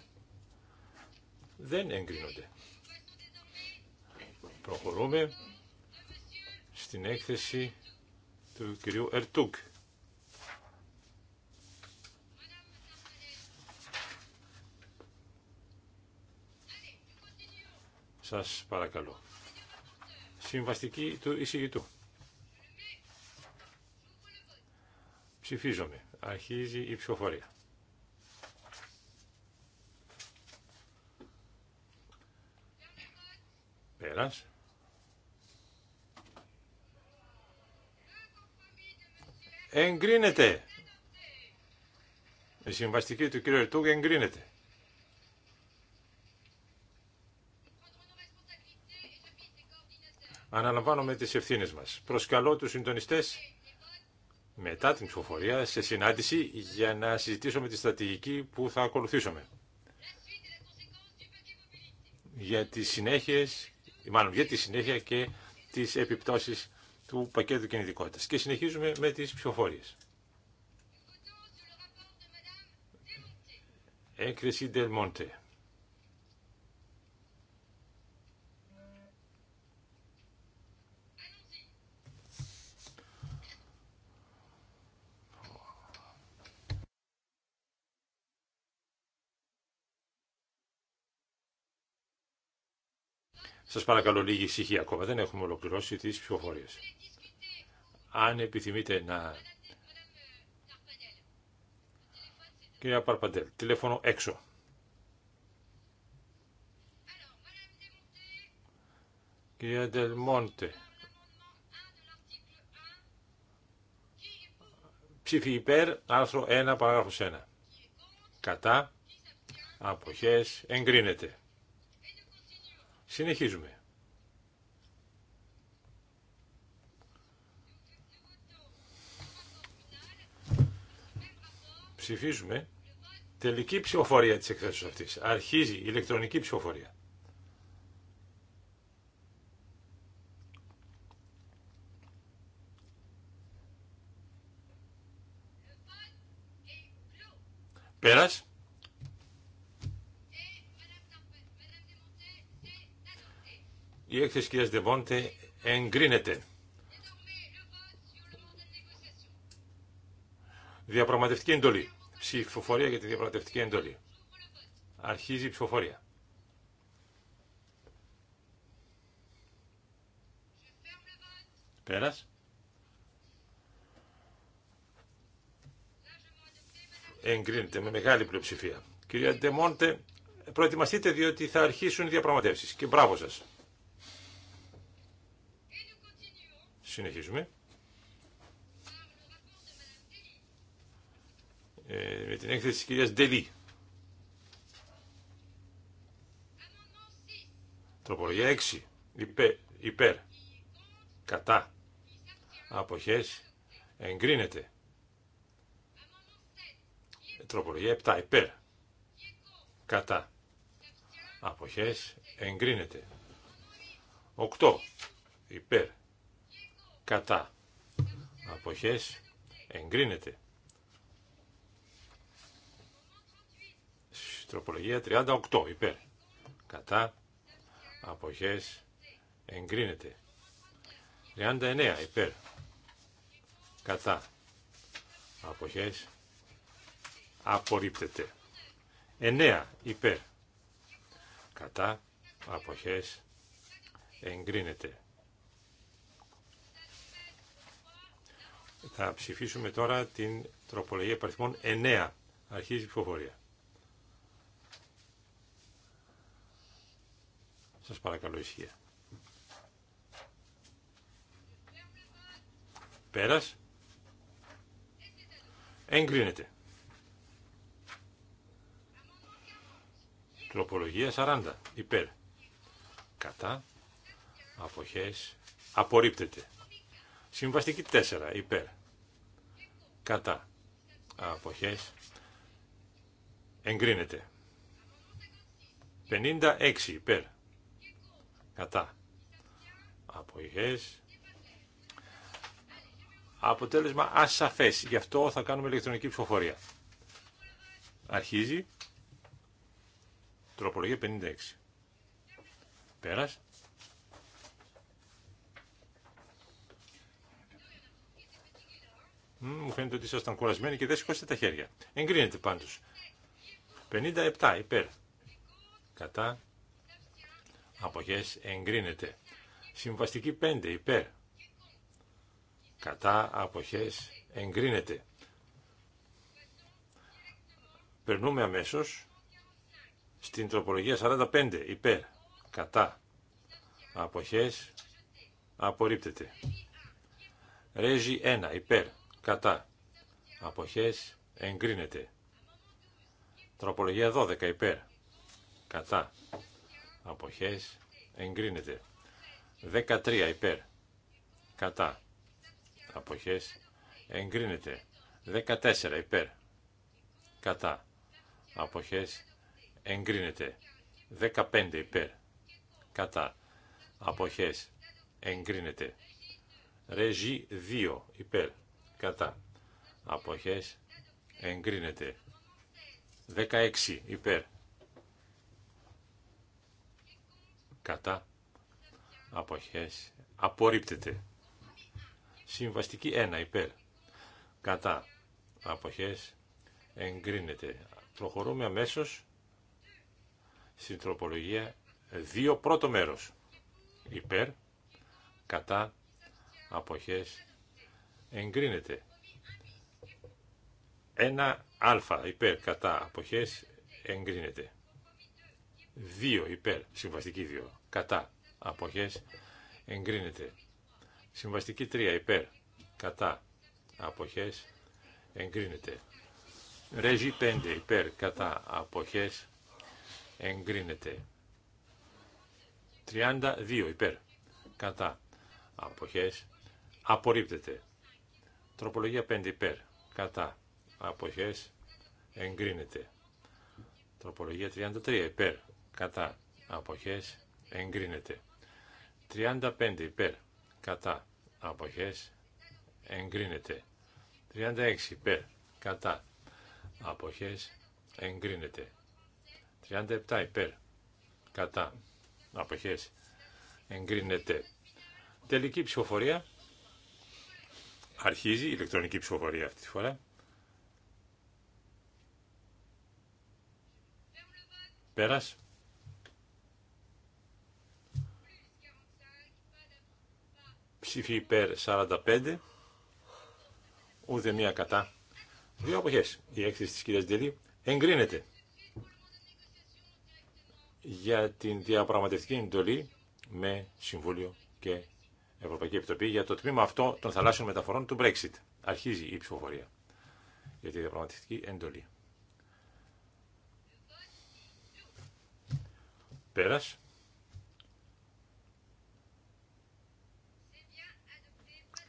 δεν εγκρίνονται. Προχωρούμε στην έκθεση του κυρίου Ερτούκ. Σας παρακαλώ. Συμβαστική του εισηγητού. Ψηφίζομαι. Αρχίζει η ψηφοφορία. Πέρας. Εγκρίνεται. Η συμβαστική του κύριου Ερτούγκ εγκρίνεται. αναλαμβάνουμε τις ευθύνες μας. Προσκαλώ τους συντονιστές μετά την ψηφοφορία σε συνάντηση για να συζητήσουμε τη στρατηγική που θα ακολουθήσουμε. Για τις συνέχειες, μάλλον για τη συνέχεια και τις επιπτώσεις του πακέτου κινητικότητας. Και συνεχίζουμε με τις ψηφοφορίες. Έκριση Del Σας παρακαλώ λίγη ησυχία ακόμα, δεν έχουμε ολοκληρώσει τις ψηφοφορίες. Αν επιθυμείτε να... Κυρία Παρπαντέλ, τηλέφωνο έξω. Κυρία Ντελμόντε, ψήφι υπέρ, άρθρο 1, παράγραφος 1. Κατά, αποχές, εγκρίνεται. Συνεχίζουμε. Ψηφίζουμε τελική ψηφοφορία της εκθέσεως αυτής. Αρχίζει η ηλεκτρονική ψηφοφορία. Πέρας. Η έκθεση κυρίας Ντεμόντε εγκρίνεται. Διαπραγματευτική εντολή. Ψηφοφορία για τη διαπραγματευτική εντολή. Αρχίζει η ψηφοφορία. Πέρας. Εγκρίνεται με μεγάλη πλειοψηφία. Κυρία Ντεμόντε, προετοιμαστείτε διότι θα αρχίσουν οι διαπραγματεύσεις. Και μπράβο σας. Συνεχίζουμε. Ε, με την έκθεση της κυρίας Ντελή. Τροπολογία 6. Υπέ, υπέρ. Κατά. Αποχές. Εγκρίνεται. Τροπολογία 7. Υπέρ. Κατά. Αποχές. Εγκρίνεται. 8. Υπέρ κατά αποχές εγκρίνεται. Τροπολογία 38 υπέρ κατά αποχές εγκρίνεται. 39 υπέρ κατά αποχές απορρίπτεται. 9 υπέρ κατά αποχές εγκρίνεται. Θα ψηφίσουμε τώρα την τροπολογία παριθμών 9. Αρχίζει η ψηφοφορία. Σας παρακαλώ ισχύα. Πέρας. Εγκρίνεται. Τροπολογία 40. Υπέρ. Κατά. Αποχές. Απορρίπτεται. Συμβαστική 4. Υπέρ κατά αποχές εγκρίνεται 56 υπέρ κατά αποχές αποτέλεσμα ασαφές γι' αυτό θα κάνουμε ηλεκτρονική ψηφοφορία αρχίζει τροπολογία 56 πέρας Μου φαίνεται ότι ήσασταν κουρασμένοι και δεν σηκώσετε τα χέρια. Εγκρίνεται πάντως. 57 υπέρ. Κατά. Αποχές εγκρίνεται. Συμβαστική 5 υπέρ. Κατά. Αποχές εγκρίνεται. Περνούμε αμέσως στην τροπολογία 45 υπέρ. Κατά. Αποχές απορρίπτεται. Ρέζι 1 υπέρ κατά, αποχές, εγκρίνεται. Τροπολογία 12 υπέρ, κατά, αποχές, εγκρίνεται. 13 υπέρ, κατά, αποχές, εγκρίνεται. 14 υπέρ, κατά, αποχές, εγκρίνεται. 15 υπέρ, κατά, αποχές, εγκρίνεται. Ρέζι 2 υπέρ, κατά αποχές εγκρίνεται 16 υπέρ κατά αποχές απορρίπτεται συμβαστική 1 υπέρ κατά αποχές εγκρίνεται προχωρούμε αμέσως στην τροπολογία 2 πρώτο μέρος υπέρ κατά αποχές εγκρινεται Ένα 1α υπέρ κατά αποχές εγκρίνεται. 2 υπέρ συμβαστική 2 κατά αποχές εγκρίνεται. Συμβαστική 3 υπέρ κατά αποχές εγκρίνεται. Ρέζι πέντε υπέρ κατά αποχές εγκρίνεται. 32 υπέρ κατά αποχές απορρίπτεται. Τροπολογία 5 υπέρ. Κατά. Αποχές. Εγκρίνεται. Τροπολογία 33 υπέρ. Κατά. Αποχές. Εγκρίνεται. 35 υπέρ. Κατά. Αποχές. Εγκρίνεται. 36 υπέρ. Κατά. Αποχές. Εγκρίνεται. 37 υπέρ. Κατά. Αποχές. Εγκρίνεται. Τελική ψηφοφορία. Αρχίζει η ηλεκτρονική ψηφοφορία αυτή τη φορά. Πέρας. Ψήφι υπέρ 45. Ούτε μία κατά. Δύο αποχές. Η έκθεση της κυρίας Ντελή εγκρίνεται για την διαπραγματευτική εντολή με Συμβούλιο και Ευρωπαϊκή Επιτροπή για το τμήμα αυτό των θαλάσσιων μεταφορών του Brexit. Αρχίζει η ψηφοφορία για τη διαπραγματευτική εντολή. Πέρας.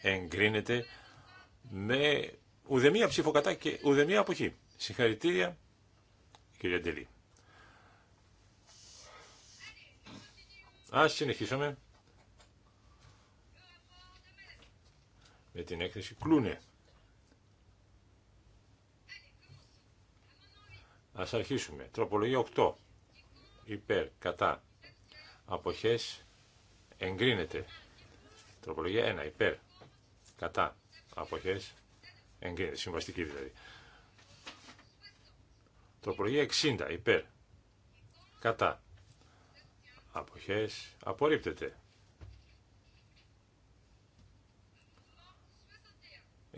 Εγκρίνεται με ουδεμία ψηφοκατά και ουδεμία αποχή. Συγχαρητήρια, κύριε Ντελή. Ας συνεχίσουμε. με την έκθεση Κλούνε. Ας αρχίσουμε. Τροπολογία 8. Υπέρ, κατά, αποχές, εγκρίνεται. Τροπολογία 1. Υπέρ, κατά, αποχές, εγκρίνεται. Συμβαστική δηλαδή. Τροπολογία 60. Υπέρ, κατά, αποχές, απορρίπτεται.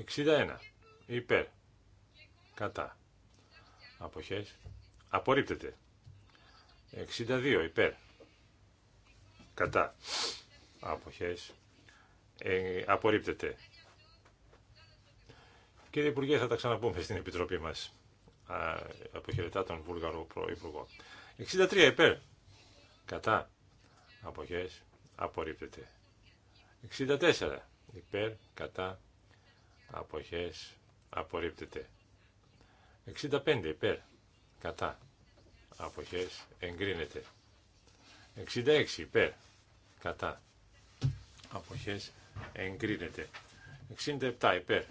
61. Υπέρ. Κατά. Αποχές. Απορρίπτεται. 62. Υπέρ. Κατά. Αποχές. Ε, απορρίπτεται. Κύριε Υπουργέ, θα τα ξαναπούμε στην Επιτροπή μας. Α, αποχαιρετά τον Βούλγαρο Υπουργό. 63. Υπέρ. Κατά. Αποχές. Απορρίπτεται. 64. Υπέρ. Κατά αποχές απορρίπτεται. 65 υπέρ κατά αποχές εγκρίνεται. 66 υπέρ κατά αποχές εγκρίνεται. 67 υπέρ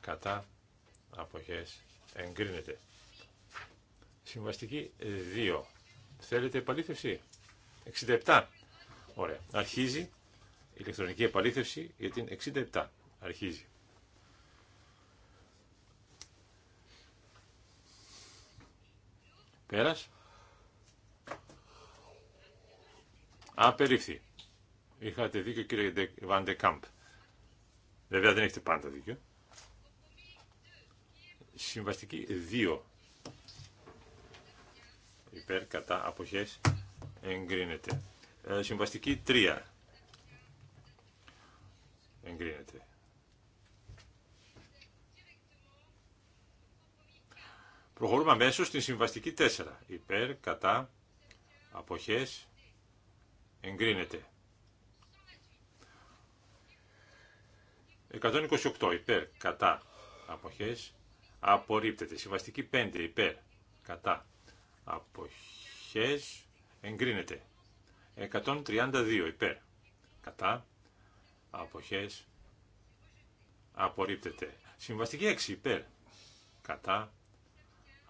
κατά αποχές εγκρίνεται. Συμβαστική 2. Θέλετε επαλήθευση. 67. Ωραία. Αρχίζει ηλεκτρονική επαλήθευση για την 67. Αρχίζει. Πέρας. Απερίφθη. Είχατε δίκιο κύριε Βαντεκάμπ. Βέβαια δεν έχετε πάντα δίκιο. Συμβαστική 2. Υπέρ κατά αποχές εγκρίνεται. Ε, συμβαστική 3. Εγκρίνεται. Προχωρούμε αμέσως στην συμβαστική 4. Υπέρ, κατά, αποχές, εγκρίνεται. 128 υπέρ, κατά, αποχές, απορρίπτεται. Συμβαστική 5 υπέρ, κατά, αποχές, εγκρίνεται. 132 υπέρ, κατά, αποχές, απορρίπτεται. Συμβαστική 6 υπέρ, κατά,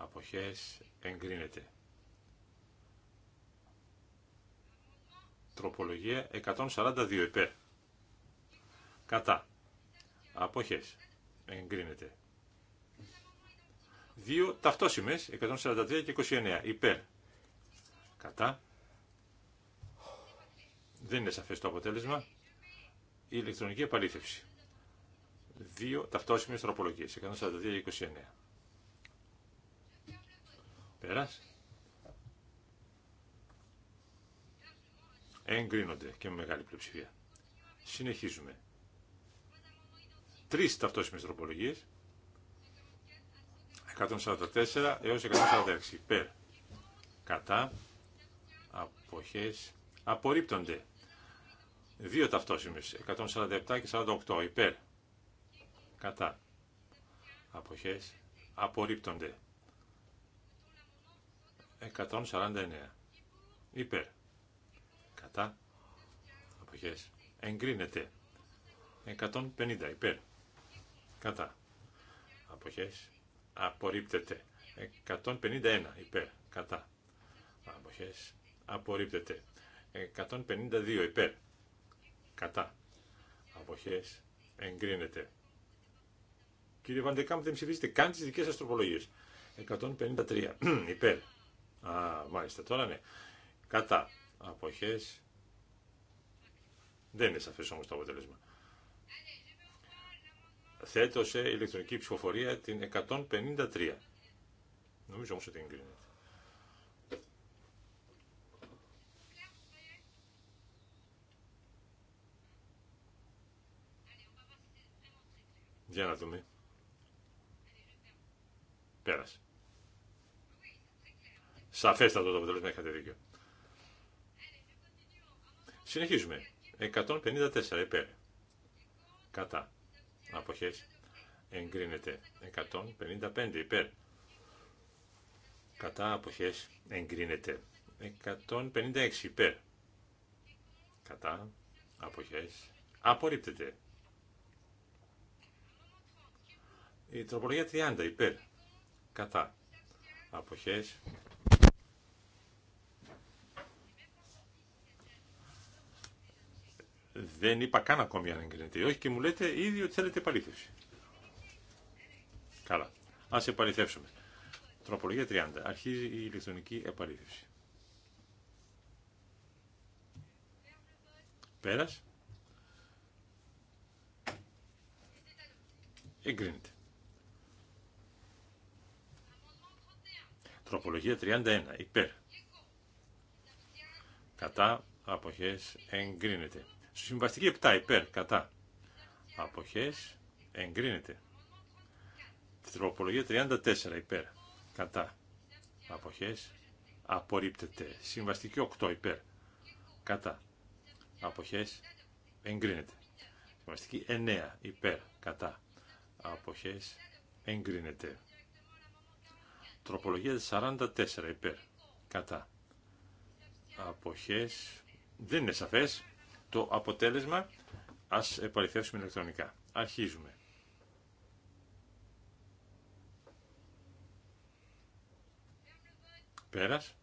αποχές εγκρίνεται. Τροπολογία 142 υπέρ. Κατά. Αποχές. Εγκρίνεται. Δύο ταυτόσημες, 143 και 29. Υπέρ. Κατά. Δεν είναι σαφές το αποτέλεσμα. Η ηλεκτρονική επαλήθευση. Δύο ταυτόσημες τροπολογίες, 142 και 29. Εγκρίνονται και με μεγάλη πλειοψηφία. Συνεχίζουμε. Τρεις ταυτόσιμες τροπολογίες. 144 έως 146. Υπέρ. Κατά. Αποχές. Απορρίπτονται. Δύο ταυτόσιμες. 147 και 48. Υπέρ. Κατά. Αποχές. Απορρίπτονται. 149. Υπέρ. Κατά. Αποχές. Εγκρίνεται. 150. Υπέρ. Κατά. Αποχές. Απορρίπτεται. 151. Υπέρ. Κατά. Αποχές. Απορρίπτεται. 152. Υπέρ. Κατά. Αποχές. Εγκρίνεται. Κύριε Βαντεκάμ, δεν ψηφίσετε καν τις δικές σας τροπολογίες. 153. Υπέρ. Α, μάλιστα, τώρα ναι. Κατά αποχές. Δεν είναι σαφές όμως το αποτέλεσμα. Θέτω σε ηλεκτρονική ψηφοφορία την 153. Νομίζω όμως ότι εγκρίνεται. Για να δούμε. Πέρασε. Σαφέστατο το αποτέλεσμα, είχατε δίκιο. Συνεχίζουμε. 154 υπέρ. Κατά. Αποχές. Εγκρίνεται. 155 υπέρ. Κατά αποχές εγκρίνεται. 156 υπέρ. Κατά αποχές απορρίπτεται. Η τροπολογία 30 υπέρ. Κατά αποχές Δεν είπα καν ακόμη αν εγκρίνεται ή όχι και μου λέτε ήδη ότι θέλετε επαλήθευση. Καλά. Ας επαληθεύσουμε. Τροπολογία 30. Αρχίζει η ηλεκτρονική επαλήθευση. Πέρας. Εγκρίνεται. Τροπολογία 31. Υπέρ. Κατά αποχές εγκρίνεται. Συμβαστική 7 υπέρ κατά Αποχέ. εγκρίνεται. Τροπολογία 34 υπέρ κατά Αποχέ. απορρίπτεται. Συμβαστική 8 υπέρ κατά Αποχέ. εγκρίνεται. Συμβαστική 9 υπέρ κατά Αποχέ. εγκρίνεται. Τροπολογία 44 υπέρ κατά Αποχέ. δεν είναι σαφές το αποτέλεσμα ας επαληθεύσουμε ηλεκτρονικά. Αρχίζουμε. Πέρας.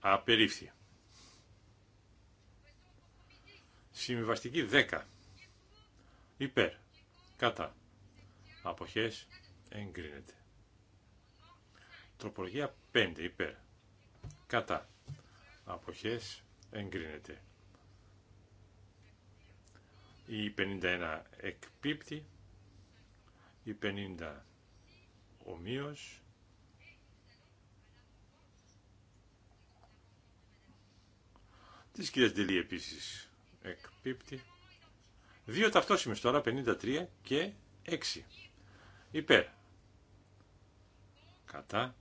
Απερίφθη. Συμβιβαστική 10. Υπέρ. Κατά. Αποχές εγκρίνεται. Τροπολογία 5. Υπέρ. Κατά αποχές εγκρίνεται. Η 51 εκπίπτει, η 50 ομοίως, της κυρίας Ντελή επίσης εκπίπτει. Δύο ταυτόσημες τώρα, 53 και 6. Υπέρ. Κατά.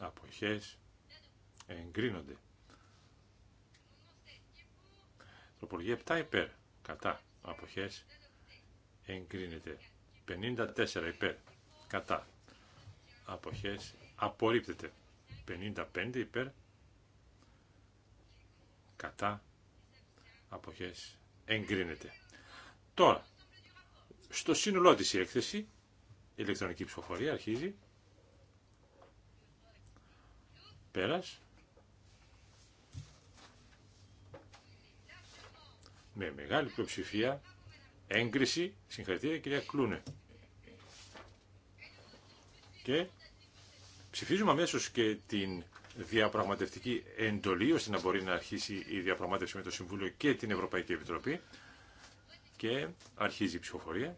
Αποχές εγκρίνονται. Τροπολογία 7 υπέρ, κατά, αποχές, εγκρίνεται. 54 υπέρ, κατά, αποχές, απορρίπτεται. 55 υπέρ, κατά, αποχές, εγκρίνεται. Τώρα, στο σύνολό της η έκθεση, η ηλεκτρονική ψηφοφορία αρχίζει, πέρας, με μεγάλη πλειοψηφία έγκριση. Συγχαρητήρια κυρία Κλούνε. Και ψηφίζουμε αμέσω και την διαπραγματευτική εντολή ώστε να μπορεί να αρχίσει η διαπραγμάτευση με το Συμβούλιο και την Ευρωπαϊκή Επιτροπή και αρχίζει η ψηφοφορία.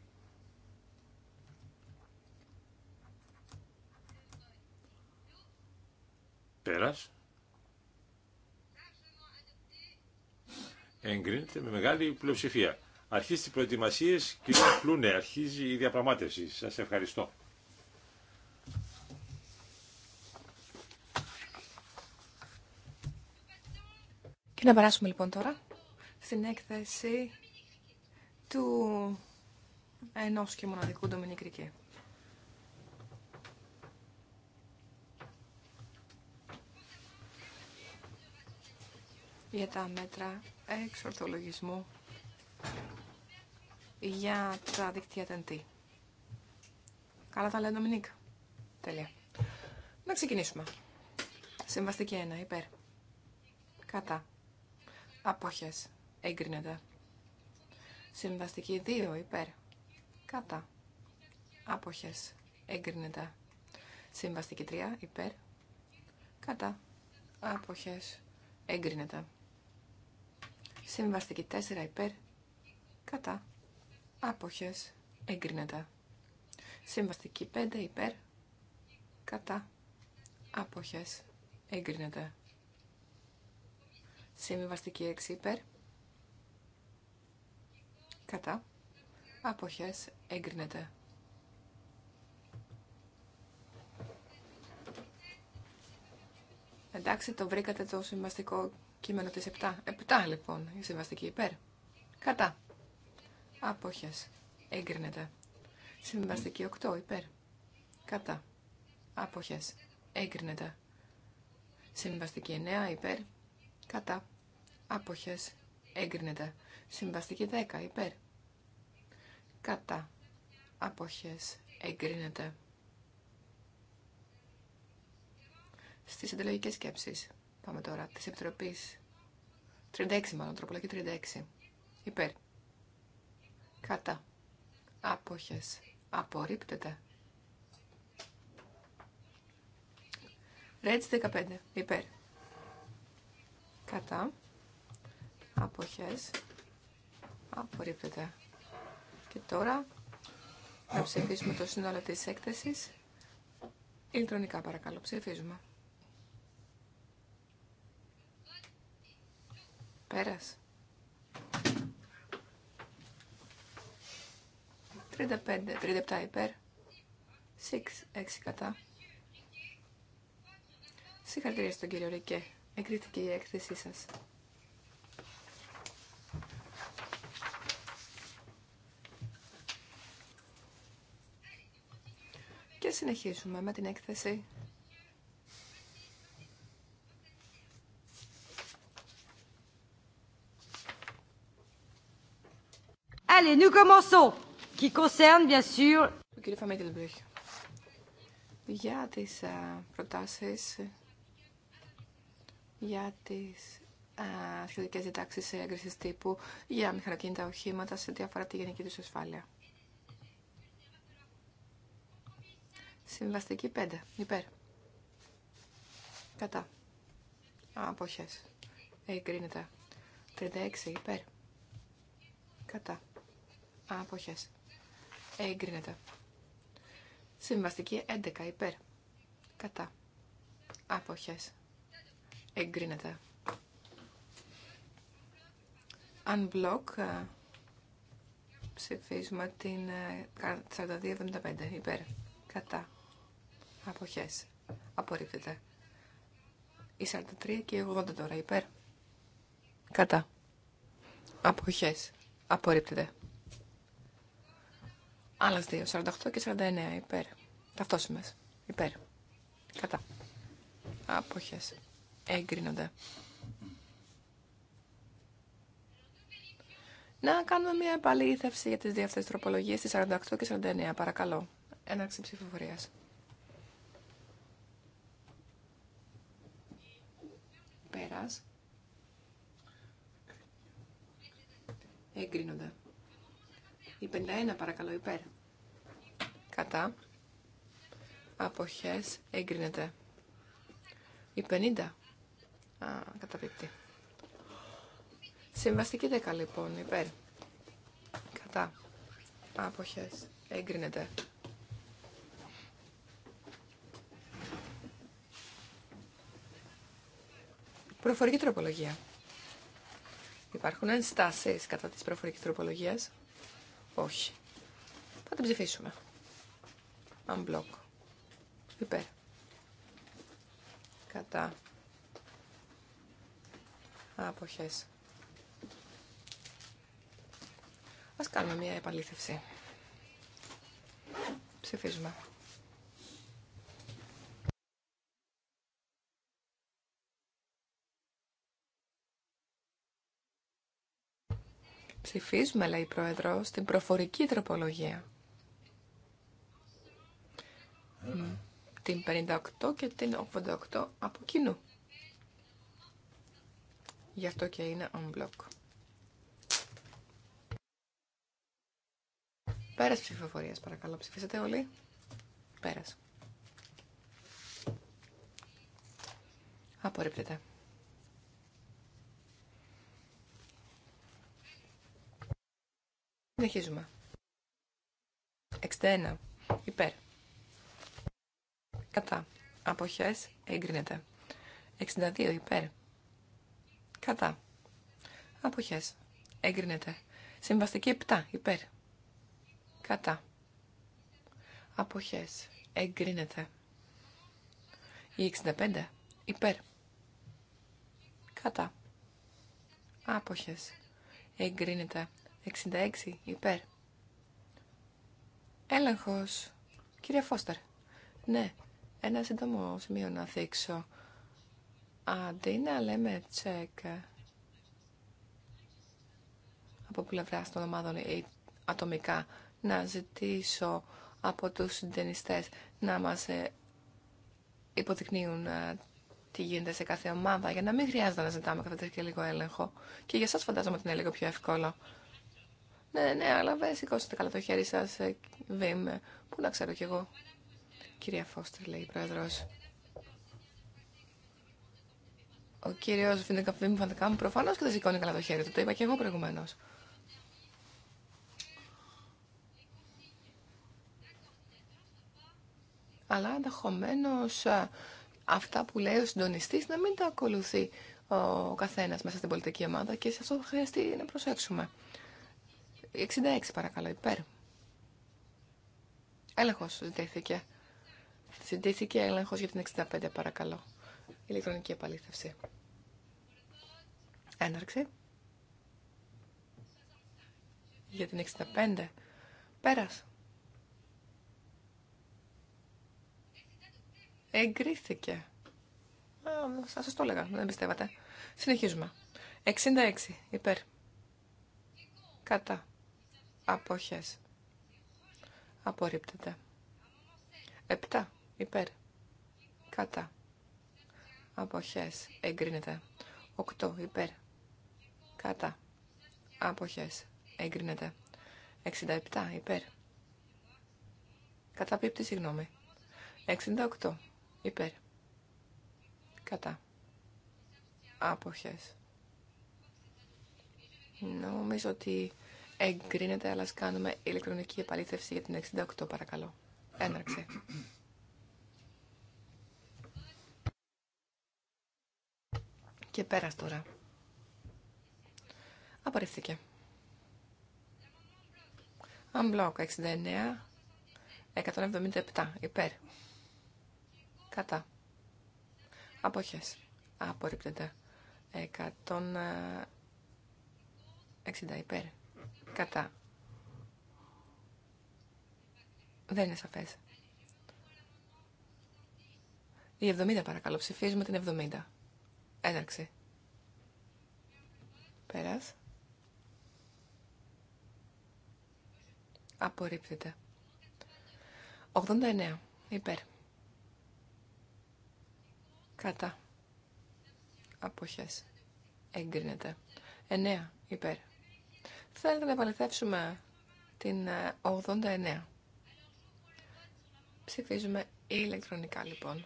Πέρας. εγκρίνεται με μεγάλη πλειοψηφία. Αρχίζει τις προετοιμασίε, κύριε Πλούνε, αρχίζει η διαπραγμάτευση. Σας ευχαριστώ. Και να περάσουμε λοιπόν τώρα στην έκθεση του ενός και μοναδικού Ντομινίκ Ρικέ. Για τα μέτρα εξορθολογισμού για τα δίκτυα TNT. Καλά τα λέει Ντομινίκ. Τέλεια. Να ξεκινήσουμε. Συμβαστική 1. Υπέρ. Κατά. Απόχες. Έγκρινεται. Συμβαστική 2. Υπέρ. Κατά. Απόχες. Έγκρινεται. Συμβαστική 3. Υπέρ. Κατά. Απόχες. Έγκρινεται. Συμβαστική 4 υπέρ. Κατά. Άποχες. Εγκρίνεται. Συμβαστική 5 υπέρ. Κατά. Άποχες. Εγκρίνεται. Συμβαστική 6 υπέρ. Κατά. Άποχες. Εγκρίνεται. Εντάξει, το βρήκατε το συμβαστικό Κείμενο τη 7. 7 λοιπόν, η συμβαστική υπέρ. Κατά. Απόχε. Έγκρινεται. Συμβαστική 8 υπέρ. Κατά. Απόχε. Έγκρινεται. Συμβαστική 9 υπέρ. Κατά. απόχε. Έγκρινεται. Συμβαστική 10 υπέρ. Κατά. Απόχε. Έγκρινεται. Στι συντολογικές σκέψει. Πάμε τώρα. Τη Επιτροπή. 36 μάλλον. Τροπολογική 36. Υπέρ. Κατά. Απόχε. Απορρίπτεται. Ρέτζ 15. Υπέρ. Κατά. απόχέ, Απορρίπτεται. Και τώρα να ψηφίσουμε το σύνολο της έκθεσης. Ηλεκτρονικά παρακαλώ ψηφίζουμε. Πέρας. 35, 37 υπέρ. 6, 6 κατά. Συγχαρητήρια στον κύριο Ρικέ. Εγκρίθηκε η έκθεσή σας. Και συνεχίζουμε με την έκθεση Allez, nous commençons. Qui concerne, bien sûr. Κύριε Φαμίτελμπριχ, για τις προτάσεις, για τις σχετικέ διτάξει έγκριση τύπου για μηχανοκίνητα οχήματα σε ό,τι αφορά τη γενική του ασφάλεια. Συμβαστική 5. Υπέρ. Κατά. Αποχέ. Εγκρίνεται. 36. Υπέρ. Κατά. Αποχές. Εγκρίνεται. Συμβαστική 11 υπέρ. Κατά. Αποχές. Εγκρίνεται. Unblock. Ε, ψηφίζουμε την 4275 ε, υπέρ. Κατά. Αποχές. Απορρίπτεται. Η 43 και η 80 τώρα υπέρ. Κατά. Αποχές. Απορρίπτεται. Άλλε δύο, 48 και 49 υπέρ. Ταυτόσιμε. Υπέρ. Κατά. Αποχέ. Εγκρίνονται. Να κάνουμε μια επαλήθευση για τι δύο αυτέ τροπολογίε, 48 και 49. Παρακαλώ. Έναρξη ψηφοφορία. Πέρας. Εγκρίνονται. Η 51 παρακαλώ υπέρ. Κατά. Αποχές εγκρίνεται. Η 50. Α, καταπληκτή. Συμβαστική 10 λοιπόν υπέρ. Κατά. Αποχές εγκρίνεται. Προφορική τροπολογία. Υπάρχουν ενστάσεις κατά της προφορικής τροπολογίας. Όχι. Θα την ψηφίσουμε. Unblock. Υπέρ. Κατά. Αποχές. Ας κάνουμε μια επαλήθευση. Ψηφίζουμε. Ψηφίζουμε, λέει η Πρόεδρο, την προφορική τροπολογία. Την 58 και την 88 από κοινού. Γι' αυτό και είναι on block. Πέρας ψηφοφορίας, παρακαλώ. Ψηφίσατε όλοι. Πέρας. Απορρίπτεται. Συνεχίζουμε. 61. Υπέρ. Κατά. Αποχές. Εγκρίνεται. 62. Υπέρ. Κατά. Αποχές. Εγκρίνεται. Συμβαστική 7. Υπέρ. Κατά. Αποχές. Εγκρίνεται. Η 65. Υπέρ. Κατά. Άποχες. Εγκρίνεται. 66 υπέρ. Έλεγχος. Κύριε Φώστερ. Ναι, ένα σύντομο σημείο να δείξω. Αντί να λέμε τσεκ από πλευρά των ομάδων ή ατομικά, να ζητήσω από τους συντενιστές να μας ε, υποδεικνύουν ε, τι γίνεται σε κάθε ομάδα, για να μην χρειάζεται να ζητάμε κατά τέτοιο λίγο έλεγχο. Και για σας φαντάζομαι ότι είναι λίγο πιο εύκολο. Ναι, ναι, αλλά βέβαια σηκώσετε καλά το χέρι σα, ε, Βίμ. Πού να ξέρω κι εγώ. Κυρία Φώστερ, λέει η πρόεδρο. Ο κύριο Βίμ μου προφανώ και δεν σηκώνει καλά το χέρι του. Το είπα κι εγώ προηγουμένω. Αλλά ενδεχομένω ε, αυτά που λέει ο συντονιστή να μην τα ακολουθεί ο καθένα μέσα στην πολιτική ομάδα και σε αυτό θα χρειαστεί να προσέξουμε. 66 παρακαλώ, υπέρ. Έλεγχος ζητήθηκε. Συντήθηκε έλεγχος για την 65 παρακαλώ. Ηλεκτρονική επαλήθευση. Έναρξη. Για την 65. Πέρας. Εγκρίθηκε. Α, σας το έλεγα, δεν πιστεύατε. Συνεχίζουμε. 66 υπέρ. Κατά. Αποχές. Απορρίπτεται. 7. Υπέρ. Κατά. Αποχές. Εγκρίνεται. 8. Υπέρ. Κατά. Αποχές. Εγκρίνεται. 67. Υπέρ. Καταπίπτει, συγγνώμη. 68. Υπέρ. Κατά. Άποχες. Νομίζω ότι Εγκρίνεται, αλλά κάνουμε ηλεκτρονική επαλήθευση για την 68, παρακαλώ. Έναρξε. Και πέρας τώρα. Απορρίφθηκε. Unblock 69, 177, υπέρ. Κατά. Αποχές. Απορρίπτεται. 60 υπέρ. Κατά. Δεν είναι σαφέ. Η 70 παρακαλώ. Ψηφίζουμε την 70. Έναρξη. Πέρας. Απορρίπτεται. 89. Υπέρ. Κατά. Αποχές. Εγκρίνεται. 9. Υπέρ. Θέλετε να επαληθεύσουμε την 89. Ε, Ψηφίζουμε ηλεκτρονικά λοιπόν.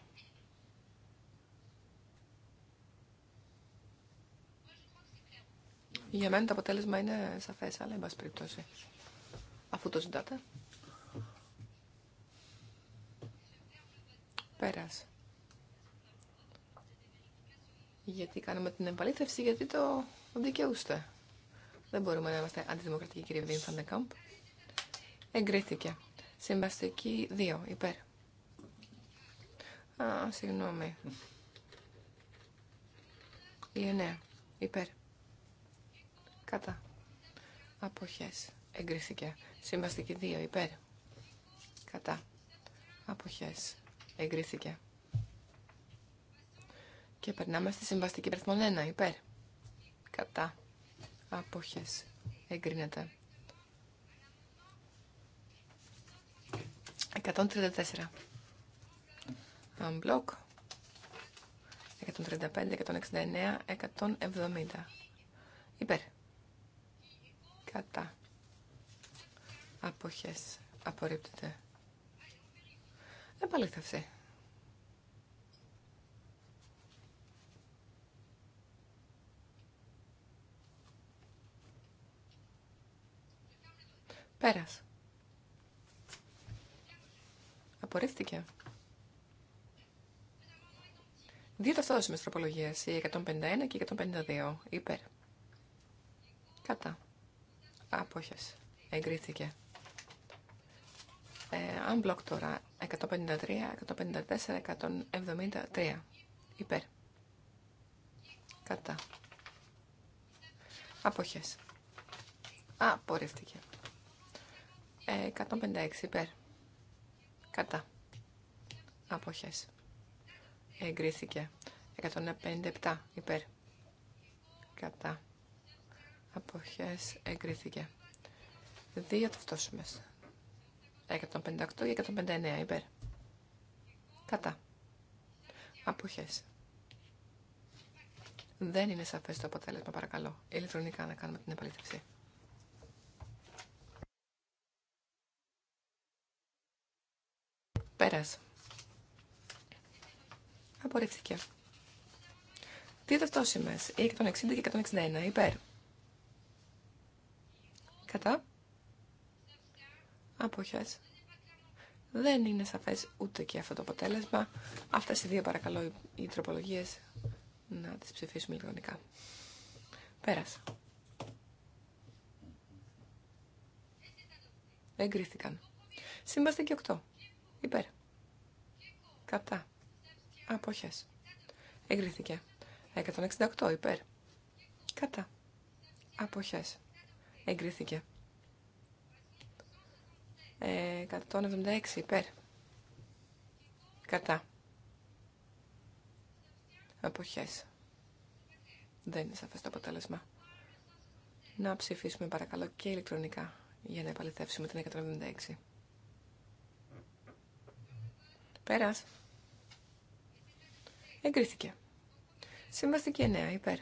Για μένα το αποτέλεσμα είναι σαφές, αλλά εν περιπτώσει. Αφού το ζητάτε. Πέρας. Γιατί κάνουμε την επαληθεύση, γιατί το δικαιούστε. Δεν μπορούμε να είμαστε αντιδημοκρατικοί, κύριε Βίμ Κάμπ. Εγκρίθηκε. Συμβαστική 2. Υπέρ. Α, συγγνώμη. Η Υπέρ. Κατά. Αποχές. Εγκρίθηκε. Συμβαστική 2. Υπέρ. Κατά. Αποχές. Εγκρίθηκε. Και περνάμε στη συμβαστική περιθμόν 1. Υπέρ. Κατά αποχές εγκρίνεται. 134. Unblock. 135, 169, 170. Υπέρ. Κατά. Αποχές. Απορρίπτεται. Επαλήθευση. Πέρας. Απορρίφθηκε. Δύο ταυτόσιμες τροπολογίες, η 151 και η 152, υπέρ. Κατά. Απόχες. Εγκρίθηκε. Ε, unblock τώρα, 153, 154, 173, υπέρ. Κατά. Απόχες. Απορρίφθηκε. 156 υπέρ. Κατά. Αποχές. Εγκρίθηκε. 157 υπέρ. Κατά. Αποχές. Εγκρίθηκε. Δύο ταυτόσιμες. 158 και 159 υπέρ. Κατά. Αποχές. Δεν είναι σαφές το αποτέλεσμα, παρακαλώ. Ηλεκτρονικά να κάνουμε την επαλήθευση. Πέρας. Απορρίφθηκε. Δύο Οι 160 και 161, υπέρ. Κατά. Αποχέ. Δεν είναι σαφέ ούτε και αυτό το αποτέλεσμα. Αυτές οι δύο παρακαλώ οι τροπολογίε να τι ψηφίσουμε ηλεκτρονικά. Πέρασα. Εγκρίθηκαν. Σύμβαστε και 8. Υπέρ. Κατά. Αποχές. Εγκρίθηκε. 168 υπέρ. Κατά. Αποχές. Εγκρίθηκε. 176 υπέρ. Κατά. Αποχές. Δεν είναι σαφές το αποτέλεσμα. Να ψηφίσουμε παρακαλώ και ηλεκτρονικά για να επαληθεύσουμε την 176. Πέρας. Εγκρίθηκε. Συμβαστική 9. Υπέρ.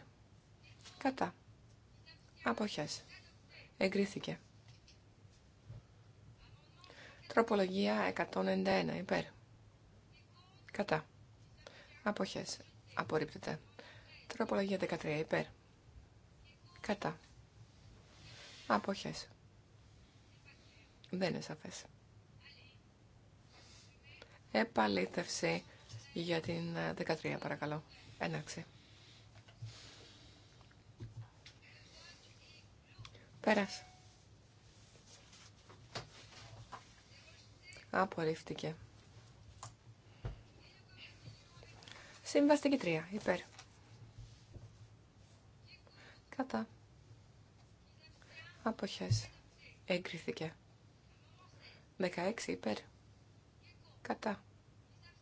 Κατά. Αποχές. Εγκρίθηκε. Τροπολογία 191. Υπέρ. Κατά. Αποχές. Απορρίπτεται. Τροπολογία 13. Υπέρ. Κατά. Αποχές. Δεν είναι σαφές. Επαλήθευση για την 13, ε, παρακαλώ. Έναρξη. Πέρασε. Απορρίφθηκε. Συμβαστική 3. Υπέρ. Κατά. Αποχές. Έγκριθηκε. 16 υπέρ κατά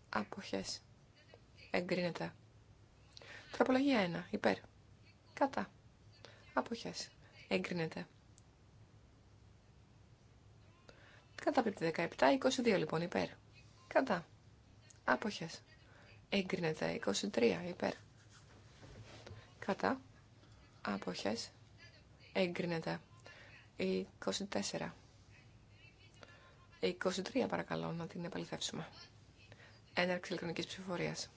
αποχές εγκρίνεται. Τροπολογία 1 υπέρ κατά αποχές εγκρίνεται. Κατά 17, 22 λοιπόν υπέρ. Κατά. Άποχες. Εγκρίνεται 23 υπέρ. Κατά. Άποχες. Εγκρίνεται 24 23 παρακαλώ να την επαληθεύσουμε. Έναρξη ηλεκτρονικής ψηφοφορίας.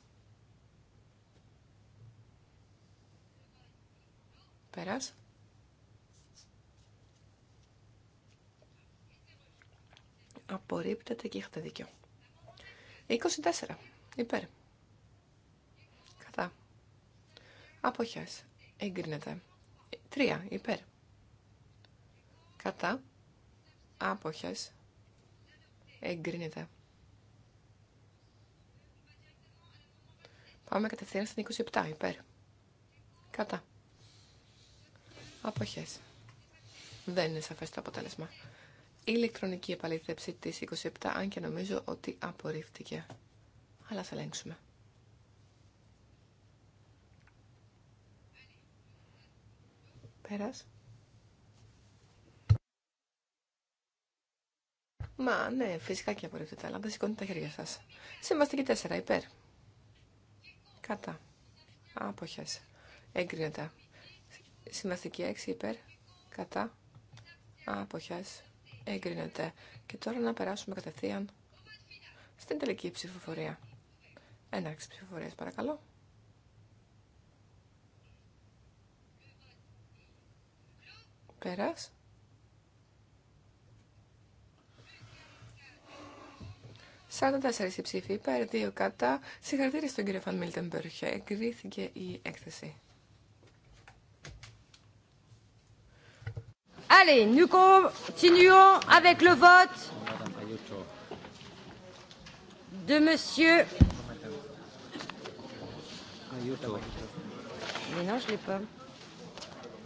Πέρας. Απορρίπτεται και είχατε δίκιο. 24. Υπέρ. Κατά. Αποχές. Εγκρίνεται. 3. Υπέρ. Κατά. Άποχες. Εγκρίνεται. Πάμε κατευθείαν στην 27, υπέρ. Κατά. Αποχές. Δεν είναι σαφές το αποτέλεσμα. Η ηλεκτρονική επαλήθευση της 27, αν και νομίζω ότι απορρίφθηκε. Αλλά θα ελέγξουμε. Πέρας. Μα ναι, φυσικά και απορρίπτεται, αλλά δεν σηκώνετε τα χέρια σα. Συμβαστική 4, υπέρ. Κατά. Αποχέ. Έγκρινεται. Συμβαστική 6, υπέρ. Κατά. Άποχε. Έγκρινεται. Και τώρα να περάσουμε κατευθείαν στην τελική ψηφοφορία. Έναρξη ψηφοφορία, παρακαλώ. Πέρας. 44 ψήφοι υπέρ, 2 κατά. Συγχαρητήρια στον κύριο Φαν Μίλτεμπεργκ. Εγκρίθηκε η έκθεση. Allez, nous continuons avec le vote de monsieur. Mais non, je ne l'ai pas.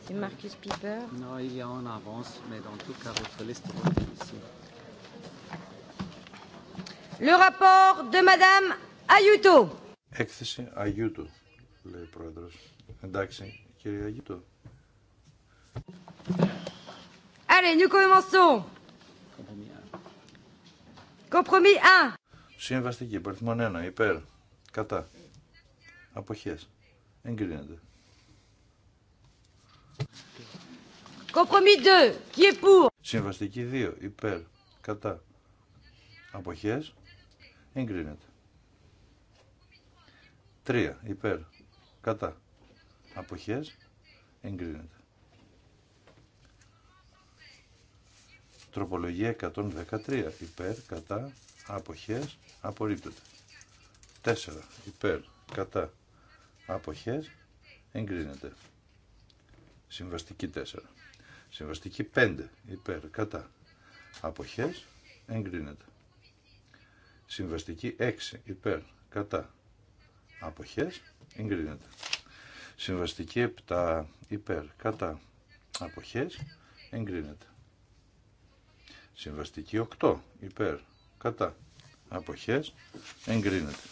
C'est Marcus Piper. Non, il est en avance, mais dans tout cas, votre liste est ici. Le rapport de Madame Ayuto. Έκθεση Αγιούτου, λέει ο Πρόεδρος. Εντάξει, κύριε Αγιούτου. Allez, nous commençons. Compromis 1. Συμβαστική, υπαριθμόν 1, υπέρ, κατά, αποχές, εγκρίνεται. Compromis 2, qui est pour. Συμβαστική 2, υπέρ, κατά, αποχές, εγκρίνεται. 3 υπέρ κατά αποχές εγκρίνεται. Τροπολογία 113 υπέρ κατά αποχές απορρίπτεται. 4 υπέρ κατά αποχές εγκρίνεται. Συμβαστική 4. Συμβαστική 5 υπέρ κατά αποχές εγκρίνεται. Συμβαστική 6 υπέρ κατά αποχές εγκρίνεται. Συμβαστική 7 υπέρ κατά αποχές εγκρίνεται. Συμβαστική 8 υπέρ κατά αποχές εγκρίνεται.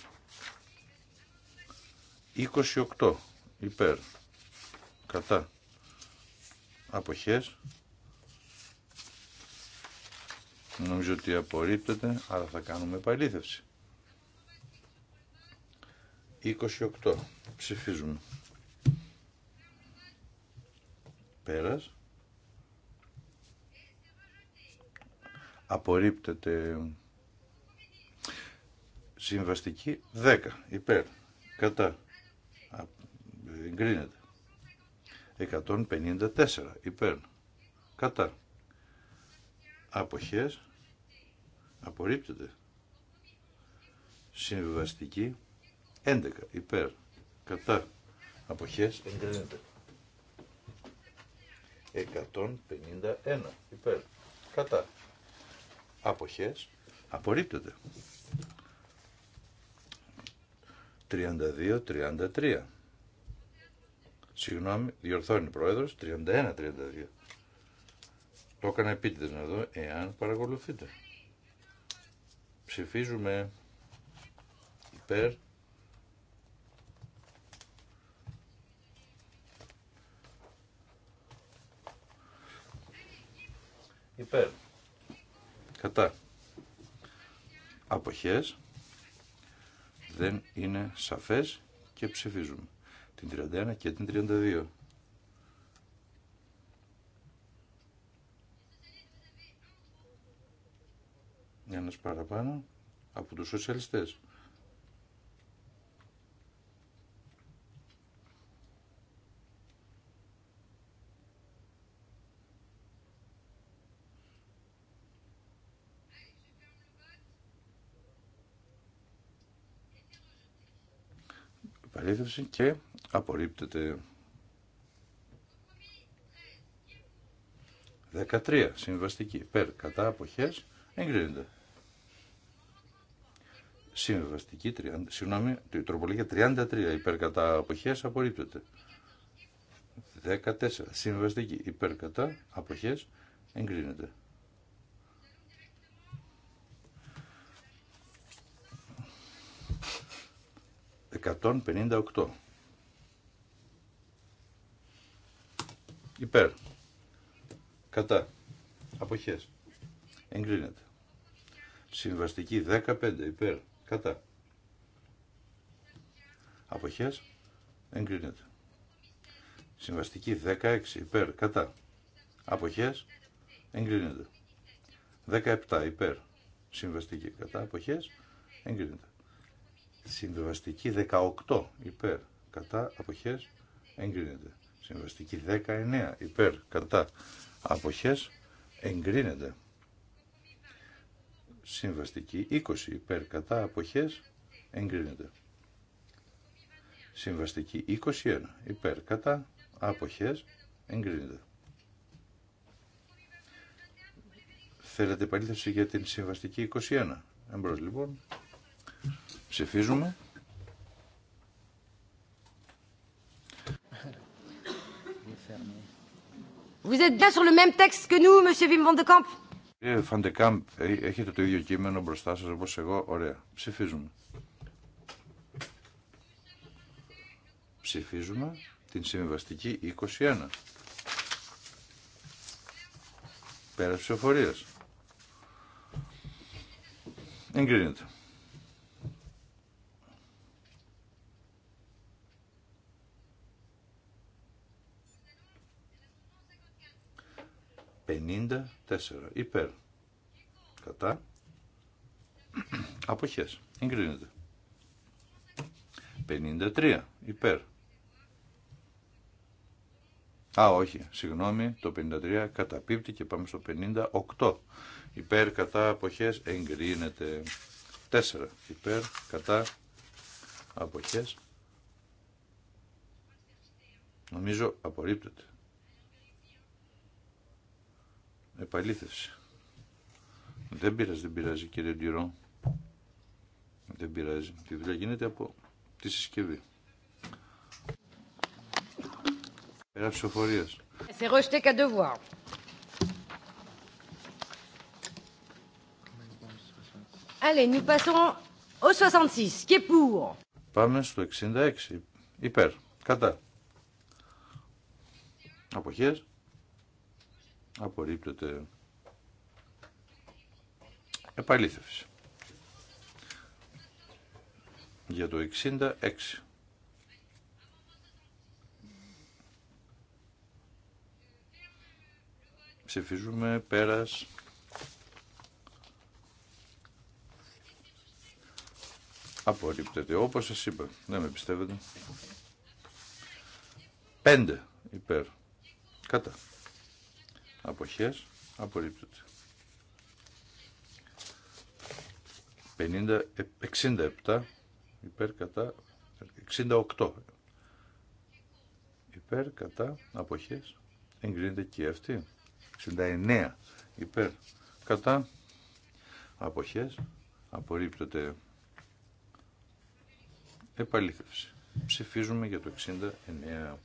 28 υπέρ κατά αποχές Νομίζω ότι απορρίπτεται, αλλά θα κάνουμε επαλήθευση. 28. Ψηφίζουμε. Πέρας. Απορρίπτεται. Συμβαστική 10. Υπέρ. Κατά. Εγκρίνεται. 154. Υπέρ. Κατά. Αποχές Απορρίπτεται. Συμβιβαστική 11 υπέρ κατά αποχές εγκρίνεται. 151 υπέρ κατά αποχές απορρίπτεται. 32-33. Συγγνώμη, διορθώνει πρόεδρος, 31-32. Το έκανα επίτηδες να δω εάν παρακολουθείτε. Ψηφίζουμε υπέρ. Υπέρ. Κατά. Αποχές. Δεν είναι σαφές και ψηφίζουμε. Την 31 και την 32. Ένας παραπάνω από τους σοσιαλιστές. Επαλήθευση και απορρίπτεται. 13. Συμβαστική. Περ. Κατά αποχές. Εγκρίνεται. Συμβαστική, συγγνώμη, η τροπολογία 33 υπέρ κατά αποχές απορρίπτεται. 14. Συμβαστική υπέρ κατά αποχές εγκρίνεται. 158. Υπέρ. Κατά. Αποχές. Εγκρίνεται. Συμβαστική 15 υπέρ. Κατά. Αποχές. Εγκρίνεται. Συμβαστική 16 υπέρ. Κατά. Αποχές. Εγκρίνεται. 17 υπέρ. Συμβαστική κατά. Αποχές. Εγκρίνεται. Συμβαστική 18 υπέρ. Κατά. Αποχές. Εγκρίνεται. Συμβαστική 19 υπέρ. Κατά. Αποχές. Εγκρίνεται. Συμβαστική 20 υπέρ κατά αποχές εγκρίνεται. Συμβαστική 21 υπέρ κατά αποχές εγκρίνεται. Θέλετε επαλήθευση για την συμβαστική 21. Εμπρός λοιπόν. Ψηφίζουμε. Vous êtes bien sur le même texte que Κύριε Φαντεκάμπ, ε, έχετε το ίδιο κείμενο μπροστά σας όπως εγώ. Ωραία. Ψηφίζουμε. Ψηφίζουμε την συμβαστική 21. Πέρα ψηφοφορίας. Εγκρίνεται. 54 υπέρ κατά αποχές εγκρίνεται 53 υπέρ Α, όχι, συγγνώμη, το 53 καταπίπτει και πάμε στο 58. Υπέρ κατά αποχές εγκρίνεται. 4. Υπέρ κατά αποχές. Νομίζω απορρίπτεται επαλήθευση. Δεν πειράζει, δεν πειράζει κύριε Ντυρό. Δεν πειράζει. Τη δουλειά γίνεται από τη συσκευή. Πέρα ψηφοφορία. devoir. 66. Qui est Πάμε στο 66. Υπέρ. Κατά. Αποχές. Απορρίπτεται. Επαλήθευση. Για το 66. Ψηφίζουμε πέρας. Απορρίπτεται. Όπως σας είπα. Δεν με πιστεύετε. 5 υπέρ. Κατά αποχές απορρίπτονται. 67 ε, υπέρ κατά 68 υπέρ κατά αποχές εγκρίνεται και αυτή 69 υπέρ κατά αποχές απορρίπτονται επαλήθευση ψηφίζουμε για το 69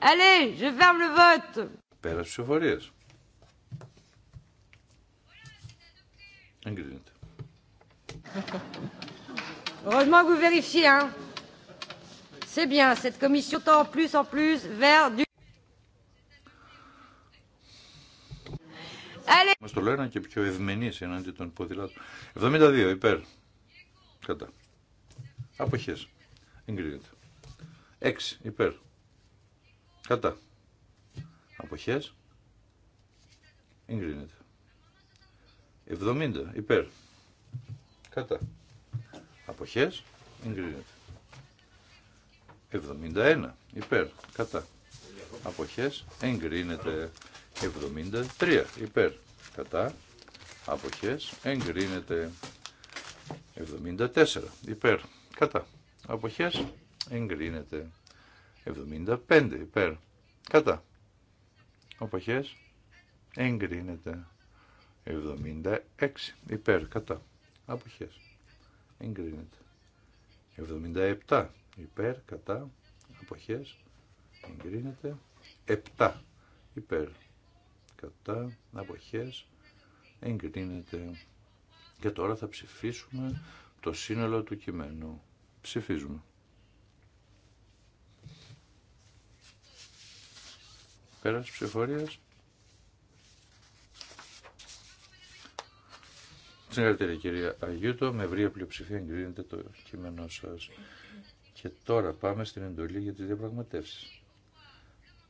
Allez, je ferme le vote. Πέρα Εγκρίνεται. Heureusement que vous vérifiez, hein. C'est bien, cette commission tend plus en plus vers du... Allez. Μας το λένε και πιο των ποδηλάτων. 72, υπέρ. Κατά. Εγκρίνεται. 6 υπέρ. Κατά. Αποχές. Εγκρίνεται. 70 υπέρ. Κατά. Αποχές. Εγκρίνεται. 71 υπέρ. Κατά. Αποχές. Εγκρίνεται. 73 υπέρ. Κατά. Αποχές. Εγκρίνεται. 74 υπέρ. Κατά αποχές εγκρίνεται 75 υπέρ κατά αποχές εγκρίνεται 76 υπέρ κατά αποχές εγκρίνεται 77 υπέρ κατά αποχές εγκρίνεται 7 υπέρ κατά αποχές εγκρίνεται και τώρα θα ψηφίσουμε το σύνολο του κειμένου Ψηφίζουμε. Πέρας ψηφορίας. Συγχαρητήρια κυρία Αγιούτο, με ευρία πλειοψηφία εγκρίνεται το κείμενό σας. Και τώρα πάμε στην εντολή για τις διαπραγματεύσεις.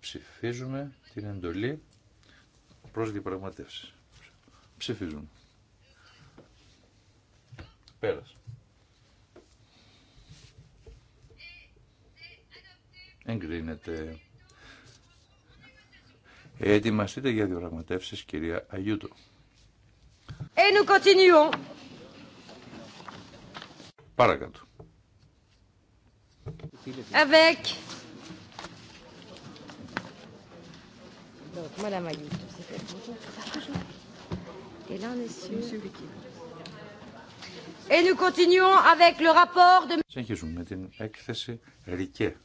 Ψηφίζουμε την εντολή προς διαπραγματεύσεις. Ψηφίζουμε. Πέρας. εγκρίνεται. Ετοιμαστείτε για διαπραγματεύσεις, κυρία Αγιούτο. Et nous continuons. Παρακάτω. Avec. Donc, Madame Ayuto, Et là, on est sur... Monsieur Et nous continuons avec le rapport de... Συνεχίζουμε με την έκθεση ΡΙΚΕ.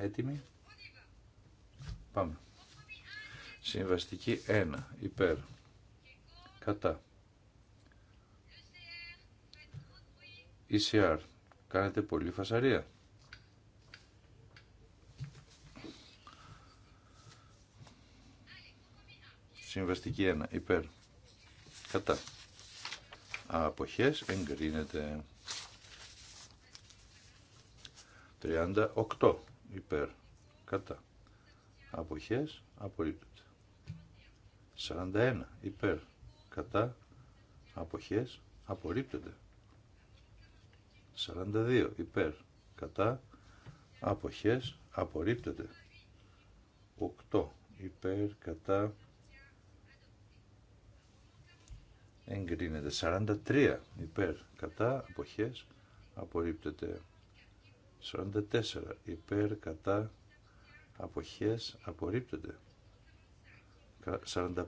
Έτοιμοι. Πάμε. Συμβαστική 1. Υπέρ. Κατά. ECR. Κάνετε πολύ φασαρία. Συμβαστική 1. Υπέρ. Κατά. Αποχές εγκρίνεται. 38 υπέρ κατά αποχές απορρίπτεται 41 υπέρ κατά αποχές απορρίπτεται 42 υπέρ κατά αποχές απορρίπτεται 8 υπέρ κατά εγκρίνεται 43 υπέρ κατά αποχές απορρίπτεται 44 υπέρ κατά αποχές απορρίπτονται 45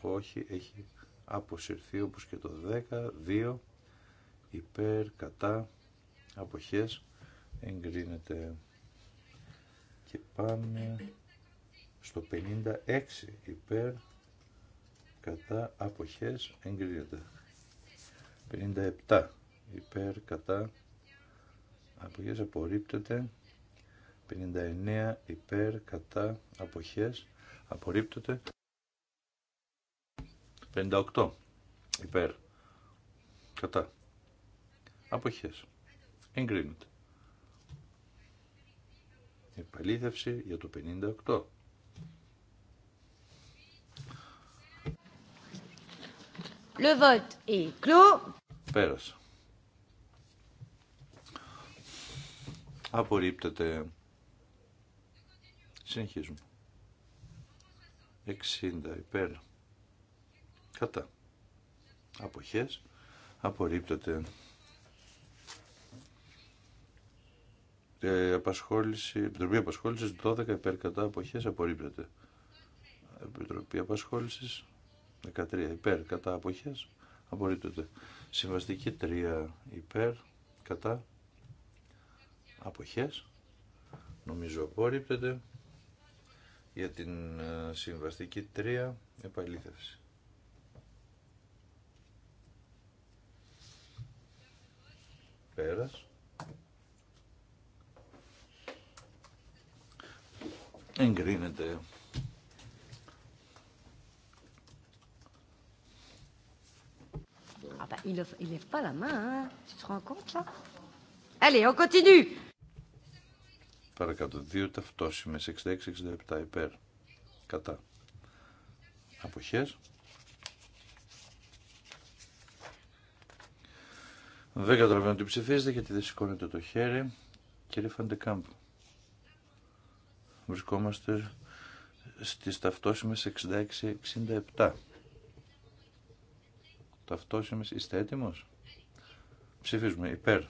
όχι έχει αποσυρθεί όπως και το 10 2 υπέρ κατά αποχές εγκρίνεται και πάμε στο 56 υπέρ κατά αποχές εγκρίνεται 57 υπέρ κατά αποχές απορρίπτεται 59 υπέρ κατά αποχές απορρίπτεται 58 υπέρ κατά αποχές εγκρίνεται επαλήθευση για το 58 Le vote est clos. Πέρασε. Απορρίπτεται. Συνεχίζουμε. 60 υπέρ. Κατά. Αποχές. Απορρίπτεται. Ε, απασχόληση, Επιτροπή Απασχόλησης 12 υπέρ κατά αποχές απορρίπτεται. Επιτροπή Απασχόλησης 13 υπέρ κατά αποχές απορρίπτεται. Συμβαστική 3 υπέρ κατά αποχές νομίζω απορρίπτεται για την ε, συμβαστική 3 επαλήθευση. Πέρας. Εγκρίνεται. Ah bah, il lève pas la main, hein. Tu te rends compte là Allez, on continue. Παρακάτω. Δύο ταυτόσημες. 66-67 υπέρ. Κατά. Αποχές. Δεν καταλαβαίνω τι ψηφίζετε γιατί δεν σηκώνετε το χέρι. Κύριε Φαντεκάμπ, βρισκόμαστε στις ταυτόσημες 66-67. Ταυτόσημες, είστε έτοιμος. Ψηφίζουμε υπέρ.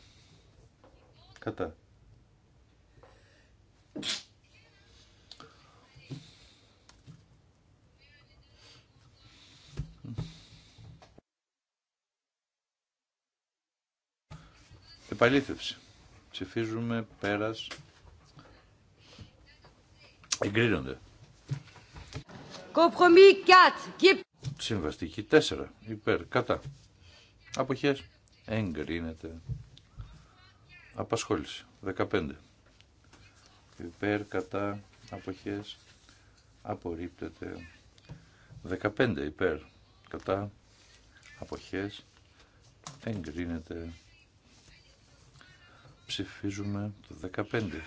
Κατά. Επαλήθευση. Ψηφίζουμε πέρας. Εγκρίνονται. 4. Συμβαστική 4. Υπέρ. Κατά. Αποχές. Εγκρίνεται. Απασχόληση. 15. Υπέρ. Κατά. Αποχές. Απορρίπτεται. 15. Υπέρ. Κατά. Αποχές. Εγκρίνεται. Ψηφίζουμε το 15.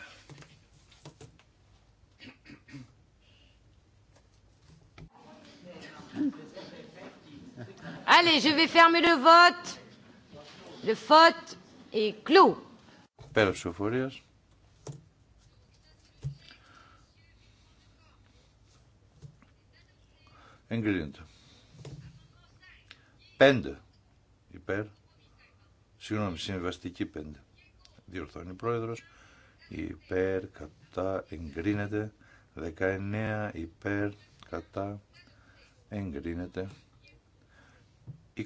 Allez, je vais fermer le vote. Le vote est clos. Πέρα Εγκρίνεται. Πέντε υπέρ. Συγγνώμη, συμβαστική πέντε διορθώνει πρόεδρος, υπέρ, κατά, εγκρίνεται, 19, υπέρ, κατά, εγκρίνεται, 20,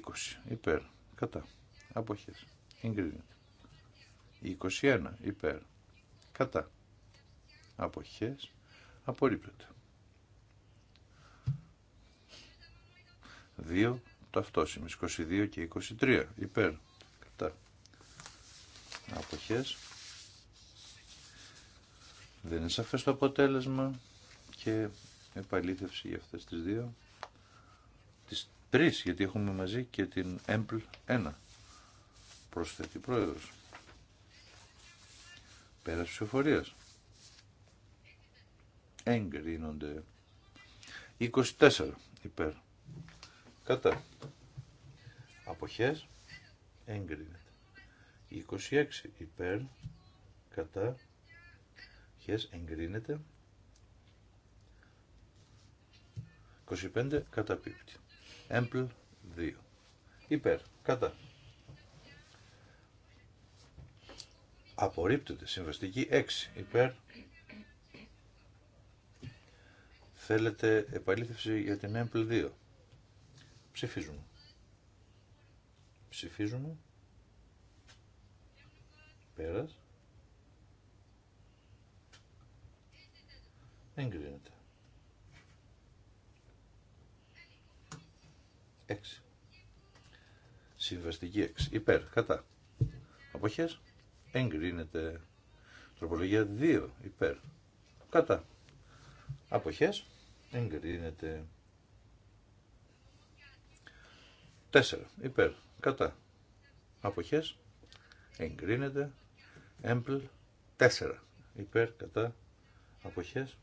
υπέρ, κατά, αποχές, εγκρίνεται, 21, υπέρ, κατά, αποχές, απορρίπτεται. 2, ταυτόσημες, 22 και 23, υπέρ, αποχές δεν είναι σαφές το αποτέλεσμα και επαλήθευση για αυτές τις δύο τις τρεις γιατί έχουμε μαζί και την έμπλ 1 προσθέτει πρόεδρος πέρας ψηφοφορίας εγκρίνονται 24 υπέρ κατά αποχές Έγκρινονται. 26 υπέρ κατά χες εγκρίνεται 25 καταπίπτει έμπλ 2 υπέρ κατά απορρίπτεται συμβαστική 6 υπέρ θέλετε επαλήθευση για την έμπλ 2 ψηφίζουμε ψηφίζουμε Πέρας. Εγκρίνεται. 6. Συμβαστική 6. Υπέρ. Κατά. Αποχές. Εγκρίνεται. Τροπολογία 2. Υπέρ. Κατά. Αποχές. Εγκρίνεται. 4. Υπέρ. Κατά. Αποχές. Εγκρίνεται. Έμπλ 4 υπέρ κατά αποχές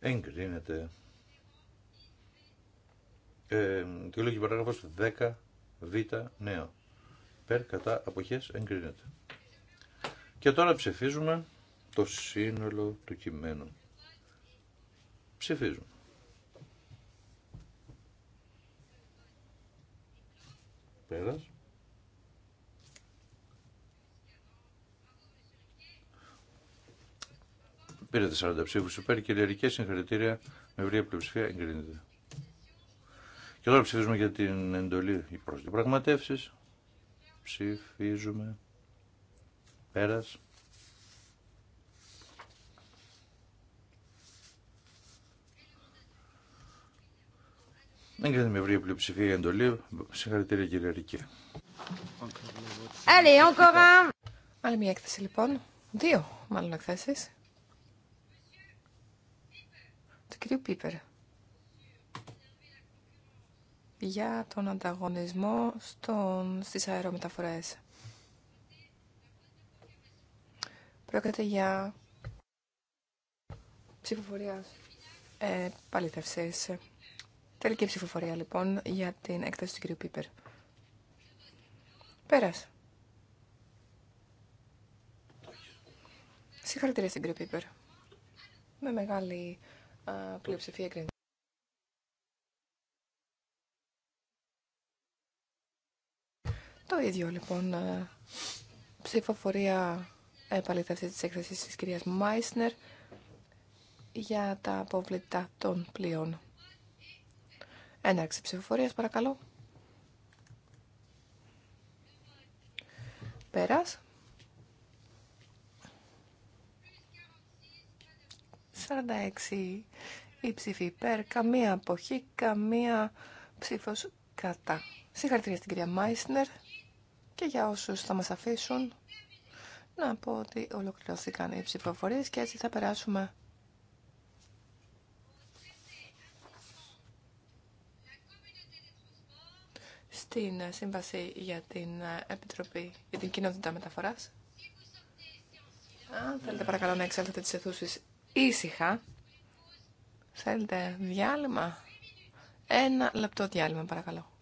εγκρίνεται. Ε, λόγη παράγραφος 10 β νέο. Υπέρ κατά αποχές εγκρίνεται. Και τώρα ψηφίζουμε το σύνολο του κειμένου. Ψηφίζουμε. Πέρας. Πήρετε 40 ψήφου υπέρ και συγχαρητήρια με ευρία πλειοψηφία εγκρίνεται. Και τώρα ψηφίζουμε για την εντολή προ διαπραγματεύσει. Ψηφίζουμε. Πέρα. Εγκρίνεται με ευρία πλειοψηφία η εντολή. Συγχαρητήρια κύριε Ρικέ. Άλλη μια έκθεση λοιπόν. Δύο μάλλον εκθέσει του Πίπερ για τον ανταγωνισμό στον, στις αερομεταφορές. Πρόκειται για ψηφοφορία ε, Τελική ψηφοφορία λοιπόν για την έκθεση του κυρίου Πίπερ. Πέρασε. Συγχαρητήρια στην κύριο Πίπερ. Με μεγάλη πλειοψηφία κρίνει. Το ίδιο λοιπόν ψηφοφορία επαλήθευση της έκθεσης της κυρίας Μάισνερ για τα αποβλητά των πλοίων. Έναρξη ψηφοφορίας παρακαλώ. Πέρας. 46 η ψήφη υπέρ, καμία αποχή, καμία ψήφος κατά. Συγχαρητήρια στην κυρία Μάισνερ και για όσους θα μας αφήσουν να πω ότι ολοκληρώθηκαν οι ψηφοφορίε και έτσι θα περάσουμε στην Σύμβαση για την Επιτροπή για την Κοινότητα Μεταφοράς. Αν θέλετε παρακαλώ να εξέλθετε τις αιθούσεις ήσυχα. Θέλετε διάλειμμα. Ένα λεπτό διάλειμμα παρακαλώ.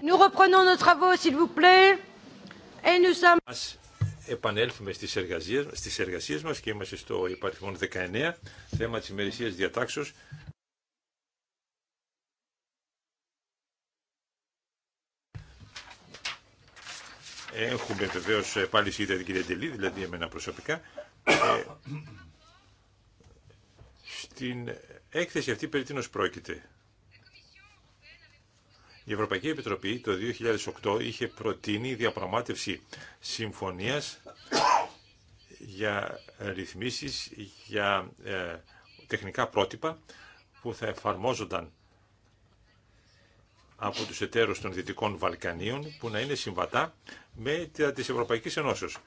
Nous reprenons nos travaux, s'il vous plaît. Et nous sommes... επανέλθουμε στις εργασίες, στις εργασίες μας και είμαστε στο υπαριθμό 19, θέμα της ημερησίας διατάξεως. Έχουμε βεβαίω πάλι σύντα την κυρία Ντελή, δηλαδή εμένα προσωπικά. Ε, στην έκθεση αυτή περί τίνος πρόκειται. Η Ευρωπαϊκή Επιτροπή το 2008 είχε προτείνει διαπραγμάτευση συμφωνίας για ρυθμίσεις, για ε, τεχνικά πρότυπα που θα εφαρμόζονταν από τους εταίρους των Δυτικών Βαλκανίων που να είναι συμβατά με τις ευρωπαϊκή Ευρωπαϊκής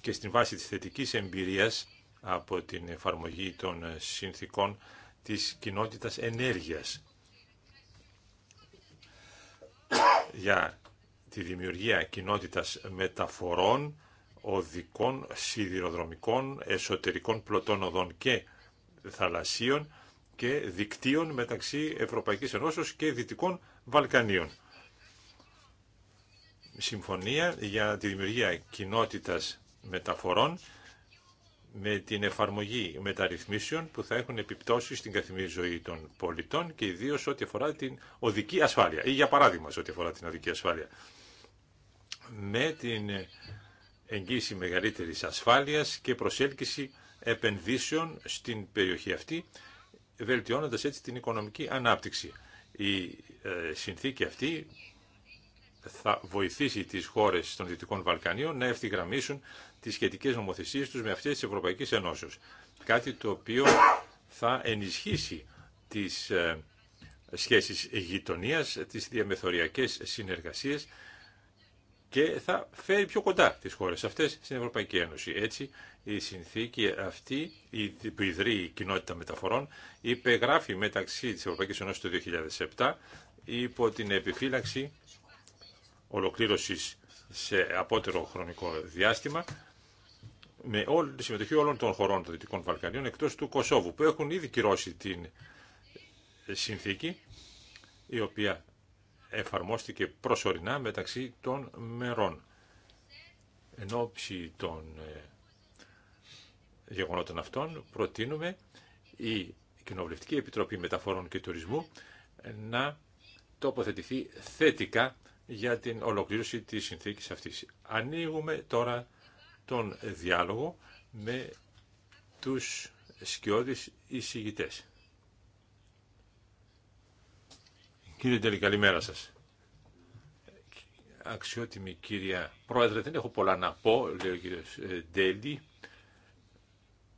Και στην βάση της θετικής εμπειρίας από την εφαρμογή των συνθήκων της κοινότητας ενέργειας για τη δημιουργία κοινότητας μεταφορών, οδικών, σιδηροδρομικών, εσωτερικών πλωτών οδών και θαλασσίων και δικτύων μεταξύ Ευρωπαϊκής Ενώσεως και Δυτικών Βαλκανίων. Συμφωνία για τη δημιουργία κοινότητας μεταφορών με την εφαρμογή μεταρρυθμίσεων που θα έχουν επιπτώσει στην καθημερινή ζωή των πολιτών και ιδίως ό,τι αφορά την οδική ασφάλεια ή για παράδειγμα ό,τι αφορά την οδική ασφάλεια. Με την εγγύηση μεγαλύτερης ασφάλειας και προσέλκυση επενδύσεων στην περιοχή αυτή, βελτιώνοντας έτσι την οικονομική ανάπτυξη. Η ε, συνθήκη αυτή θα βοηθήσει τι χώρε των Δυτικών Βαλκανίων να ευθυγραμμίσουν τι σχετικέ νομοθεσίε του με αυτές τη Ευρωπαϊκή Ενώσεω. Κάτι το οποίο θα ενισχύσει τι ε, σχέσεις γειτονίας, τις διαμεθοριακές συνεργασίες και θα φέρει πιο κοντά τις χώρες αυτές στην Ευρωπαϊκή Ένωση. Έτσι, η συνθήκη αυτή που ιδρύει η κοινότητα μεταφορών υπεγράφει μεταξύ της Ευρωπαϊκής Ένωσης το 2007 υπό την επιφύλαξη ολοκλήρωσης σε απότερο χρονικό διάστημα με όλη τη συμμετοχή όλων των χωρών των Δυτικών Βαλκανίων εκτός του Κωσόβου που έχουν ήδη κυρώσει την συνθήκη η οποία εφαρμόστηκε προσωρινά μεταξύ των μερών. Εν ώψη των ε, γεγονότων αυτών προτείνουμε η Κοινοβουλευτική Επιτροπή Μεταφορών και Τουρισμού να τοποθετηθεί θετικά για την ολοκλήρωση της συνθήκης αυτής. Ανοίγουμε τώρα τον διάλογο με τους σκιώδεις εισηγητές. Κύριε Ντέλη, καλημέρα σας. Αξιότιμη κυρία Πρόεδρε, δεν έχω πολλά να πω, λέει ο κύριος ε, Ντέλη.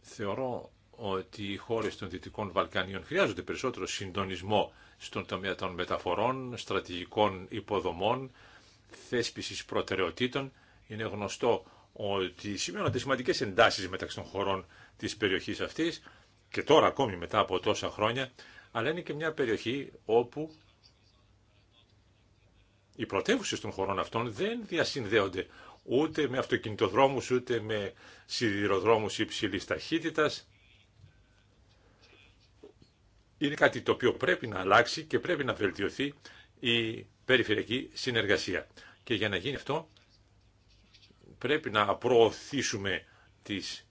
Θεωρώ ότι οι χώρες των Δυτικών Βαλκανίων χρειάζονται περισσότερο συντονισμό στον τομέα των μεταφορών, στρατηγικών υποδομών, θέσπισης προτεραιοτήτων. Είναι γνωστό ότι σημειώνονται σημαντικέ εντάσει μεταξύ των χωρών τη περιοχής αυτής και τώρα ακόμη μετά από τόσα χρόνια, αλλά είναι και μια περιοχή όπου οι πρωτεύουσε των χωρών αυτών δεν διασυνδέονται ούτε με αυτοκινητοδρόμους, ούτε με σιδηροδρόμους υψηλής ταχύτητας είναι κάτι το οποίο πρέπει να αλλάξει και πρέπει να βελτιωθεί η περιφερειακή συνεργασία. Και για να γίνει αυτό πρέπει να προωθήσουμε τις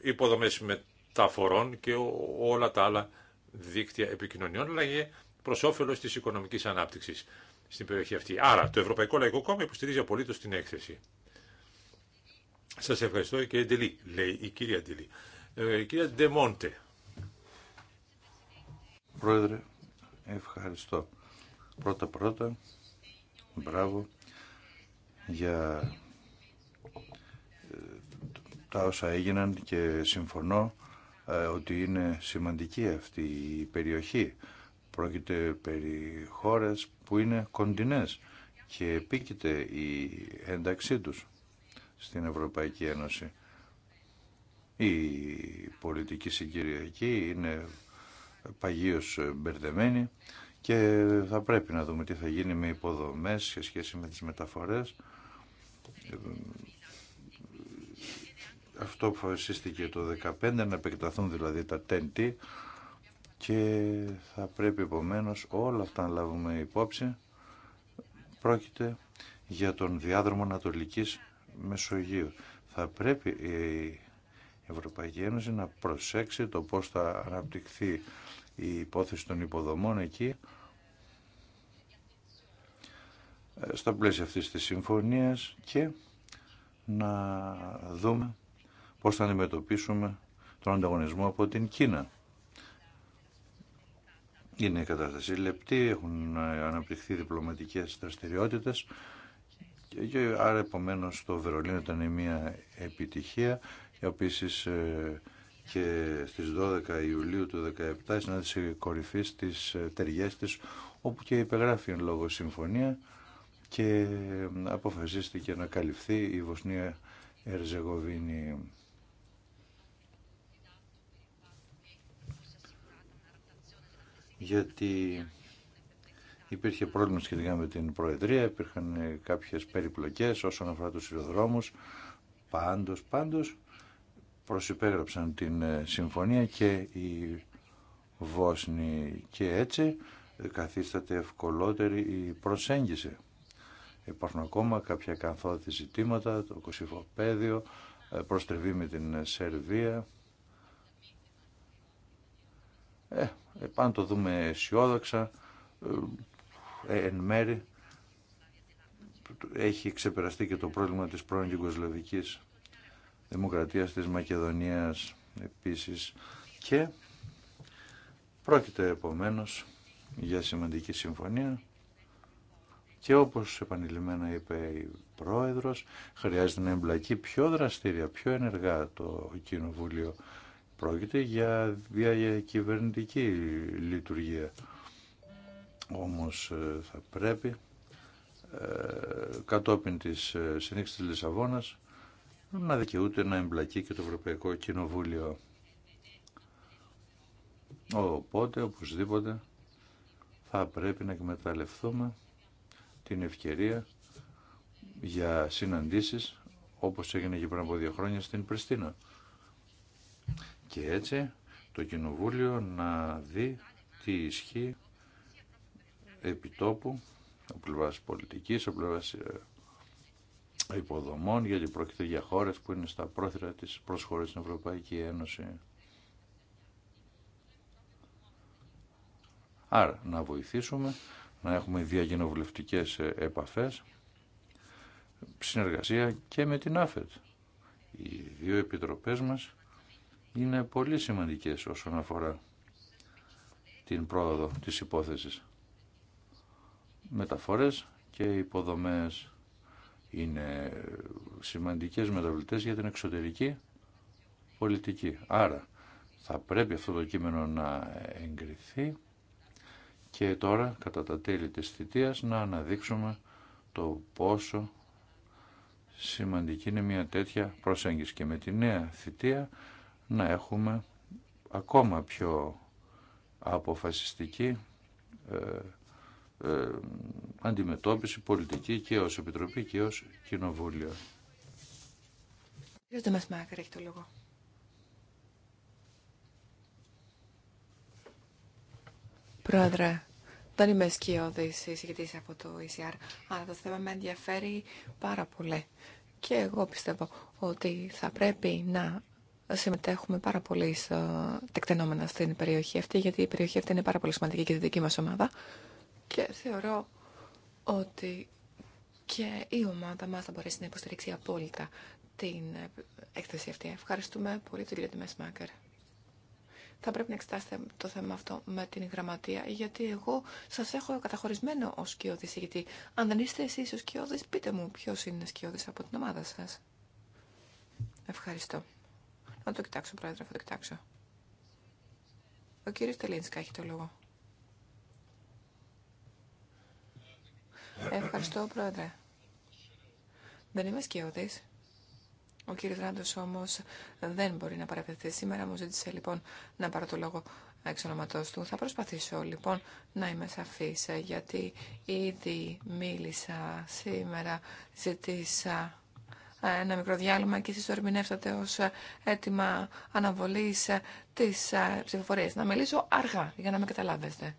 υποδομές μεταφορών και όλα τα άλλα δίκτυα επικοινωνιών, αλλά και προς όφελος της οικονομικής ανάπτυξης στην περιοχή αυτή. Άρα το Ευρωπαϊκό Λαϊκό Κόμμα υποστηρίζει απολύτως την έκθεση. Σας ευχαριστώ και εντελή, λέει η κυρία Ντελή. Ε, κυρία Ντεμόντε. Πρόεδρε, ευχαριστώ. Πρώτα πρώτα, μπράβο για ε, τα όσα έγιναν και συμφωνώ ε, ότι είναι σημαντική αυτή η περιοχή. Πρόκειται περί χώρες που είναι κοντινές και επίκειται η ένταξή τους στην Ευρωπαϊκή Ένωση. Η πολιτική συγκυριακή είναι παγίως ε, μπερδεμένη και θα πρέπει να δούμε τι θα γίνει με υποδομές σε σχέση με τις μεταφορές. Αυτό αποφασίστηκε το 2015 να επεκταθούν δηλαδή τα TNT και θα πρέπει επομένω όλα αυτά να λάβουμε υπόψη. Πρόκειται για τον διάδρομο Ανατολικής Μεσογείου. Θα πρέπει Ευρωπαϊκή Ένωση να προσέξει το πώς θα αναπτυχθεί η υπόθεση των υποδομών εκεί στα πλαίσια αυτής της συμφωνίας και να δούμε πώς θα αντιμετωπίσουμε τον ανταγωνισμό από την Κίνα. Είναι η κατάσταση λεπτή, έχουν αναπτυχθεί διπλωματικές δραστηριότητες και άρα επομένω το Βερολίνο ήταν μια επιτυχία Επίσης ε, και στις 12 Ιουλίου του 2017 συνάντησε κορυφής της ε, ταιριές της όπου και υπεγράφει εν λόγω συμφωνία και ε, αποφασίστηκε να καλυφθεί η Βοσνία Ερζεγοβίνη. Γιατί υπήρχε πρόβλημα σχετικά με την Προεδρία, υπήρχαν κάποιες περιπλοκές όσον αφορά τους σειροδρόμους. Πάντως, πάντως, προσυπέγραψαν την ε, συμφωνία και οι Βόσνοι και έτσι ε, καθίσταται ευκολότερη η προσέγγιση. Υπάρχουν ακόμα κάποια καθόδη ζητήματα, το κοσυφοπαίδιο, ε, προστρεβή με την Σερβία. Ε, πάνω το δούμε αισιόδοξα, εν μέρη έχει ξεπεραστεί και το πρόβλημα της πρώην Ιουγκοσλαβικής Δημοκρατίας της Μακεδονίας επίσης και πρόκειται επομένως για σημαντική συμφωνία και όπως επανειλημμένα είπε η Πρόεδρος χρειάζεται να εμπλακεί πιο δραστήρια, πιο ενεργά το Κοινοβούλιο. Πρόκειται για διακυβερνητική λειτουργία. Όμως ε, θα πρέπει ε, κατόπιν της ε, συνήξης της Λισαβόνας να δικαιούται να εμπλακεί και το Ευρωπαϊκό Κοινοβούλιο. Οπότε, οπωσδήποτε, θα πρέπει να εκμεταλλευτούμε την ευκαιρία για συναντήσεις όπως έγινε και πριν από δύο χρόνια στην Πριστίνα. Και έτσι το Κοινοβούλιο να δει τι ισχύει επιτόπου από πλευράς πολιτικής, από πλευράς ε, υποδομών, γιατί πρόκειται για χώρες που είναι στα πρόθυρα της προσχώρησης στην Ευρωπαϊκή Ένωση. Άρα, να βοηθήσουμε, να έχουμε διαγενοβουλευτικές ε, επαφές, συνεργασία και με την ΑΦΕΤ. Οι δύο επιτροπές μας είναι πολύ σημαντικές όσον αφορά την πρόοδο της υπόθεσης. Μεταφορές και υποδομές είναι σημαντικές μεταβλητές για την εξωτερική πολιτική. Άρα θα πρέπει αυτό το κείμενο να εγκριθεί και τώρα κατά τα τέλη της θητείας να αναδείξουμε το πόσο σημαντική είναι μια τέτοια προσέγγιση και με τη νέα θητεία να έχουμε ακόμα πιο αποφασιστική ε, ε, αντιμετώπιση πολιτική και ως Επιτροπή και ως Κοινοβούλιο. Κύριε έχει το λόγο. Πρόεδρε, δεν είμαι σκιώδης εισηγητής από το ECR, αλλά το θέμα με ενδιαφέρει πάρα πολύ. Και εγώ πιστεύω ότι θα πρέπει να συμμετέχουμε πάρα πολύ στο τεκτενόμενα στην περιοχή αυτή, γιατί η περιοχή αυτή είναι πάρα πολύ σημαντική και τη δική μας ομάδα και θεωρώ ότι και η ομάδα μας θα μπορέσει να υποστηρίξει απόλυτα την ε, έκθεση αυτή. Ευχαριστούμε πολύ τον κύριο Μάκερ. Θα πρέπει να εξετάσετε το θέμα αυτό με την γραμματεία, γιατί εγώ σας έχω καταχωρισμένο ως σκιώδης, γιατί αν δεν είστε εσείς ο σκιώδης, πείτε μου ποιος είναι σκιώδης από την ομάδα σας. Ευχαριστώ. Να το κοιτάξω, πρόεδρε, θα το κοιτάξω. Ο κύριος Τελίνσκα έχει το λόγο. Ευχαριστώ, Πρόεδρε. Δεν είμαι σκιώδη. Ο κύριος Ράντος όμως δεν μπορεί να παραπευθεί σήμερα. Μου ζήτησε λοιπόν να πάρω το λόγο εξ ονοματό του. Θα προσπαθήσω λοιπόν να είμαι σαφής γιατί ήδη μίλησα σήμερα, ζητήσα ε, ένα μικρό διάλειμμα και εσείς το ερμηνεύσατε ως ε, αίτημα αναβολής ε, της ψηφοφορίας. Να μιλήσω αργά για να με καταλάβετε.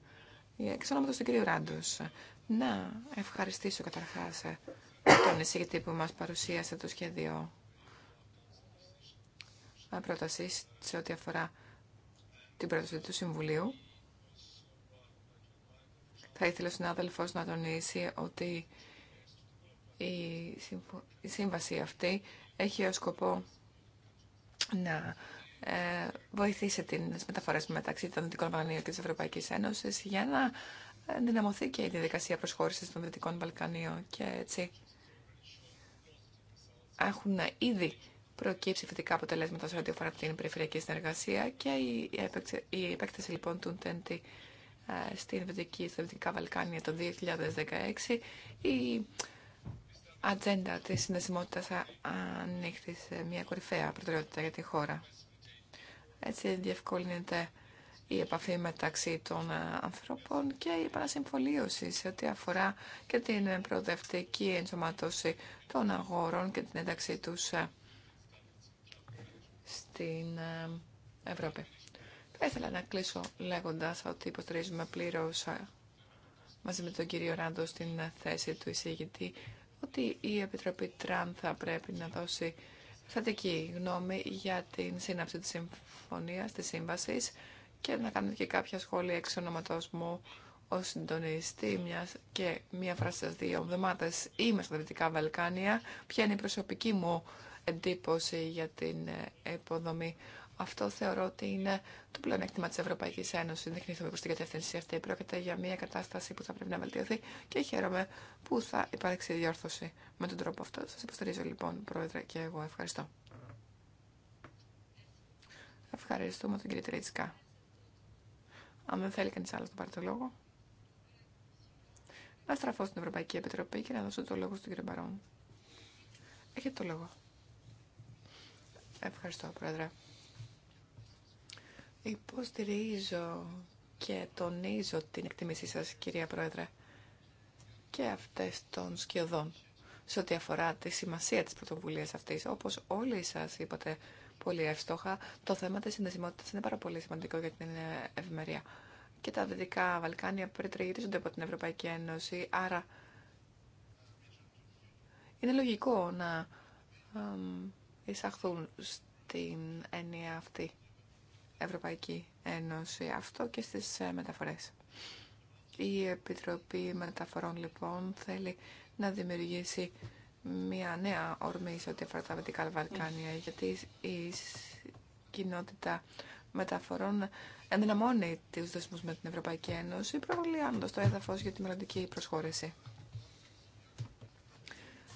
Εξ ονοματός του κύριου Ράντος. Να ευχαριστήσω καταρχάς ε, τον εισηγητή που μας παρουσίασε το σχέδιο ε, πρόταση σε ό,τι αφορά την πρόταση του Συμβουλίου. Θα ήθελα, ο συνάδελφος να τονίσει ότι η σύμβαση αυτή έχει ως σκοπό να ε, βοηθήσει τις μεταφορές μεταξύ των Δυτικών Βαλκανίων και της Ευρωπαϊκής Ένωσης για να ενδυναμωθεί και η διαδικασία προσχώρησης των Δυτικών Βαλκανίων και έτσι έχουν ήδη προκύψει θετικά αποτελέσματα σε ό,τι αφορά την περιφερειακή συνεργασία και η, επέκταση λοιπόν του ΤΕΝΤΗ στην Βυτική, στα δυτικά Βαλκάνια το 2016, η ατζέντα της συνδεσιμότητας ανοίχθη σε μια κορυφαία προτεραιότητα για τη χώρα. Έτσι διευκολύνεται η επαφή μεταξύ των ε, ανθρώπων και η επανασυμφωλίωση σε ό,τι αφορά και την προοδευτική ενσωματώση των αγόρων και την ένταξή του ε, στην ε, Ευρώπη. Θα ήθελα να κλείσω λέγοντας ότι υποστηρίζουμε πλήρως μαζί με τον κύριο Ράντο στην θέση του εισηγητή ότι η Επιτροπή Τραν θα πρέπει να δώσει θετική γνώμη για την σύναψη τη συμφωνίας της σύμβασης και να κάνετε και κάποια σχόλια εξ ονόματός μου ω συντονιστή μιας και μία φράση στις δύο εβδομάδε είμαι στα Δυτικά Βαλκάνια. Ποια είναι η προσωπική μου εντύπωση για την ε, υποδομή. Αυτό θεωρώ ότι είναι το πλεονέκτημα τη Ευρωπαϊκή Ένωση. Δεν κινηθούμε προ την κατεύθυνση αυτή. Πρόκειται για μια κατάσταση που θα πρέπει να βελτιωθεί και χαίρομαι που θα υπάρξει διόρθωση με τον τρόπο αυτό. Σα υποστηρίζω λοιπόν, Πρόεδρε, και εγώ ευχαριστώ. Ευχαριστούμε τον κύριο Τρίτσκα. Αν δεν θέλει κανείς άλλο να πάρει το λόγο. Να στραφώ στην Ευρωπαϊκή Επιτροπή και να δώσω το λόγο στον κύριο Μπαρόν. Έχετε το λόγο. Ευχαριστώ, Πρόεδρε. Υποστηρίζω και τονίζω την εκτίμησή σας, κυρία Πρόεδρε, και αυτές των σκιωδών σε ό,τι αφορά τη σημασία της πρωτοβουλίας αυτής. Όπως όλοι σας είπατε, πολύ εύστοχα. Το θέμα τη συνδεσιμότητας είναι πάρα πολύ σημαντικό για την ε, ευημερία. Και τα Δυτικά Βαλκάνια περιτριγυρίζονται από την Ευρωπαϊκή Ένωση, άρα είναι λογικό να εισαχθούν στην έννοια αυτή Ευρωπαϊκή Ένωση. Αυτό και στις ε, μεταφορές. Η Επιτροπή Μεταφορών λοιπόν θέλει να δημιουργήσει μια νέα ορμή σε ό,τι αφορά τα Βαλκάνια, γιατί η κοινότητα μεταφορών ενδυναμώνει τους δεσμούς με την Ευρωπαϊκή Ένωση, προβολιάνοντας το έδαφος για τη μελλοντική προσχώρηση.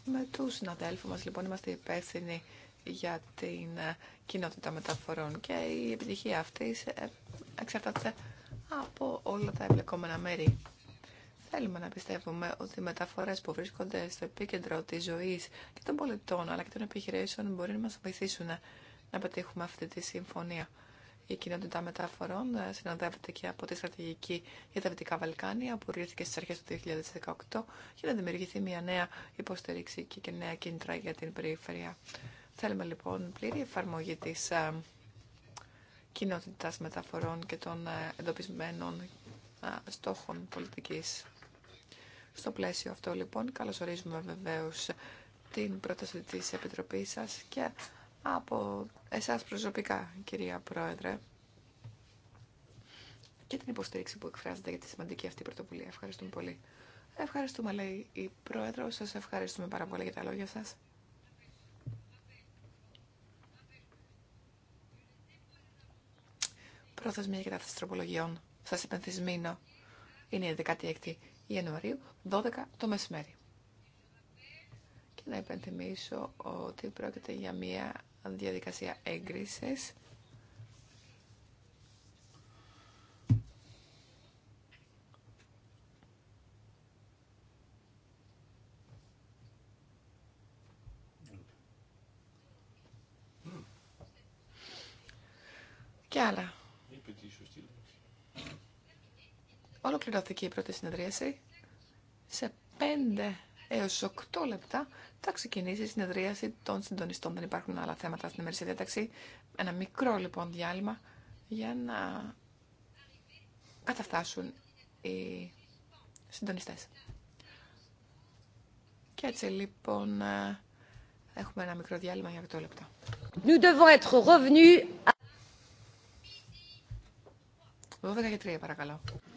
Με τους συναδέλφους μας λοιπόν είμαστε υπεύθυνοι για την ε, κοινότητα μεταφορών και η επιτυχία αυτής ε, εξαρτάται από όλα τα εμπλεκόμενα μέρη Θέλουμε να πιστεύουμε ότι οι μεταφορέ που βρίσκονται στο επίκεντρο τη ζωή και των πολιτών αλλά και των επιχειρήσεων μπορεί να μα βοηθήσουν να πετύχουμε αυτή τη συμφωνία. Η κοινότητα μεταφορών ε, συνοδεύεται και από τη στρατηγική για τα Βυτικά Βαλκάνια που ορίστηκε στι αρχέ του 2018 για να δημιουργηθεί μια νέα υποστήριξη και νέα κίνητρα για την περιφέρεια. Θέλουμε λοιπόν πλήρη εφαρμογή τη ε, κοινότητας μεταφορών και των ε, εντοπισμένων στόχων πολιτικής. Στο πλαίσιο αυτό λοιπόν καλωσορίζουμε βεβαίως την πρόταση της Επιτροπής σας και από εσάς προσωπικά κυρία Πρόεδρε και την υποστήριξη που εκφράζεται για τη σημαντική αυτή πρωτοβουλία. Ευχαριστούμε πολύ. Ευχαριστούμε, λέει η Πρόεδρο. Σας ευχαριστούμε πάρα πολύ για τα λόγια σας. Πρόθεσμια για τα τροπολογιών. Σας υπενθυμίνω. Είναι η 16η Ιανουαρίου, 12 το μεσημέρι. Και να υπενθυμίσω ότι πρόκειται για μια διαδικασία έγκρισης Και άλλα Ολοκληρώθηκε η πρώτη συνεδρίαση. Σε 5 έω 8 λεπτά θα ξεκινήσει η συνεδρίαση των συντονιστών. Δεν υπάρχουν άλλα θέματα στην ημερήσια διάταξη. Ένα μικρό λοιπόν διάλειμμα για να καταφτάσουν οι συντονιστές. Και έτσι λοιπόν έχουμε ένα μικρό διάλειμμα για 8 λεπτά. Nous devons être revenus 12 και 3 παρακαλώ.